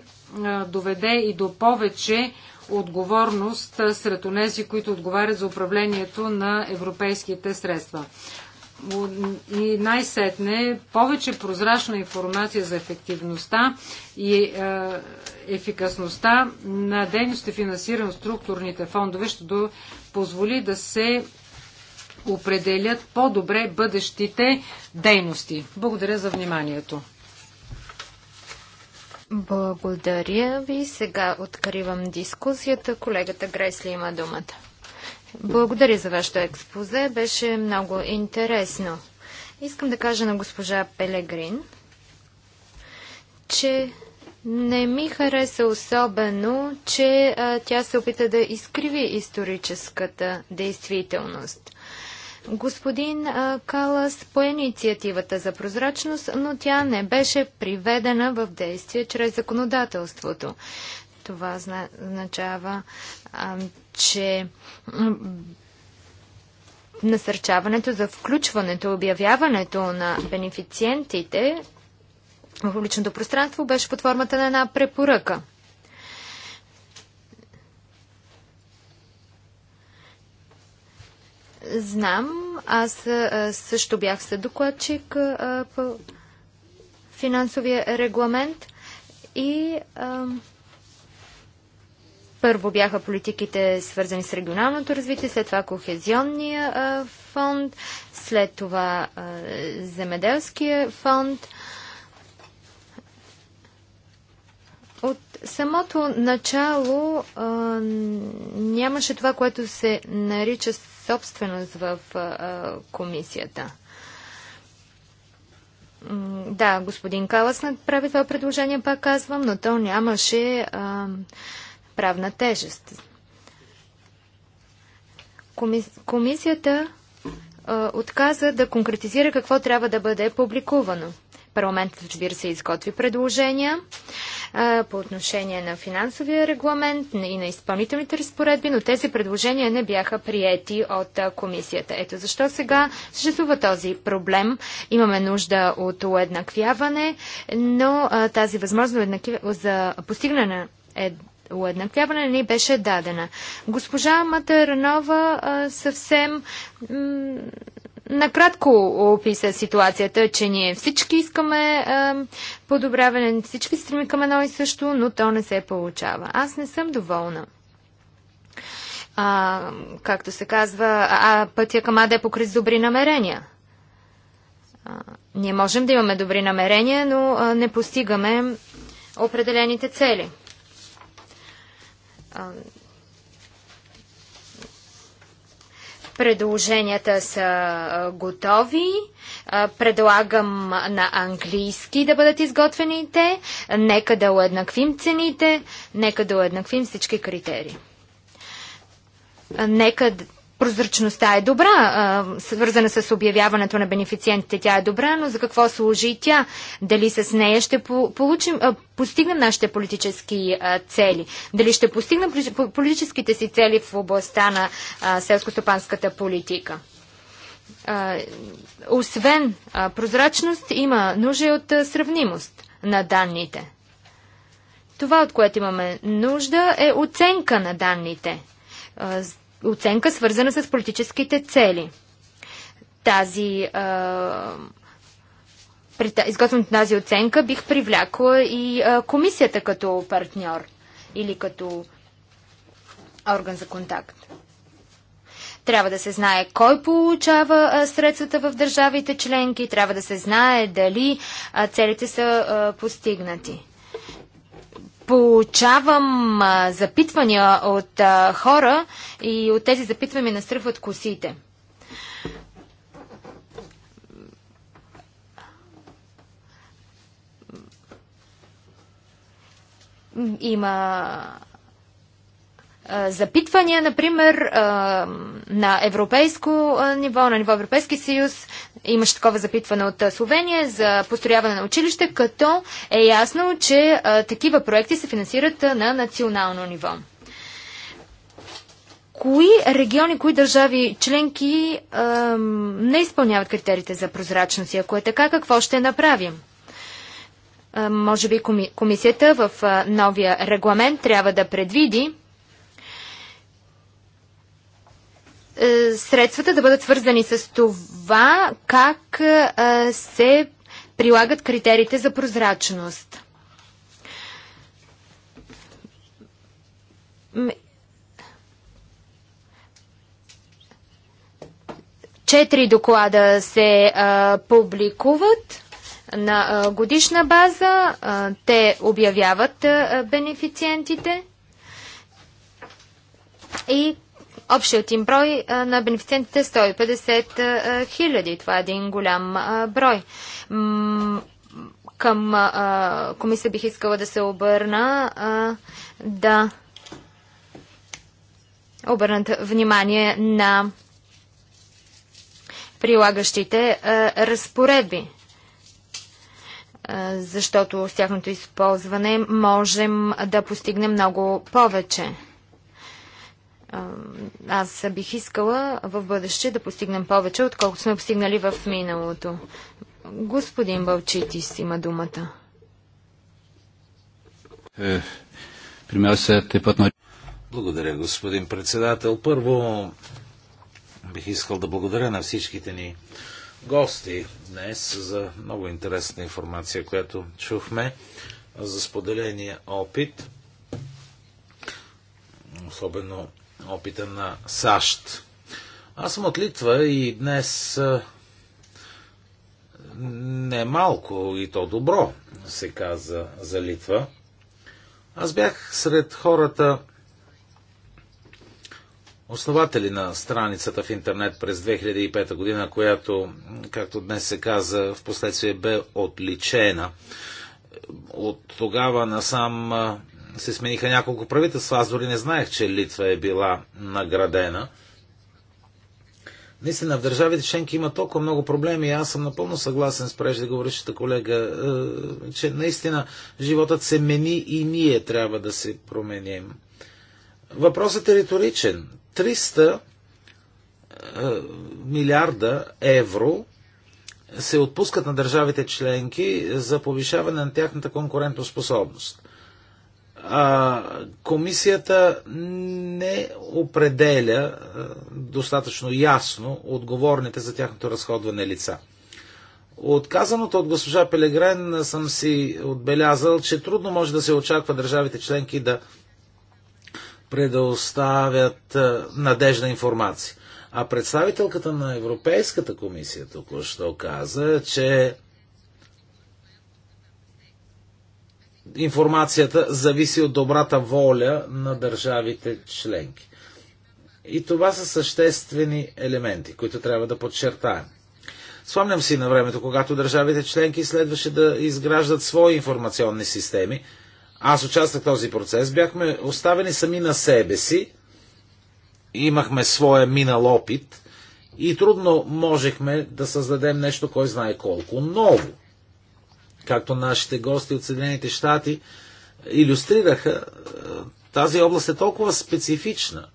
доведе и до повече отговорност сред онези, които отговарят за управлението на европейските средства. И най-сетне повече прозрачна информация за ефективността и е, ефикасността на дейности, финансиране от структурните фондове, ще до, позволи да се определят по-добре бъдещите дейности. Благодаря за вниманието. Благодаря ви. Сега откривам дискусията. Колегата Гресли има думата. Благодаря за вашето експозе. Беше много интересно. Искам да кажа на госпожа Пелегрин, че не ми хареса особено, че а, тя се опита да изкриви историческата действителност. Господин Калас по инициативата за прозрачност, но тя не беше приведена в действие чрез законодателството. Това означава, че насърчаването за включването, обявяването на бенефициентите в публичното пространство беше под формата на една препоръка – Знам, аз също бях съдокладчик по финансовия регламент и а, първо бяха политиките свързани с регионалното развитие, след това кохезионния а, фонд, след това а, земеделския фонд. От самото начало а, нямаше това, което се нарича собственост в комисията. Да, господин Калас прави това предложение, пак казвам, но то нямаше а, правна тежест. Коми... Комисията а, отказа да конкретизира какво трябва да бъде публикувано. Парламентът, разбира се, изготви предложения по отношение на финансовия регламент и на изпълнителните разпоредби, но тези предложения не бяха приети от комисията. Ето защо сега съществува този проблем. Имаме нужда от уеднаквяване, но тази възможност за постигнане е уеднаквяване не беше дадена. Госпожа Матернова съвсем накратко описа ситуацията, че ние всички искаме е, подобряване, всички стреми към едно и също, но то не се получава. Аз не съм доволна. А, както се казва, а, пътя към ада е покрит с добри намерения. А, ние можем да имаме добри намерения, но а, не постигаме определените цели. А, Предложенията са готови. Предлагам на английски да бъдат изготвени те. Нека да уеднаквим цените, нека да уеднаквим всички критерии. Нека Прозрачността е добра, свързана с обявяването на бенефициентите. Тя е добра, но за какво служи тя? Дали с нея ще получим, постигнем нашите политически цели? Дали ще постигнем политическите си цели в областта на селско-стопанската политика? Освен прозрачност, има нужда от сравнимост на данните. Това, от което имаме нужда, е оценка на данните оценка, свързана с политическите цели. Тази при изготвянето на тази оценка бих привлякла и а, комисията като партньор или като орган за контакт. Трябва да се знае кой получава а, средствата в държавите членки, трябва да се знае дали а, целите са постигнати получавам а, запитвания от а, хора и от тези запитвания ми настръхват косите. Има запитвания, например, на европейско ниво, на ниво Европейски съюз. Имаше такова запитване от Словения за построяване на училище, като е ясно, че такива проекти се финансират на национално ниво. Кои региони, кои държави членки не изпълняват критериите за прозрачност? И ако е така, какво ще направим? Може би комисията в новия регламент трябва да предвиди Е, средствата да бъдат свързани с това как е, се прилагат критериите за прозрачност. Четири доклада се а, е, публикуват на а, годишна база. А, те обявяват а, бенефициентите. И Общият им брой на бенефициентите е 150 хиляди. Това е един голям брой. Към комисия бих искала да се обърна да обърнат внимание на прилагащите разпоредби защото с тяхното използване можем да постигнем много повече аз бих искала в бъдеще да постигнем повече, отколкото сме постигнали в миналото. Господин Балчитис има думата. Е, се, път на... Благодаря, господин председател. Първо бих искал да благодаря на всичките ни гости днес за много интересна информация, която чухме за споделения опит, особено опита на САЩ. Аз съм от Литва и днес не малко и то добро се каза за Литва. Аз бях сред хората, основатели на страницата в интернет през 2005 година, която, както днес се каза, в последствие бе отличена. От тогава насам се смениха няколко правителства. Аз дори не знаех, че Литва е била наградена. Наистина, в държавите членки има толкова много проблеми. Аз съм напълно съгласен с преждеговорещата колега, е, че наистина животът се мени и ние трябва да се променим. Въпросът е риторичен. 300 е, милиарда евро се отпускат на държавите членки за повишаване на тяхната конкурентоспособност а, комисията не определя а, достатъчно ясно отговорните за тяхното разходване лица. Отказаното от госпожа Пелегрен съм си отбелязал, че трудно може да се очаква държавите членки да предоставят надежна информация. А представителката на Европейската комисия току-що каза, че информацията зависи от добрата воля на държавите членки. И това са съществени елементи, които трябва да подчертаем. Спомням си на времето, когато държавите членки следваше да изграждат свои информационни системи. Аз участвах в този процес. Бяхме оставени сами на себе си. Имахме своя минал опит. И трудно можехме да създадем нещо, кой знае колко ново както нашите гости от Съединените щати иллюстрираха, е, тази област е толкова специфична,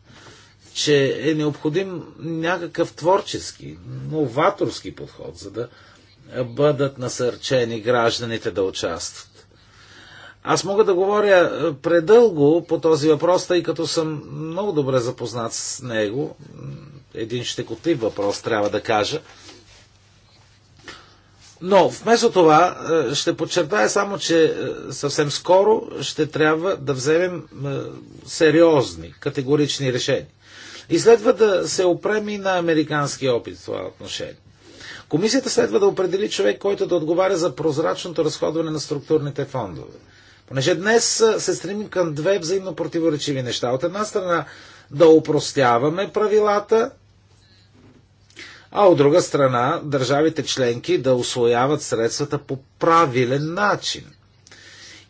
че е необходим някакъв творчески, новаторски подход, за да бъдат насърчени гражданите да участват. Аз мога да говоря е, предълго по този въпрос, тъй като съм много добре запознат с него. Един щекотлив въпрос, трябва да кажа. Но вместо това е, ще подчертая само, че е, съвсем скоро ще трябва да вземем е, сериозни, категорични решения. И следва да се опреми на американски опит в това отношение. Комисията следва да определи човек, който да отговаря за прозрачното разходване на структурните фондове. Понеже днес се стремим към две взаимно противоречиви неща. От една страна да упростяваме правилата, а от друга страна държавите членки да освояват средствата по правилен начин.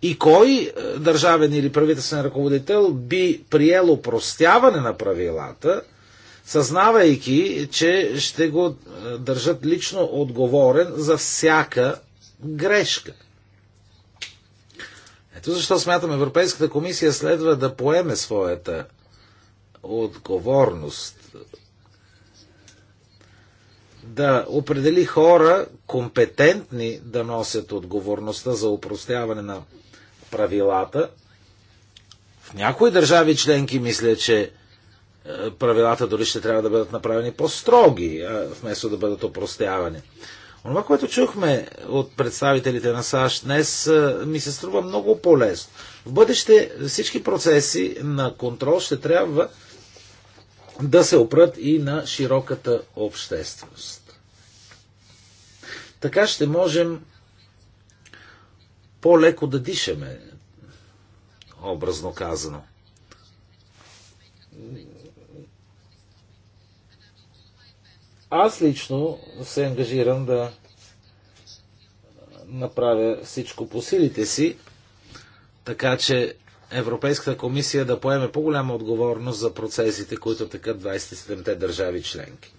И кой е, държавен или правителствен ръководител би приел упростяване на правилата, съзнавайки, че ще го е, държат лично отговорен за всяка грешка. Ето защо смятам Европейската комисия следва да поеме своята отговорност да определи хора компетентни да носят отговорността за упростяване на правилата. В някои държави членки мисля, че е, правилата дори ще трябва да бъдат направени по-строги, е, вместо да бъдат упростявани. Онова, което чухме от представителите на САЩ днес, е, ми се струва много по-лесно. В бъдеще всички процеси на контрол ще трябва да се опрат и на широката общественост. Така ще можем по-леко да дишаме, образно казано. Аз лично се ангажирам да направя всичко по силите си, така че Европейската комисия да поеме по-голяма отговорност за процесите, които така 27-те държави членки.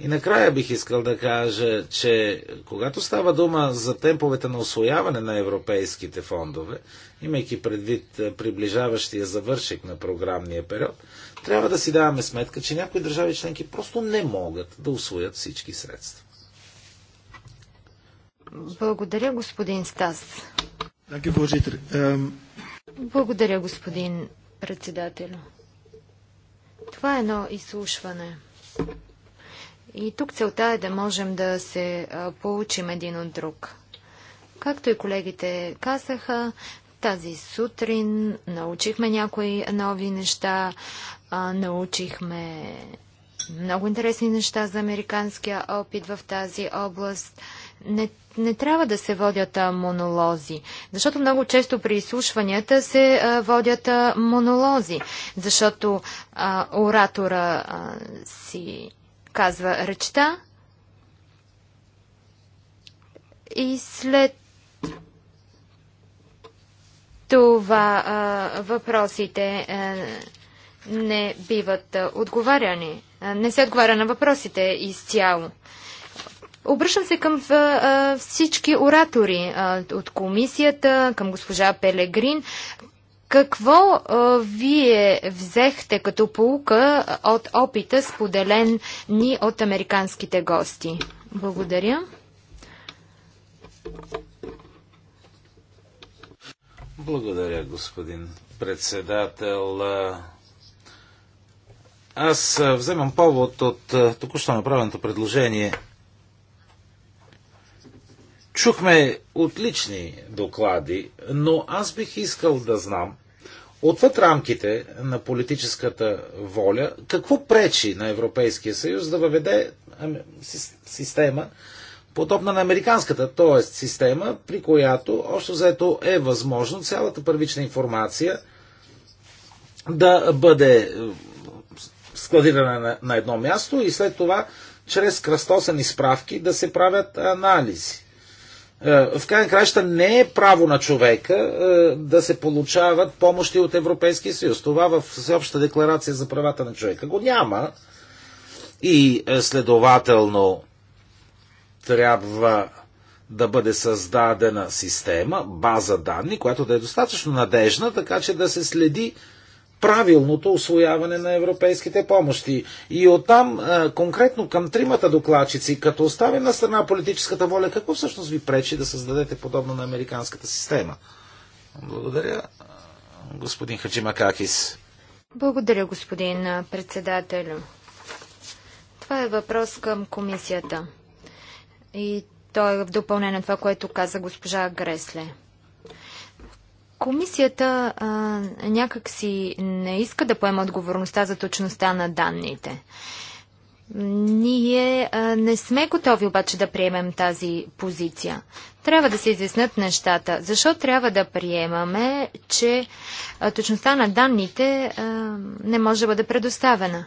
И накрая бих искал да кажа, че когато става дума за темповете на освояване на европейските фондове, имайки предвид приближаващия завършик на програмния период, трябва да си даваме сметка, че някои държави членки просто не могат да освоят всички средства. Благодаря, господин Стас. Ehm, Благодаря, господин председател. Това е едно изслушване. И тук целта е да можем да се получим един от друг. Както и колегите казаха, тази сутрин научихме някои нови неща, научихме много интересни неща за американския опит в тази област. Не, не трябва да се водят монолози, защото много често при изслушванията се водят монолози, защото а, оратора а, си казва речта. И след това а, въпросите а, не биват а, отговаряни. А, не се отговаря на въпросите изцяло. Обръщам се към а, всички оратори а, от комисията, към госпожа Пелегрин. Какво а, вие взехте като полука от опита, споделен ни от американските гости? Благодаря. Благодаря, господин председател. Аз вземам повод от току-що направеното предложение Чухме отлични доклади, но аз бих искал да знам, отвъд рамките на политическата воля, какво пречи на Европейския съюз да въведе ами, система, подобна на американската, т.е. система, при която общо заето е възможно цялата първична информация да бъде е, складирана на едно място и след това чрез кръстосани справки да се правят анализи. Е, в крайна краща не е право на човека е, да се получават помощи от Европейския съюз. Това в Всеобща декларация за правата на човека го няма. И е, следователно трябва да бъде създадена система, база данни, която да е достатъчно надежна, така че да се следи правилното освояване на европейските помощи. И оттам конкретно към тримата докладчици, като оставим на страна политическата воля, какво всъщност ви пречи да създадете подобно на американската система? Благодаря, господин Хаджимакакис. Благодаря, господин председател. Това е въпрос към комисията. И той е в допълнение на това, което каза госпожа Гресле. Комисията а, някак си не иска да поема отговорността за точността на данните. Ние а, не сме готови обаче да приемем тази позиция. Трябва да се изяснат нещата. Защо трябва да приемаме, че а, точността на данните а, не може да бъде предоставена?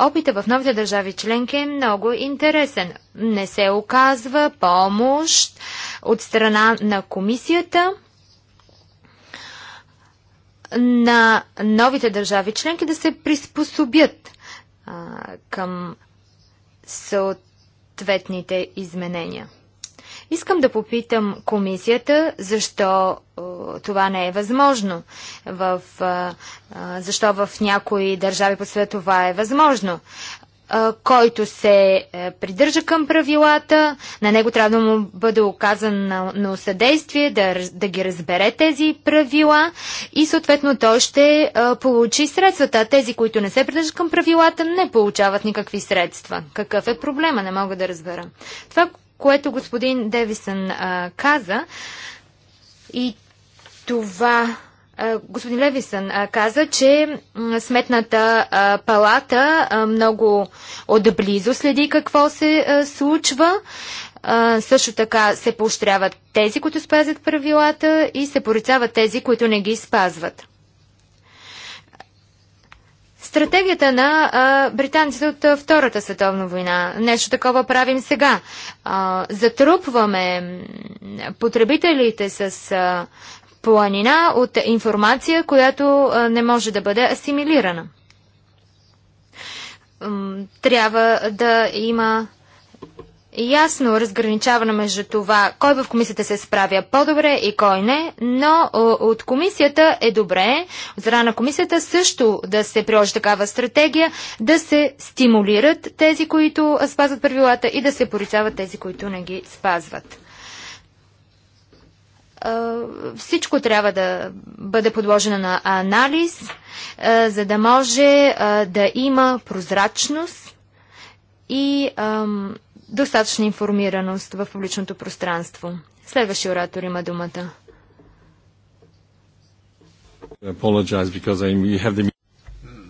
Опита в новите държави членки е много интересен. Не се оказва помощ от страна на комисията – на новите държави членки да се приспособят а, към съответните изменения. Искам да попитам комисията защо това не е възможно. В, защо в някои държави по света това е възможно който се е, придържа към правилата, на него трябва да му бъде оказано на съдействие, да, да ги разбере тези правила и съответно той ще получи средствата. Тези, които не се придържат към правилата, не получават никакви средства. Какъв е проблема? Не мога да разбера. Това, което господин Девисън а, каза и това, Господин Левисън каза, че сметната палата много отблизо следи какво се случва. Също така се поощряват тези, които спазят правилата и се порицават тези, които не ги спазват. Стратегията на британците от Втората световна война. Нещо такова правим сега. затрупваме потребителите с планина от информация, която не може да бъде асимилирана. Трябва да има ясно разграничаване между това, кой в комисията се справя по-добре и кой не, но от комисията е добре, от страна на комисията също да се приложи такава стратегия, да се стимулират тези, които спазват правилата и да се порицават тези, които не ги спазват всичко трябва да бъде подложено на анализ, за да може да има прозрачност и достатъчна информираност в публичното пространство. Следващия оратор има думата.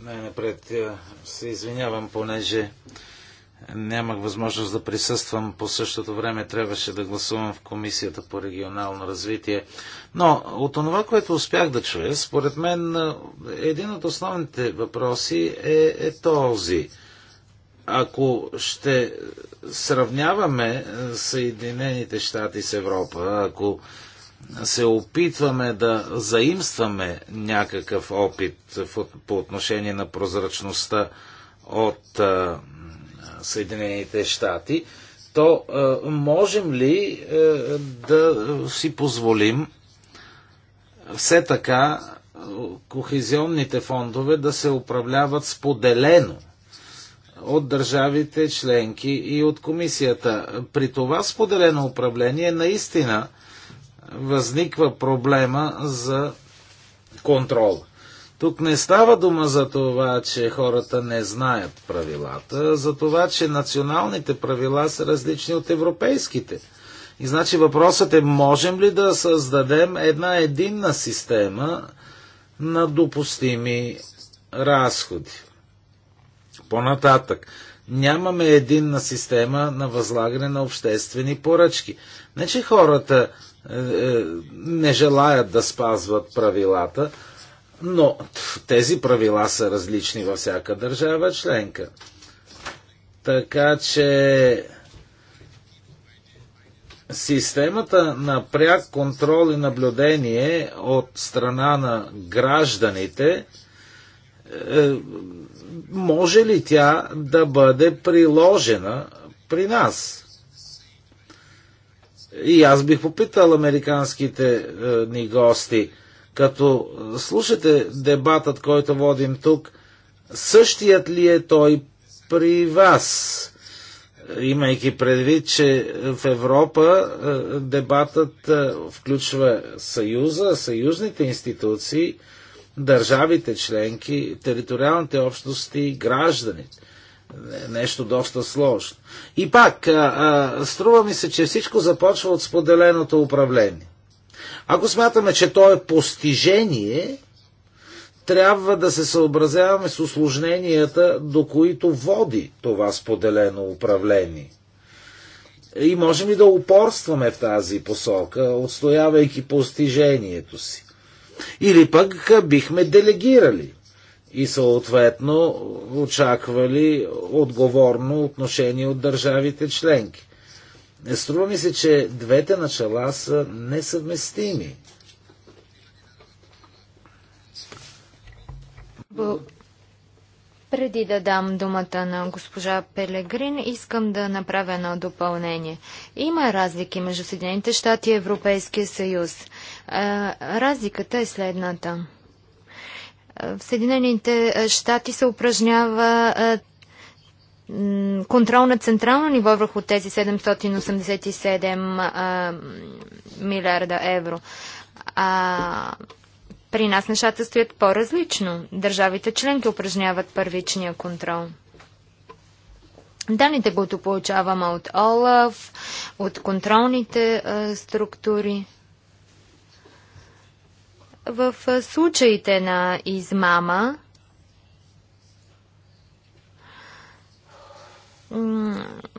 Най-напред се извинявам, понеже Нямах възможност да присъствам. По същото време трябваше да гласувам в Комисията по регионално развитие. Но от това, което успях да чуя, според мен един от основните въпроси е, е този. Ако ще сравняваме Съединените щати с Европа, ако се опитваме да заимстваме някакъв опит по отношение на прозрачността от Съединените щати, то а, е, можем ли а, е, да си позволим все така е, кохезионните фондове да се управляват споделено от държавите членки и от комисията. При това споделено управление наистина възниква проблема за контрола. Тук не става дума за това, че хората не знаят правилата, за това, че националните правила са различни от европейските. И значи въпросът е, можем ли да създадем една единна система на допустими разходи? По-нататък, нямаме единна система на възлагане на обществени поръчки. Не, че хората е, е, не желаят да спазват правилата, но тези правила са различни във всяка държава членка. Така че системата на пряк контрол и наблюдение от страна на гражданите е, може ли тя да бъде приложена при нас? И аз бих попитал американските е, ни гости – като слушате дебатът, който водим тук, същият ли е той при вас? Имайки предвид, че в Европа дебатът включва Съюза, съюзните институции, държавите членки, териториалните общности, гражданите. Нещо доста сложно. И пак, струва ми се, че всичко започва от споделеното управление. Ако смятаме, че то е постижение, трябва да се съобразяваме с осложненията, до които води това споделено управление. И можем и да упорстваме в тази посока, отстоявайки постижението си. Или пък бихме делегирали и съответно очаквали отговорно отношение от държавите членки. Не Струва ми се, че двете начала са несъвместими. Преди да дам думата на госпожа Пелегрин, искам да направя едно допълнение. Има разлики между Съединените щати и Европейския съюз. Е, разликата е следната. Е, в Съединените щати се упражнява е, контрол на централно ниво върху тези 787 а, милиарда евро. А, при нас нещата стоят по-различно. Държавите членки упражняват първичния контрол. Даните, които получаваме от ОЛАВ, от контролните а, структури. В а, случаите на измама,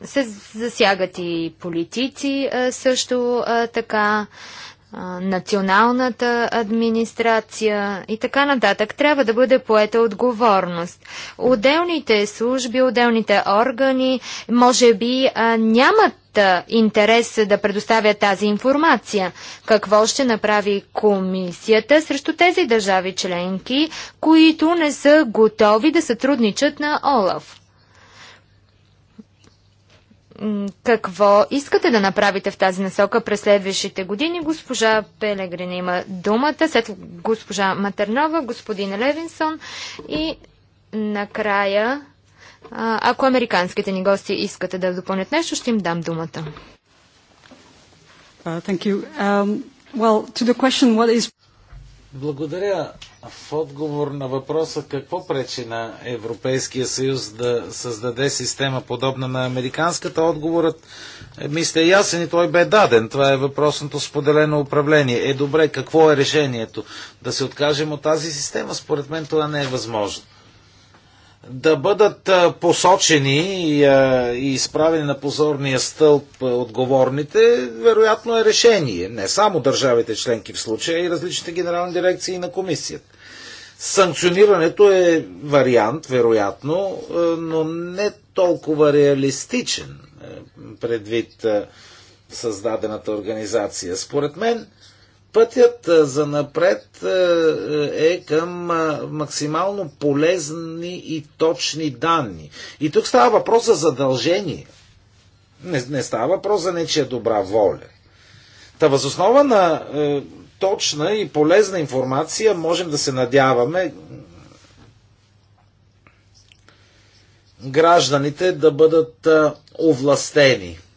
се засягат и политици също така, националната администрация и така нататък. Трябва да бъде поета отговорност. Отделните служби, отделните органи, може би нямат интерес да предоставя тази информация. Какво ще направи комисията срещу тези държави членки, които не са готови да сътрудничат на ОЛАФ? какво искате да направите в тази насока през следващите години? Госпожа Пелегрина има думата, след госпожа Матернова, господин Левинсон и накрая, ако американските ни гости искате да допълнят нещо, ще им дам думата. Uh, um, well, is... Благодаря. В отговор на въпроса какво пречи на Европейския съюз да създаде система подобна на американската, отговорът е, мисля е ясен и той бе даден. Това е въпросното споделено управление. Е добре, какво е решението? Да се откажем от тази система? Според мен това не е възможно да бъдат посочени и изправени на позорния стълб отговорните, вероятно е решение. Не само държавите членки в случая, и различните генерални дирекции на комисията. Санкционирането е вариант, вероятно, но не толкова реалистичен предвид създадената организация. Според мен, Пътят за напред е към максимално полезни и точни данни. И тук става въпрос за задължение. Не, не става въпрос за нечия добра воля. Та възоснова на е, точна и полезна информация можем да се надяваме гражданите да бъдат овластени –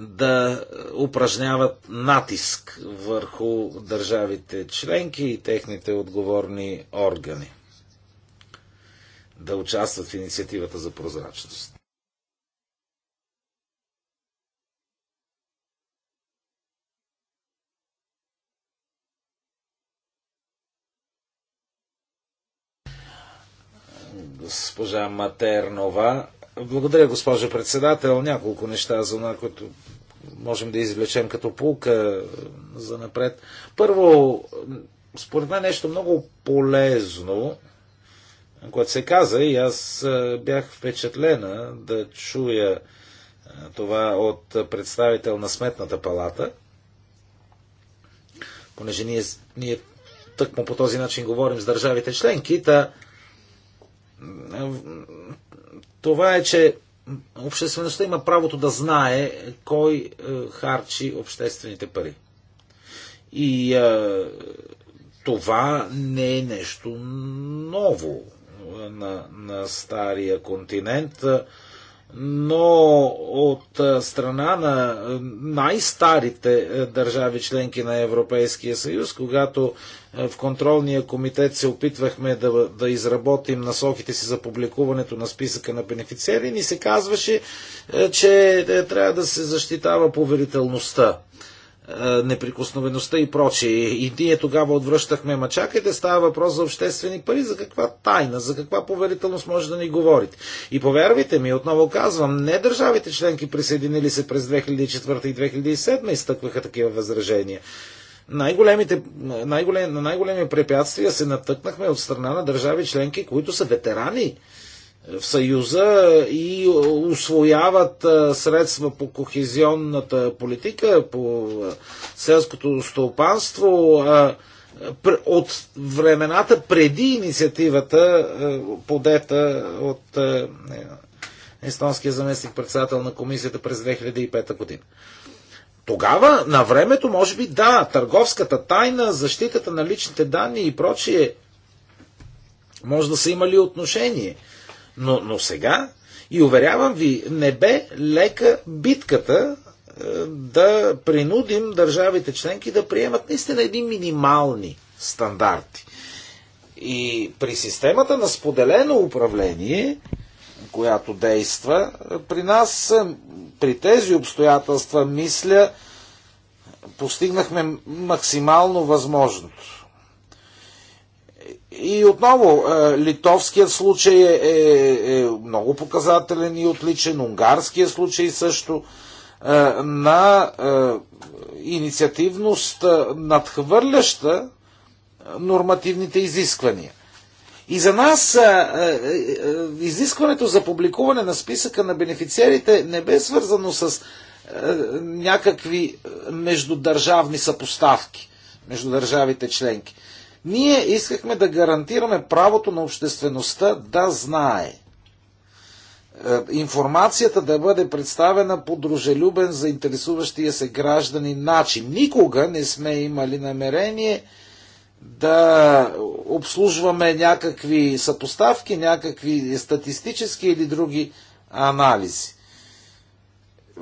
да упражняват натиск върху държавите членки и техните отговорни органи да участват в инициативата за прозрачност. Госпожа Матернова благодаря, госпожа председател. Няколко неща, за това, които можем да извлечем като полка за напред. Първо, според мен нещо много полезно, което се каза и аз бях впечатлена да чуя това от представител на Сметната палата, понеже ние, ние тъкмо по този начин говорим с държавите членки, та това е, че обществеността има правото да знае кой е, харчи обществените пари. И а, е, това не е нещо ново е, на, на стария континент но от страна на най-старите държави членки на Европейския съюз, когато в контролния комитет се опитвахме да, да изработим насоките си за публикуването на списъка на бенефициери, ни се казваше, че е, трябва да се защитава поверителността неприкосновеността и прочие. И ние тогава отвръщахме, ма чакайте, става въпрос за обществени пари, за каква тайна, за каква поверителност може да ни говорите. И повярвайте ми, отново казвам, не държавите членки присъединили се през 2004 и 2007 изтъкваха такива възражения. Най-големите, най на най-големи препятствия се натъкнахме от страна на държави членки, които са ветерани в Съюза и освояват средства по кохезионната политика, по селското стопанство от времената преди инициативата, подета от естонския заместник председател на комисията през 2005 година. Тогава, на времето, може би да, търговската тайна, защитата на личните данни и прочие, може да са имали отношение – но, но сега, и уверявам ви, не бе лека битката е, да принудим държавите членки да приемат наистина едни минимални стандарти. И при системата на споделено управление, която действа, при нас, при тези обстоятелства, мисля, постигнахме максимално възможното. И отново, е, литовският случай е, е, е много показателен и отличен, унгарският случай също е, на е, инициативност е, надхвърляща е, нормативните изисквания. И за нас е, е, изискването за публикуване на списъка на бенефициерите не бе свързано с е, някакви междудържавни съпоставки между държавите членки. Ние искахме да гарантираме правото на обществеността да знае. Е, информацията да бъде представена по дружелюбен за интересуващия се граждани начин. Никога не сме имали намерение да обслужваме някакви съпоставки, някакви статистически или други анализи. Е,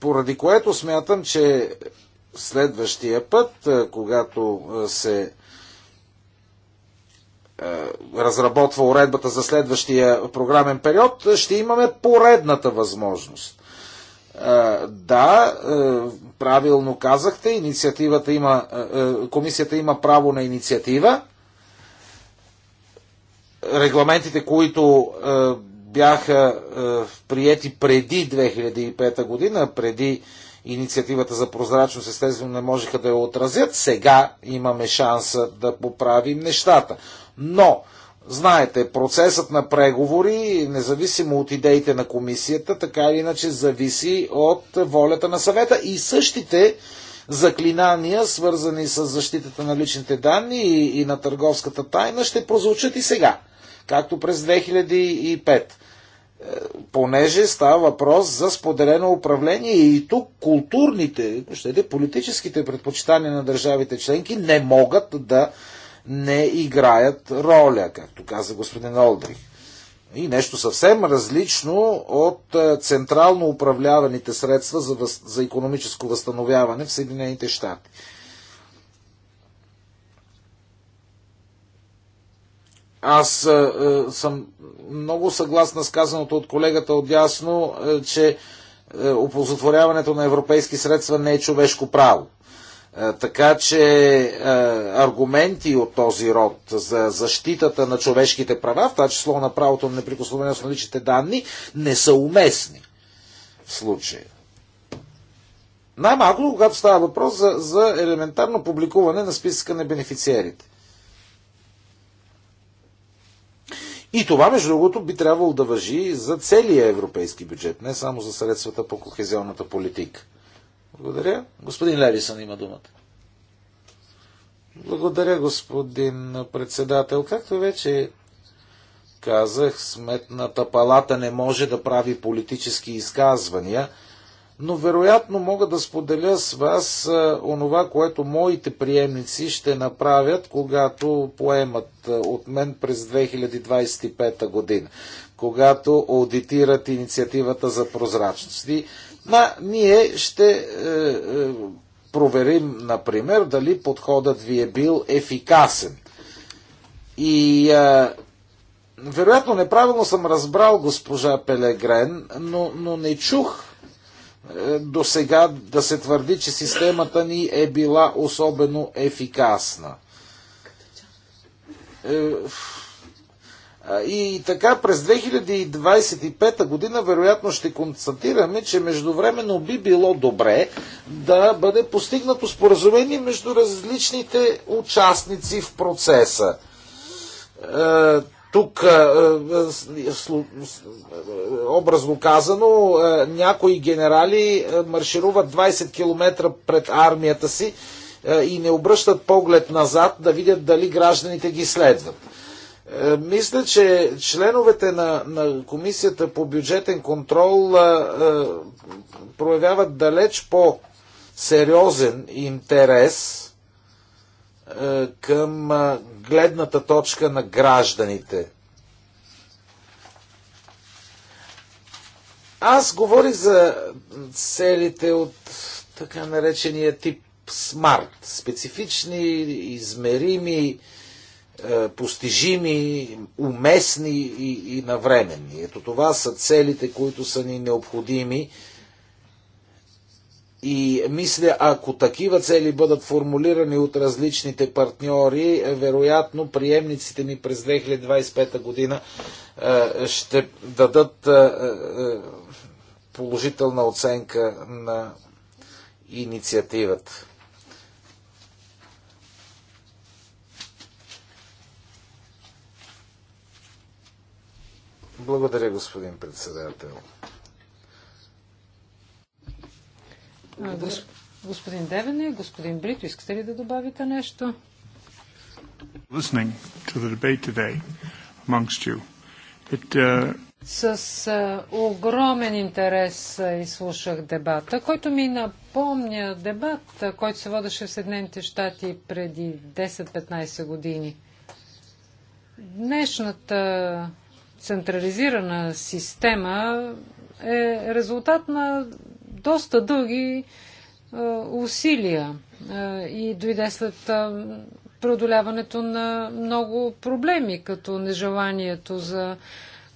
поради което смятам, че следващия път, е, когато се е, разработва уредбата за следващия програмен период, ще имаме поредната възможност. Е, да, е, правилно казахте, инициативата има, комисията има право на инициатива. Регламентите, които бяха приети преди 2005 година, преди инициативата за прозрачност, естествено не можеха да я отразят. Сега имаме шанса да поправим нещата. Но, знаете, процесът на преговори, независимо от идеите на комисията, така или иначе зависи от волята на съвета и същите заклинания, свързани с защитата на личните данни и, и на търговската тайна, ще прозвучат и сега, както през 2005 е, понеже става въпрос за споделено управление и тук културните, ще де, политическите предпочитания на държавите членки не могат да не играят роля, както каза господин Олдрих. И нещо съвсем различно от е, централно управляваните средства за, въз... за економическо възстановяване в Съединените щати. Аз е, е, съм много съгласна с казаното от колегата отясно, е, че е, оползотворяването на европейски средства не е човешко право. Е, така че е, аргументи от този род за защитата на човешките права, в това число на правото на неприкосновеност на личните данни, не са уместни в случая. Най-малко, когато става въпрос за, за елементарно публикуване на списъка на бенефициерите. И това, между другото, би трябвало да въжи за целия европейски бюджет, не само за средствата по кохезионната политика. Благодаря. Господин Левисън има думата. Благодаря, господин председател. Както вече казах, сметната палата не може да прави политически изказвания, но вероятно мога да споделя с вас а, онова, което моите приемници ще направят, когато поемат от мен през 2025 година, когато аудитират инициативата за прозрачност. И Ма, ние ще е, е, проверим, например, дали подходът ви е бил ефикасен. И е, вероятно неправилно съм разбрал госпожа Пелегрен, но, но не чух е, до сега да се твърди, че системата ни е била особено ефикасна. Е, и така през 2025 година вероятно ще констатираме, че междувременно би било добре да бъде постигнато споразумение между различните участници в процеса. Тук, образно казано, някои генерали маршируват 20 км пред армията си и не обръщат поглед назад да видят дали гражданите ги следват. Е, мисля, че членовете на, на Комисията по бюджетен контрол а, е, а, е, проявяват далеч по-сериозен интерес а, към а, гледната точка на гражданите. Аз говорих за целите от така наречения тип смарт, специфични, измерими, а, е, постижими, уместни и, и навременни. Ето това са целите, които са ни необходими. И мисля, ако такива цели бъдат формулирани от различните партньори, е, вероятно приемниците ни през 2025 година е, ще дадат положителна оценка на инициативата. Благодаря, господин председател. Господин Девене, господин Брито, искате ли да добавите нещо? It, uh... С огромен интерес изслушах дебата, който ми напомня дебат, който се водеше в Съединените щати преди 10-15 години. Днешната централизирана система е резултат на доста дълги усилия и дойде след преодоляването на много проблеми, като нежеланието за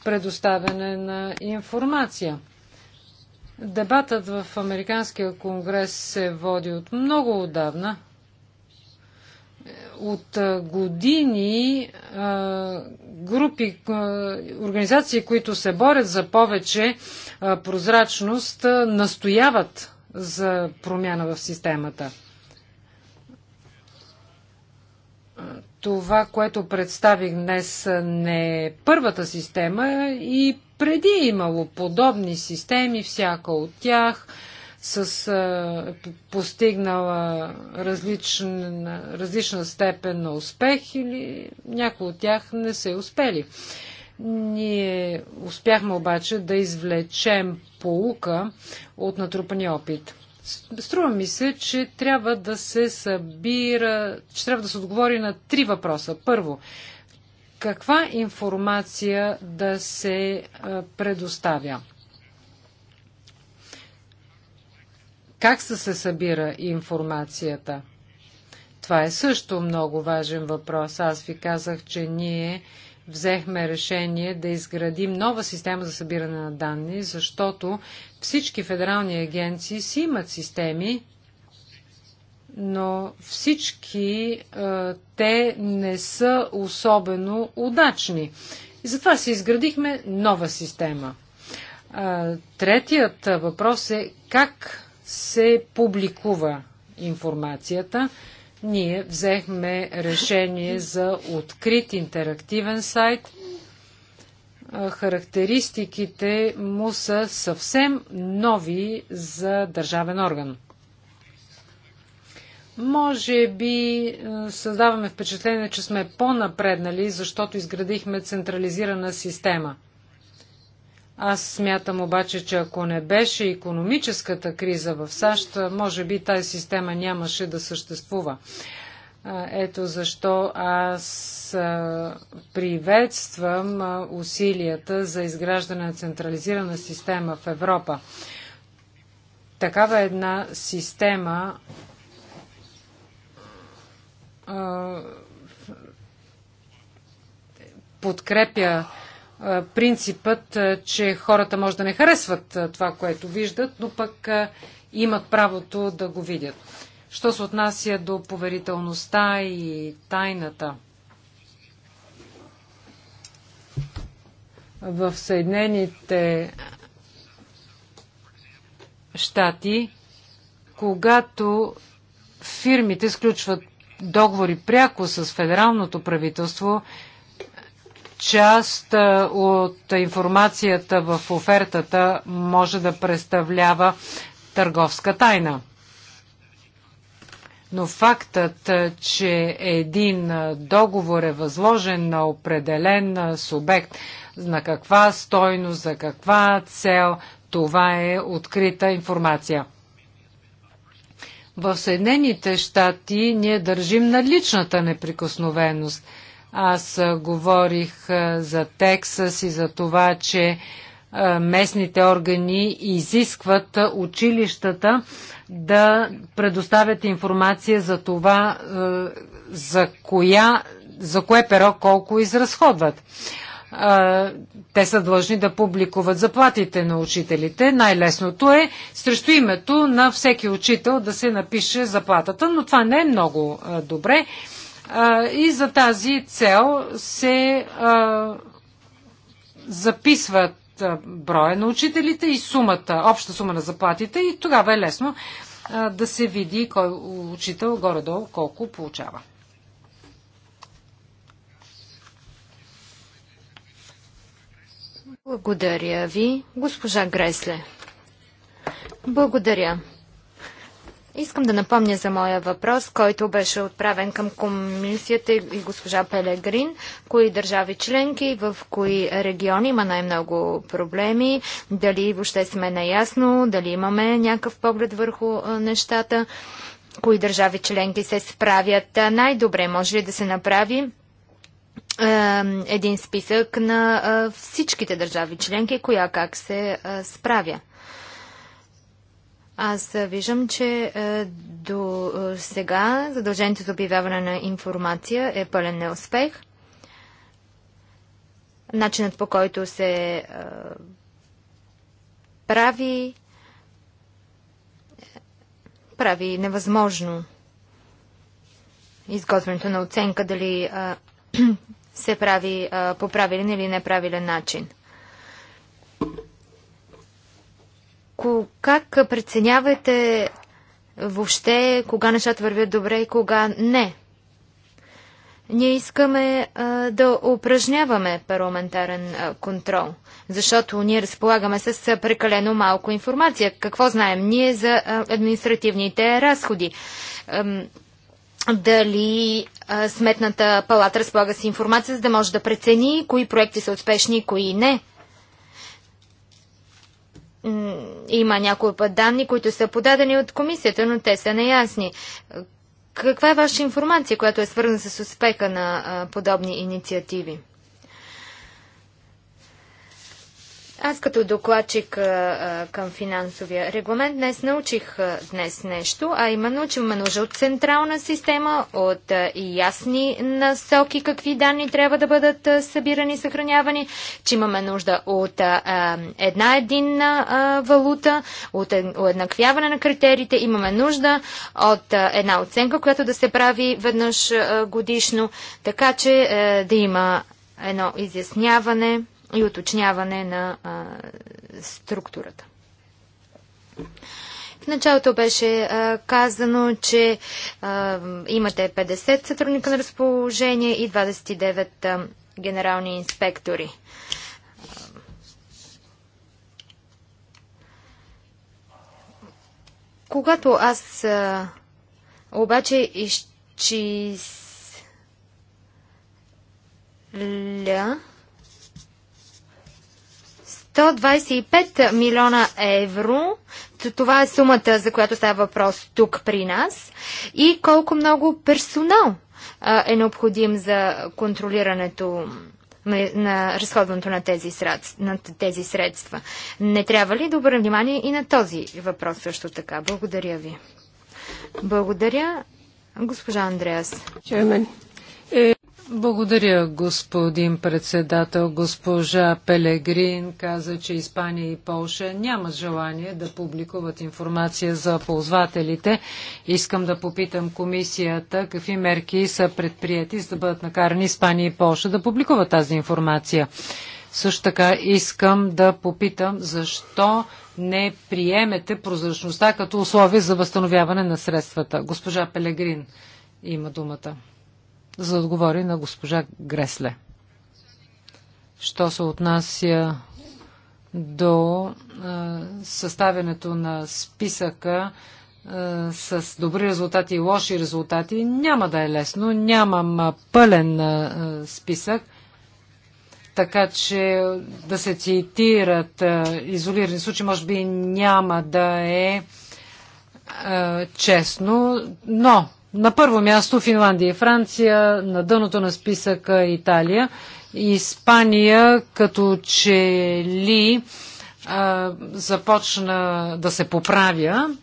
предоставяне на информация. Дебатът в Американския конгрес се води от много отдавна. От години групи, организации, които се борят за повече прозрачност, настояват за промяна в системата. Това, което представих днес, не е първата система и преди е имало подобни системи, всяка от тях – с а, постигнала различна, различна степен на успех или някои от тях не са успели. Ние успяхме обаче да извлечем полука от натрупания опит. Струва ми се, че трябва да се събира, че трябва да се отговори на три въпроса. Първо, каква информация да се предоставя? Как се, се събира информацията? Това е също много важен въпрос. Аз ви казах, че ние взехме решение да изградим нова система за събиране на данни, защото всички федерални агенции си имат системи, но всички те не са особено удачни. И затова си изградихме нова система. третият въпрос е как се публикува информацията. Ние взехме решение за открит интерактивен сайт. Характеристиките му са съвсем нови за държавен орган. Може би създаваме впечатление, че сме по-напреднали, защото изградихме централизирана система – аз смятам обаче, че ако не беше економическата криза в САЩ, може би тази система нямаше да съществува. Ето защо аз приветствам усилията за изграждане на централизирана система в Европа. Такава една система подкрепя принципът, че хората може да не харесват това, което виждат, но пък имат правото да го видят. Що се отнася до поверителността и тайната? В Съединените щати, когато фирмите сключват договори пряко с федералното правителство, част от информацията в офертата може да представлява търговска тайна. Но фактът, че един договор е възложен на определен субект, на каква стойност, за каква цел, това е открита информация. В Съединените щати ние държим на личната неприкосновеност – аз говорих за Тексас и за това, че местните органи изискват училищата да предоставят информация за това, за, коя, за кое перо колко изразходват. Те са длъжни да публикуват заплатите на учителите. Най-лесното е срещу името на всеки учител да се напише заплатата, но това не е много добре. И за тази цел се записват броя на учителите и сумата, обща сума на заплатите и тогава е лесно да се види кой учител горе-долу колко получава. Благодаря ви, госпожа Гресле. Благодаря. Искам да напомня за моя въпрос, който беше отправен към комисията и госпожа Пелегрин. Кои държави членки, в кои региони има най-много проблеми, дали въобще сме наясно, дали имаме някакъв поглед върху нещата, кои държави членки се справят най-добре, може ли да се направи един списък на всичките държави членки, коя как се справя. Аз виждам, че е, до е, сега задължението за обявяване на информация е пълен неуспех. Начинът по който се е, прави прави невъзможно изготвянето на оценка дали [clears throat] се прави по правилен или неправилен начин. Как преценявате въобще кога нещата вървят добре и кога не? Ние искаме а, да упражняваме парламентарен а, контрол, защото ние разполагаме с а, прекалено малко информация. Какво знаем ние за а, административните разходи? Ам, дали а, Сметната палата разполага с информация, за да може да прецени кои проекти са успешни и кои не? има някои път данни, които са подадени от комисията, но те са неясни. Каква е ваша информация, която е свързана с успеха на подобни инициативи? Аз като докладчик а, към финансовия регламент днес научих а, днес нещо, а именно, че имаме нужда от централна система, от а, ясни насоки какви данни трябва да бъдат събирани и съхранявани, че имаме нужда от една единна валута, от уеднаквяване на критериите, имаме нужда от една оценка, която да се прави веднъж годишно, така че е, да има едно изясняване и уточняване на а, структурата. В началото беше а, казано, че а, имате 50 сътрудника на разположение и 29 а, генерални инспектори. Когато аз а, обаче изчисля 125 милиона евро. Това е сумата, за която става въпрос тук при нас. И колко много персонал е необходим за контролирането на, на разходването на тези, на тези средства. Не трябва ли да обърнем внимание и на този въпрос също така? Благодаря ви. Благодаря, госпожа Андреас. Чермен. Благодаря, господин председател. Госпожа Пелегрин каза, че Испания и Полша нямат желание да публикуват информация за ползвателите. Искам да попитам комисията какви мерки са предприяти, за да бъдат накарани Испания и Полша да публикуват тази информация. Също така искам да попитам защо не приемете прозрачността като условие за възстановяване на средствата. Госпожа Пелегрин има думата за да отговори на госпожа Гресле. Що се отнася до а, съставянето на списъка а, с добри резултати и лоши резултати, няма да е лесно. Нямам пълен а, списък така че да се цитират изолирани случаи, може би няма да е, е честно, но на първо място Финландия и Франция, на дъното на списъка Италия. Испания като че ли а, започна да се поправя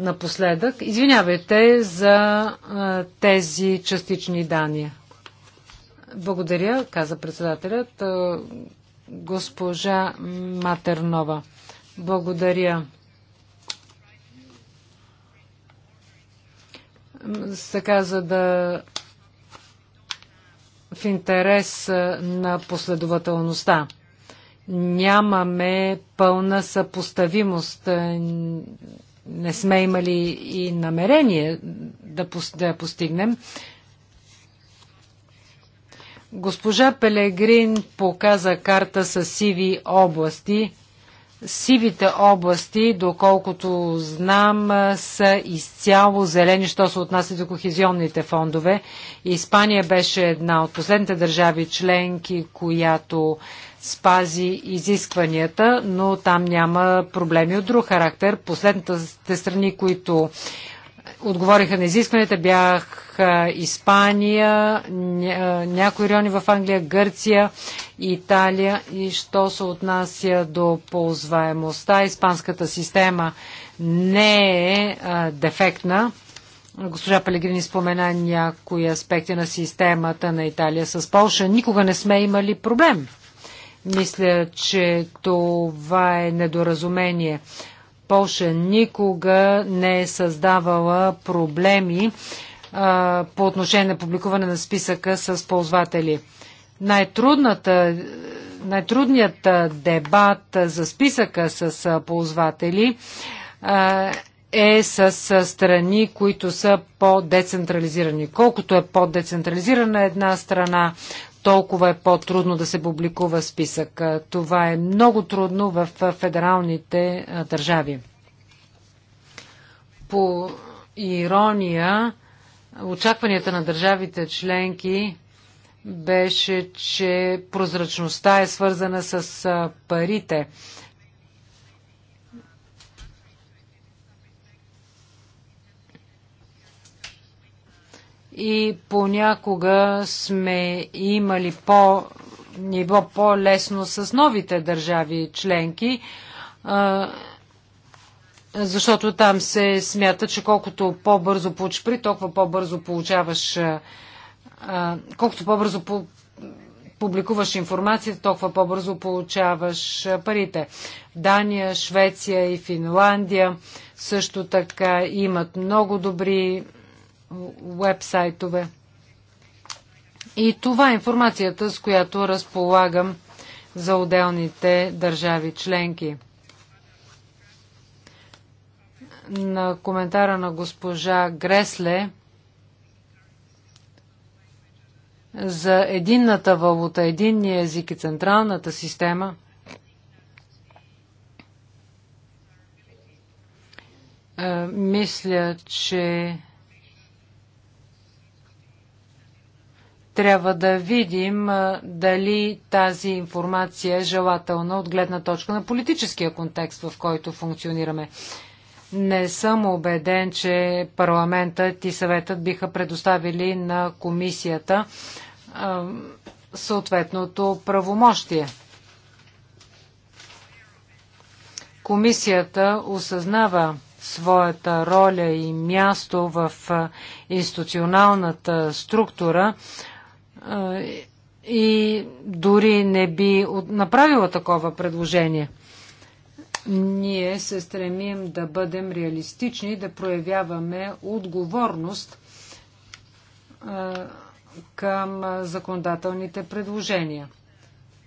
напоследък. Извинявайте за а, тези частични данни. Благодаря, каза председателят. А, госпожа Матернова. Благодаря. така за да в интерес на последователността. Нямаме пълна съпоставимост. Не сме имали и намерение да, да я постигнем. Госпожа Пелегрин показа карта с сиви области Сивите области, доколкото знам, са изцяло зелени, що се отнася до кохезионните фондове. Испания беше една от последните държави членки, която спази изискванията, но там няма проблеми от друг характер. Последните страни, които отговориха на изискванията, бяха Испания, някои райони в Англия, Гърция Италия. И що се отнася до ползваемостта, испанската система не е а, дефектна. Госпожа Пелегрини спомена някои аспекти на системата на Италия с Полша. Никога не сме имали проблем. Мисля, че това е недоразумение. Польша никога не е създавала проблеми а, по отношение на публикуване на списъка с ползватели. Най-трудната, най-трудният дебат за списъка с ползватели а, е с страни, които са по-децентрализирани. Колкото е по-децентрализирана една страна, толкова е по-трудно да се публикува списък. Това е много трудно в федералните държави. По ирония, очакванията на държавите членки беше, че прозрачността е свързана с парите. и понякога сме имали по, ниво по-лесно с новите държави членки, защото там се смята, че колкото по-бързо получиш при, толкова по-бързо получаваш, колкото по-бързо публикуваш информацията, толкова по-бързо получаваш парите. Дания, Швеция и Финландия също така имат много добри вебсайтове. И това е информацията, с която разполагам за отделните държави членки. На коментара на госпожа Гресле за единната валута, единния език и централната система е, мисля, че трябва да видим дали тази информация е желателна от гледна точка на политическия контекст, в който функционираме. Не съм убеден, че парламентът и съветът биха предоставили на комисията съответното правомощие. Комисията осъзнава своята роля и място в институционалната структура, и дори не би направила такова предложение. Ние се стремим да бъдем реалистични, да проявяваме отговорност към законодателните предложения.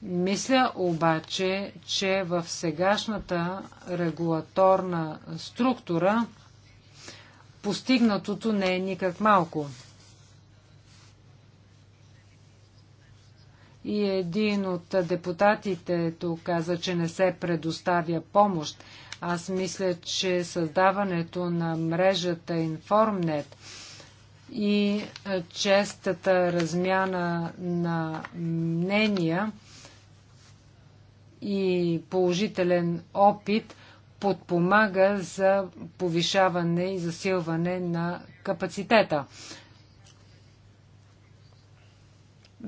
Мисля обаче, че в сегашната регулаторна структура постигнатото не е никак малко. и един от депутатите тук каза, че не се предоставя помощ. Аз мисля, че създаването на мрежата Informnet и е, честата размяна на мнения и положителен опит подпомага за повишаване и засилване на капацитета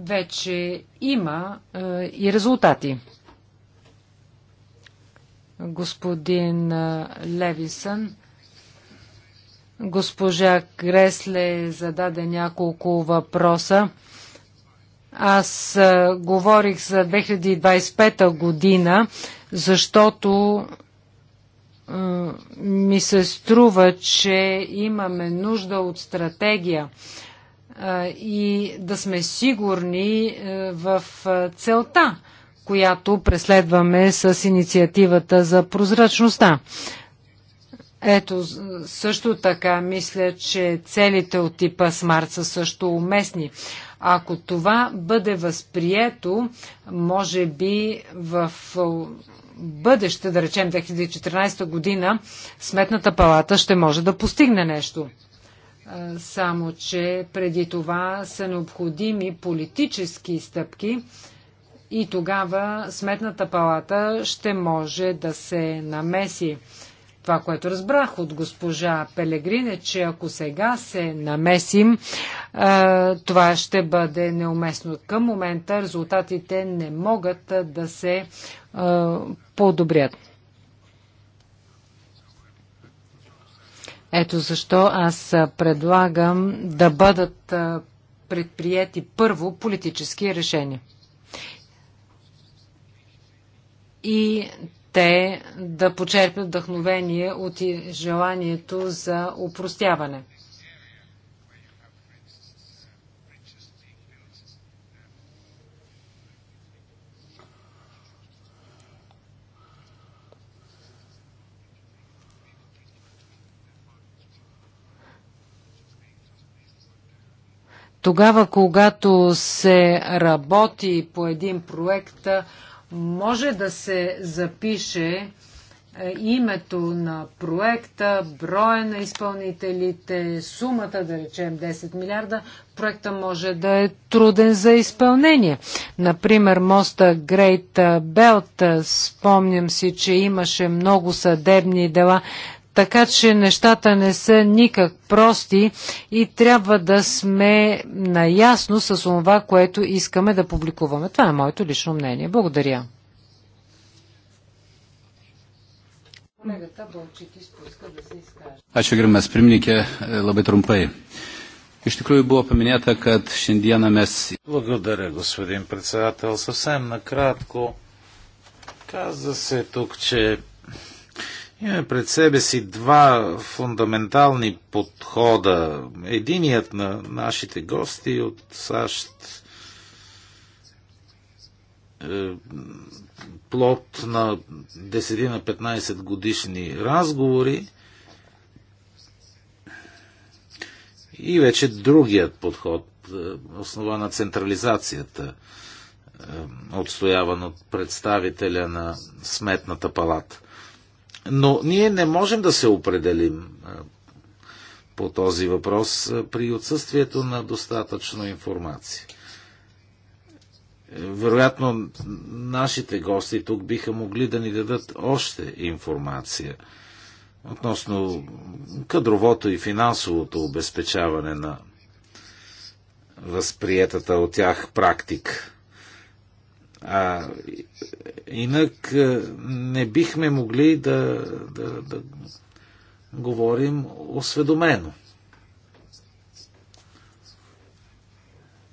вече има е, и резултати. Господин е, Левисън, госпожа Кресле зададе няколко въпроса. Аз е, говорих за 2025 година, защото е, ми се струва, че имаме нужда от стратегия и да сме сигурни е, в целта, която преследваме с инициативата за прозрачността. Ето, също така мисля, че целите от типа смарт са също уместни. Ако това бъде възприето, може би в бъдеще, да речем 2014 година, Сметната палата ще може да постигне нещо. Само, че преди това са необходими политически стъпки и тогава Сметната палата ще може да се намеси. Това, което разбрах от госпожа Пелегрин е, че ако сега се намесим, това ще бъде неуместно. Към момента резултатите не могат да се подобрят. Ето защо аз предлагам да бъдат предприяти първо политически решения. И те да почерпят вдъхновение от желанието за упростяване – Тогава, когато се работи по един проект, може да се запише е, името на проекта, броя на изпълнителите, сумата, да речем 10 милиарда, проекта може да е труден за изпълнение. Например, моста Грейт Белт, спомням си, че имаше много съдебни дела така че нещата не са никак прости и трябва да сме наясно с това, което искаме да публикуваме. Това е моето лично мнение. Благодаря. Ačiū gerbiamas pirmininkė, labai trumpai. Iš tikrųjų buvo paminėta, kad šiandieną mes. Благодаря, господин председател. Съвсем накратко. Каза се тук, че Имаме пред себе си два фундаментални подхода. Единият на нашите гости от САЩ е, плод на 10 на 15 годишни разговори и вече другият подход, е, основа на централизацията, е, отстояван от представителя на Сметната палата. Но ние не можем да се определим по този въпрос при отсъствието на достатъчно информация. Вероятно, нашите гости тук биха могли да ни дадат още информация относно кадровото и финансовото обезпечаване на възприетата от тях практика. А, инак е, не бихме могли да, да, да говорим осведомено.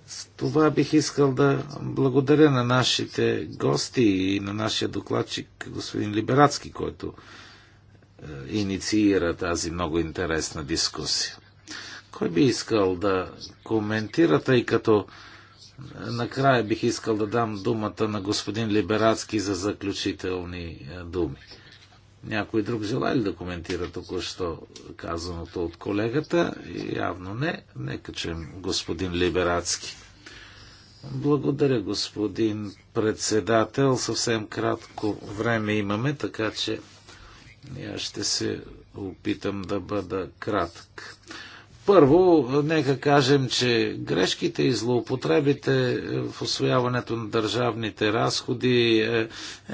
С това бих искал да благодаря на нашите гости и на нашия докладчик господин Либерацки, който е, инициира тази много интересна дискусия. Кой би искал да коментира, тъй като Накрая бих искал да дам думата на господин Либерацки за заключителни е, думи. Някой друг желая ли да коментира току-що казаното от колегата? Явно не. Нека чуем господин Либерацки. Благодаря, господин председател. Съвсем кратко време имаме, така че аз е, ще се опитам да бъда кратък. Първо, нека кажем, че грешките и злоупотребите е, в освояването на държавните разходи е,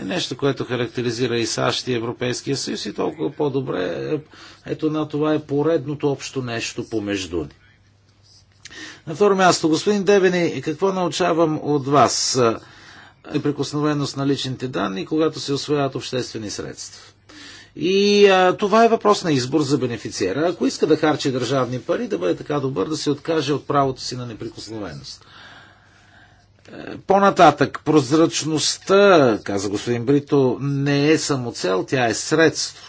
е нещо, което характеризира и САЩ и Европейския съюз и толкова по-добре. Е, ето на това е поредното общо нещо помежду ни. На второ място, господин Девени, какво научавам от вас? Е прикосновеност на личните данни, когато се освояват обществени средства. И а, това е въпрос на избор за бенефициера. Ако иска да харчи държавни пари, да бъде така добър да се откаже от правото си на неприкосновеност. Е, по-нататък, прозрачността, каза господин Брито, не е само цел, тя е средство.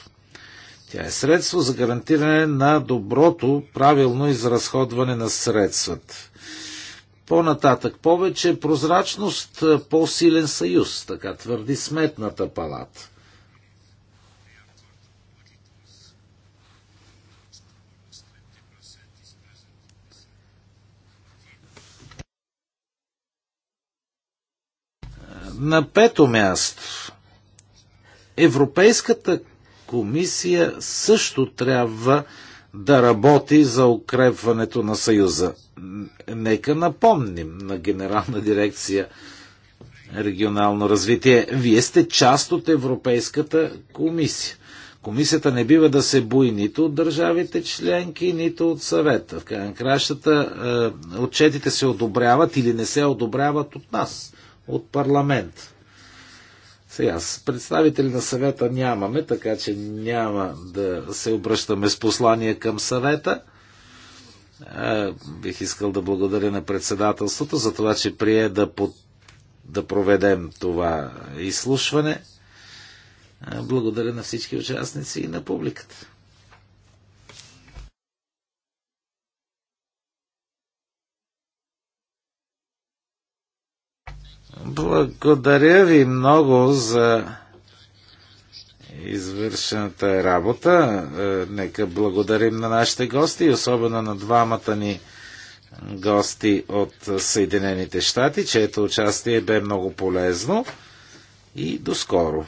Тя е средство за гарантиране на доброто, правилно изразходване на средствата. По-нататък, повече прозрачност, по-силен съюз, така твърди сметната палата. На пето място, Европейската комисия също трябва да работи за укрепването на Съюза. Нека напомним на Генерална дирекция регионално развитие. Вие сте част от Европейската комисия. Комисията не бива да се бои нито от държавите членки, нито от съвета. В крайна кращата е, отчетите се одобряват или не се одобряват от нас от парламент. Сега, с представители на съвета нямаме, така че няма да се обръщаме с послание към съвета. А, е, бих искал да благодаря на председателството за това, че прие да, под... да проведем това изслушване. А, е, благодаря на всички участници и на публиката. Благодаря ви много за извършената работа. Е, нека благодарим на нашите гости, особено на двамата ни гости от Съединените щати, чието участие бе много полезно и до скоро.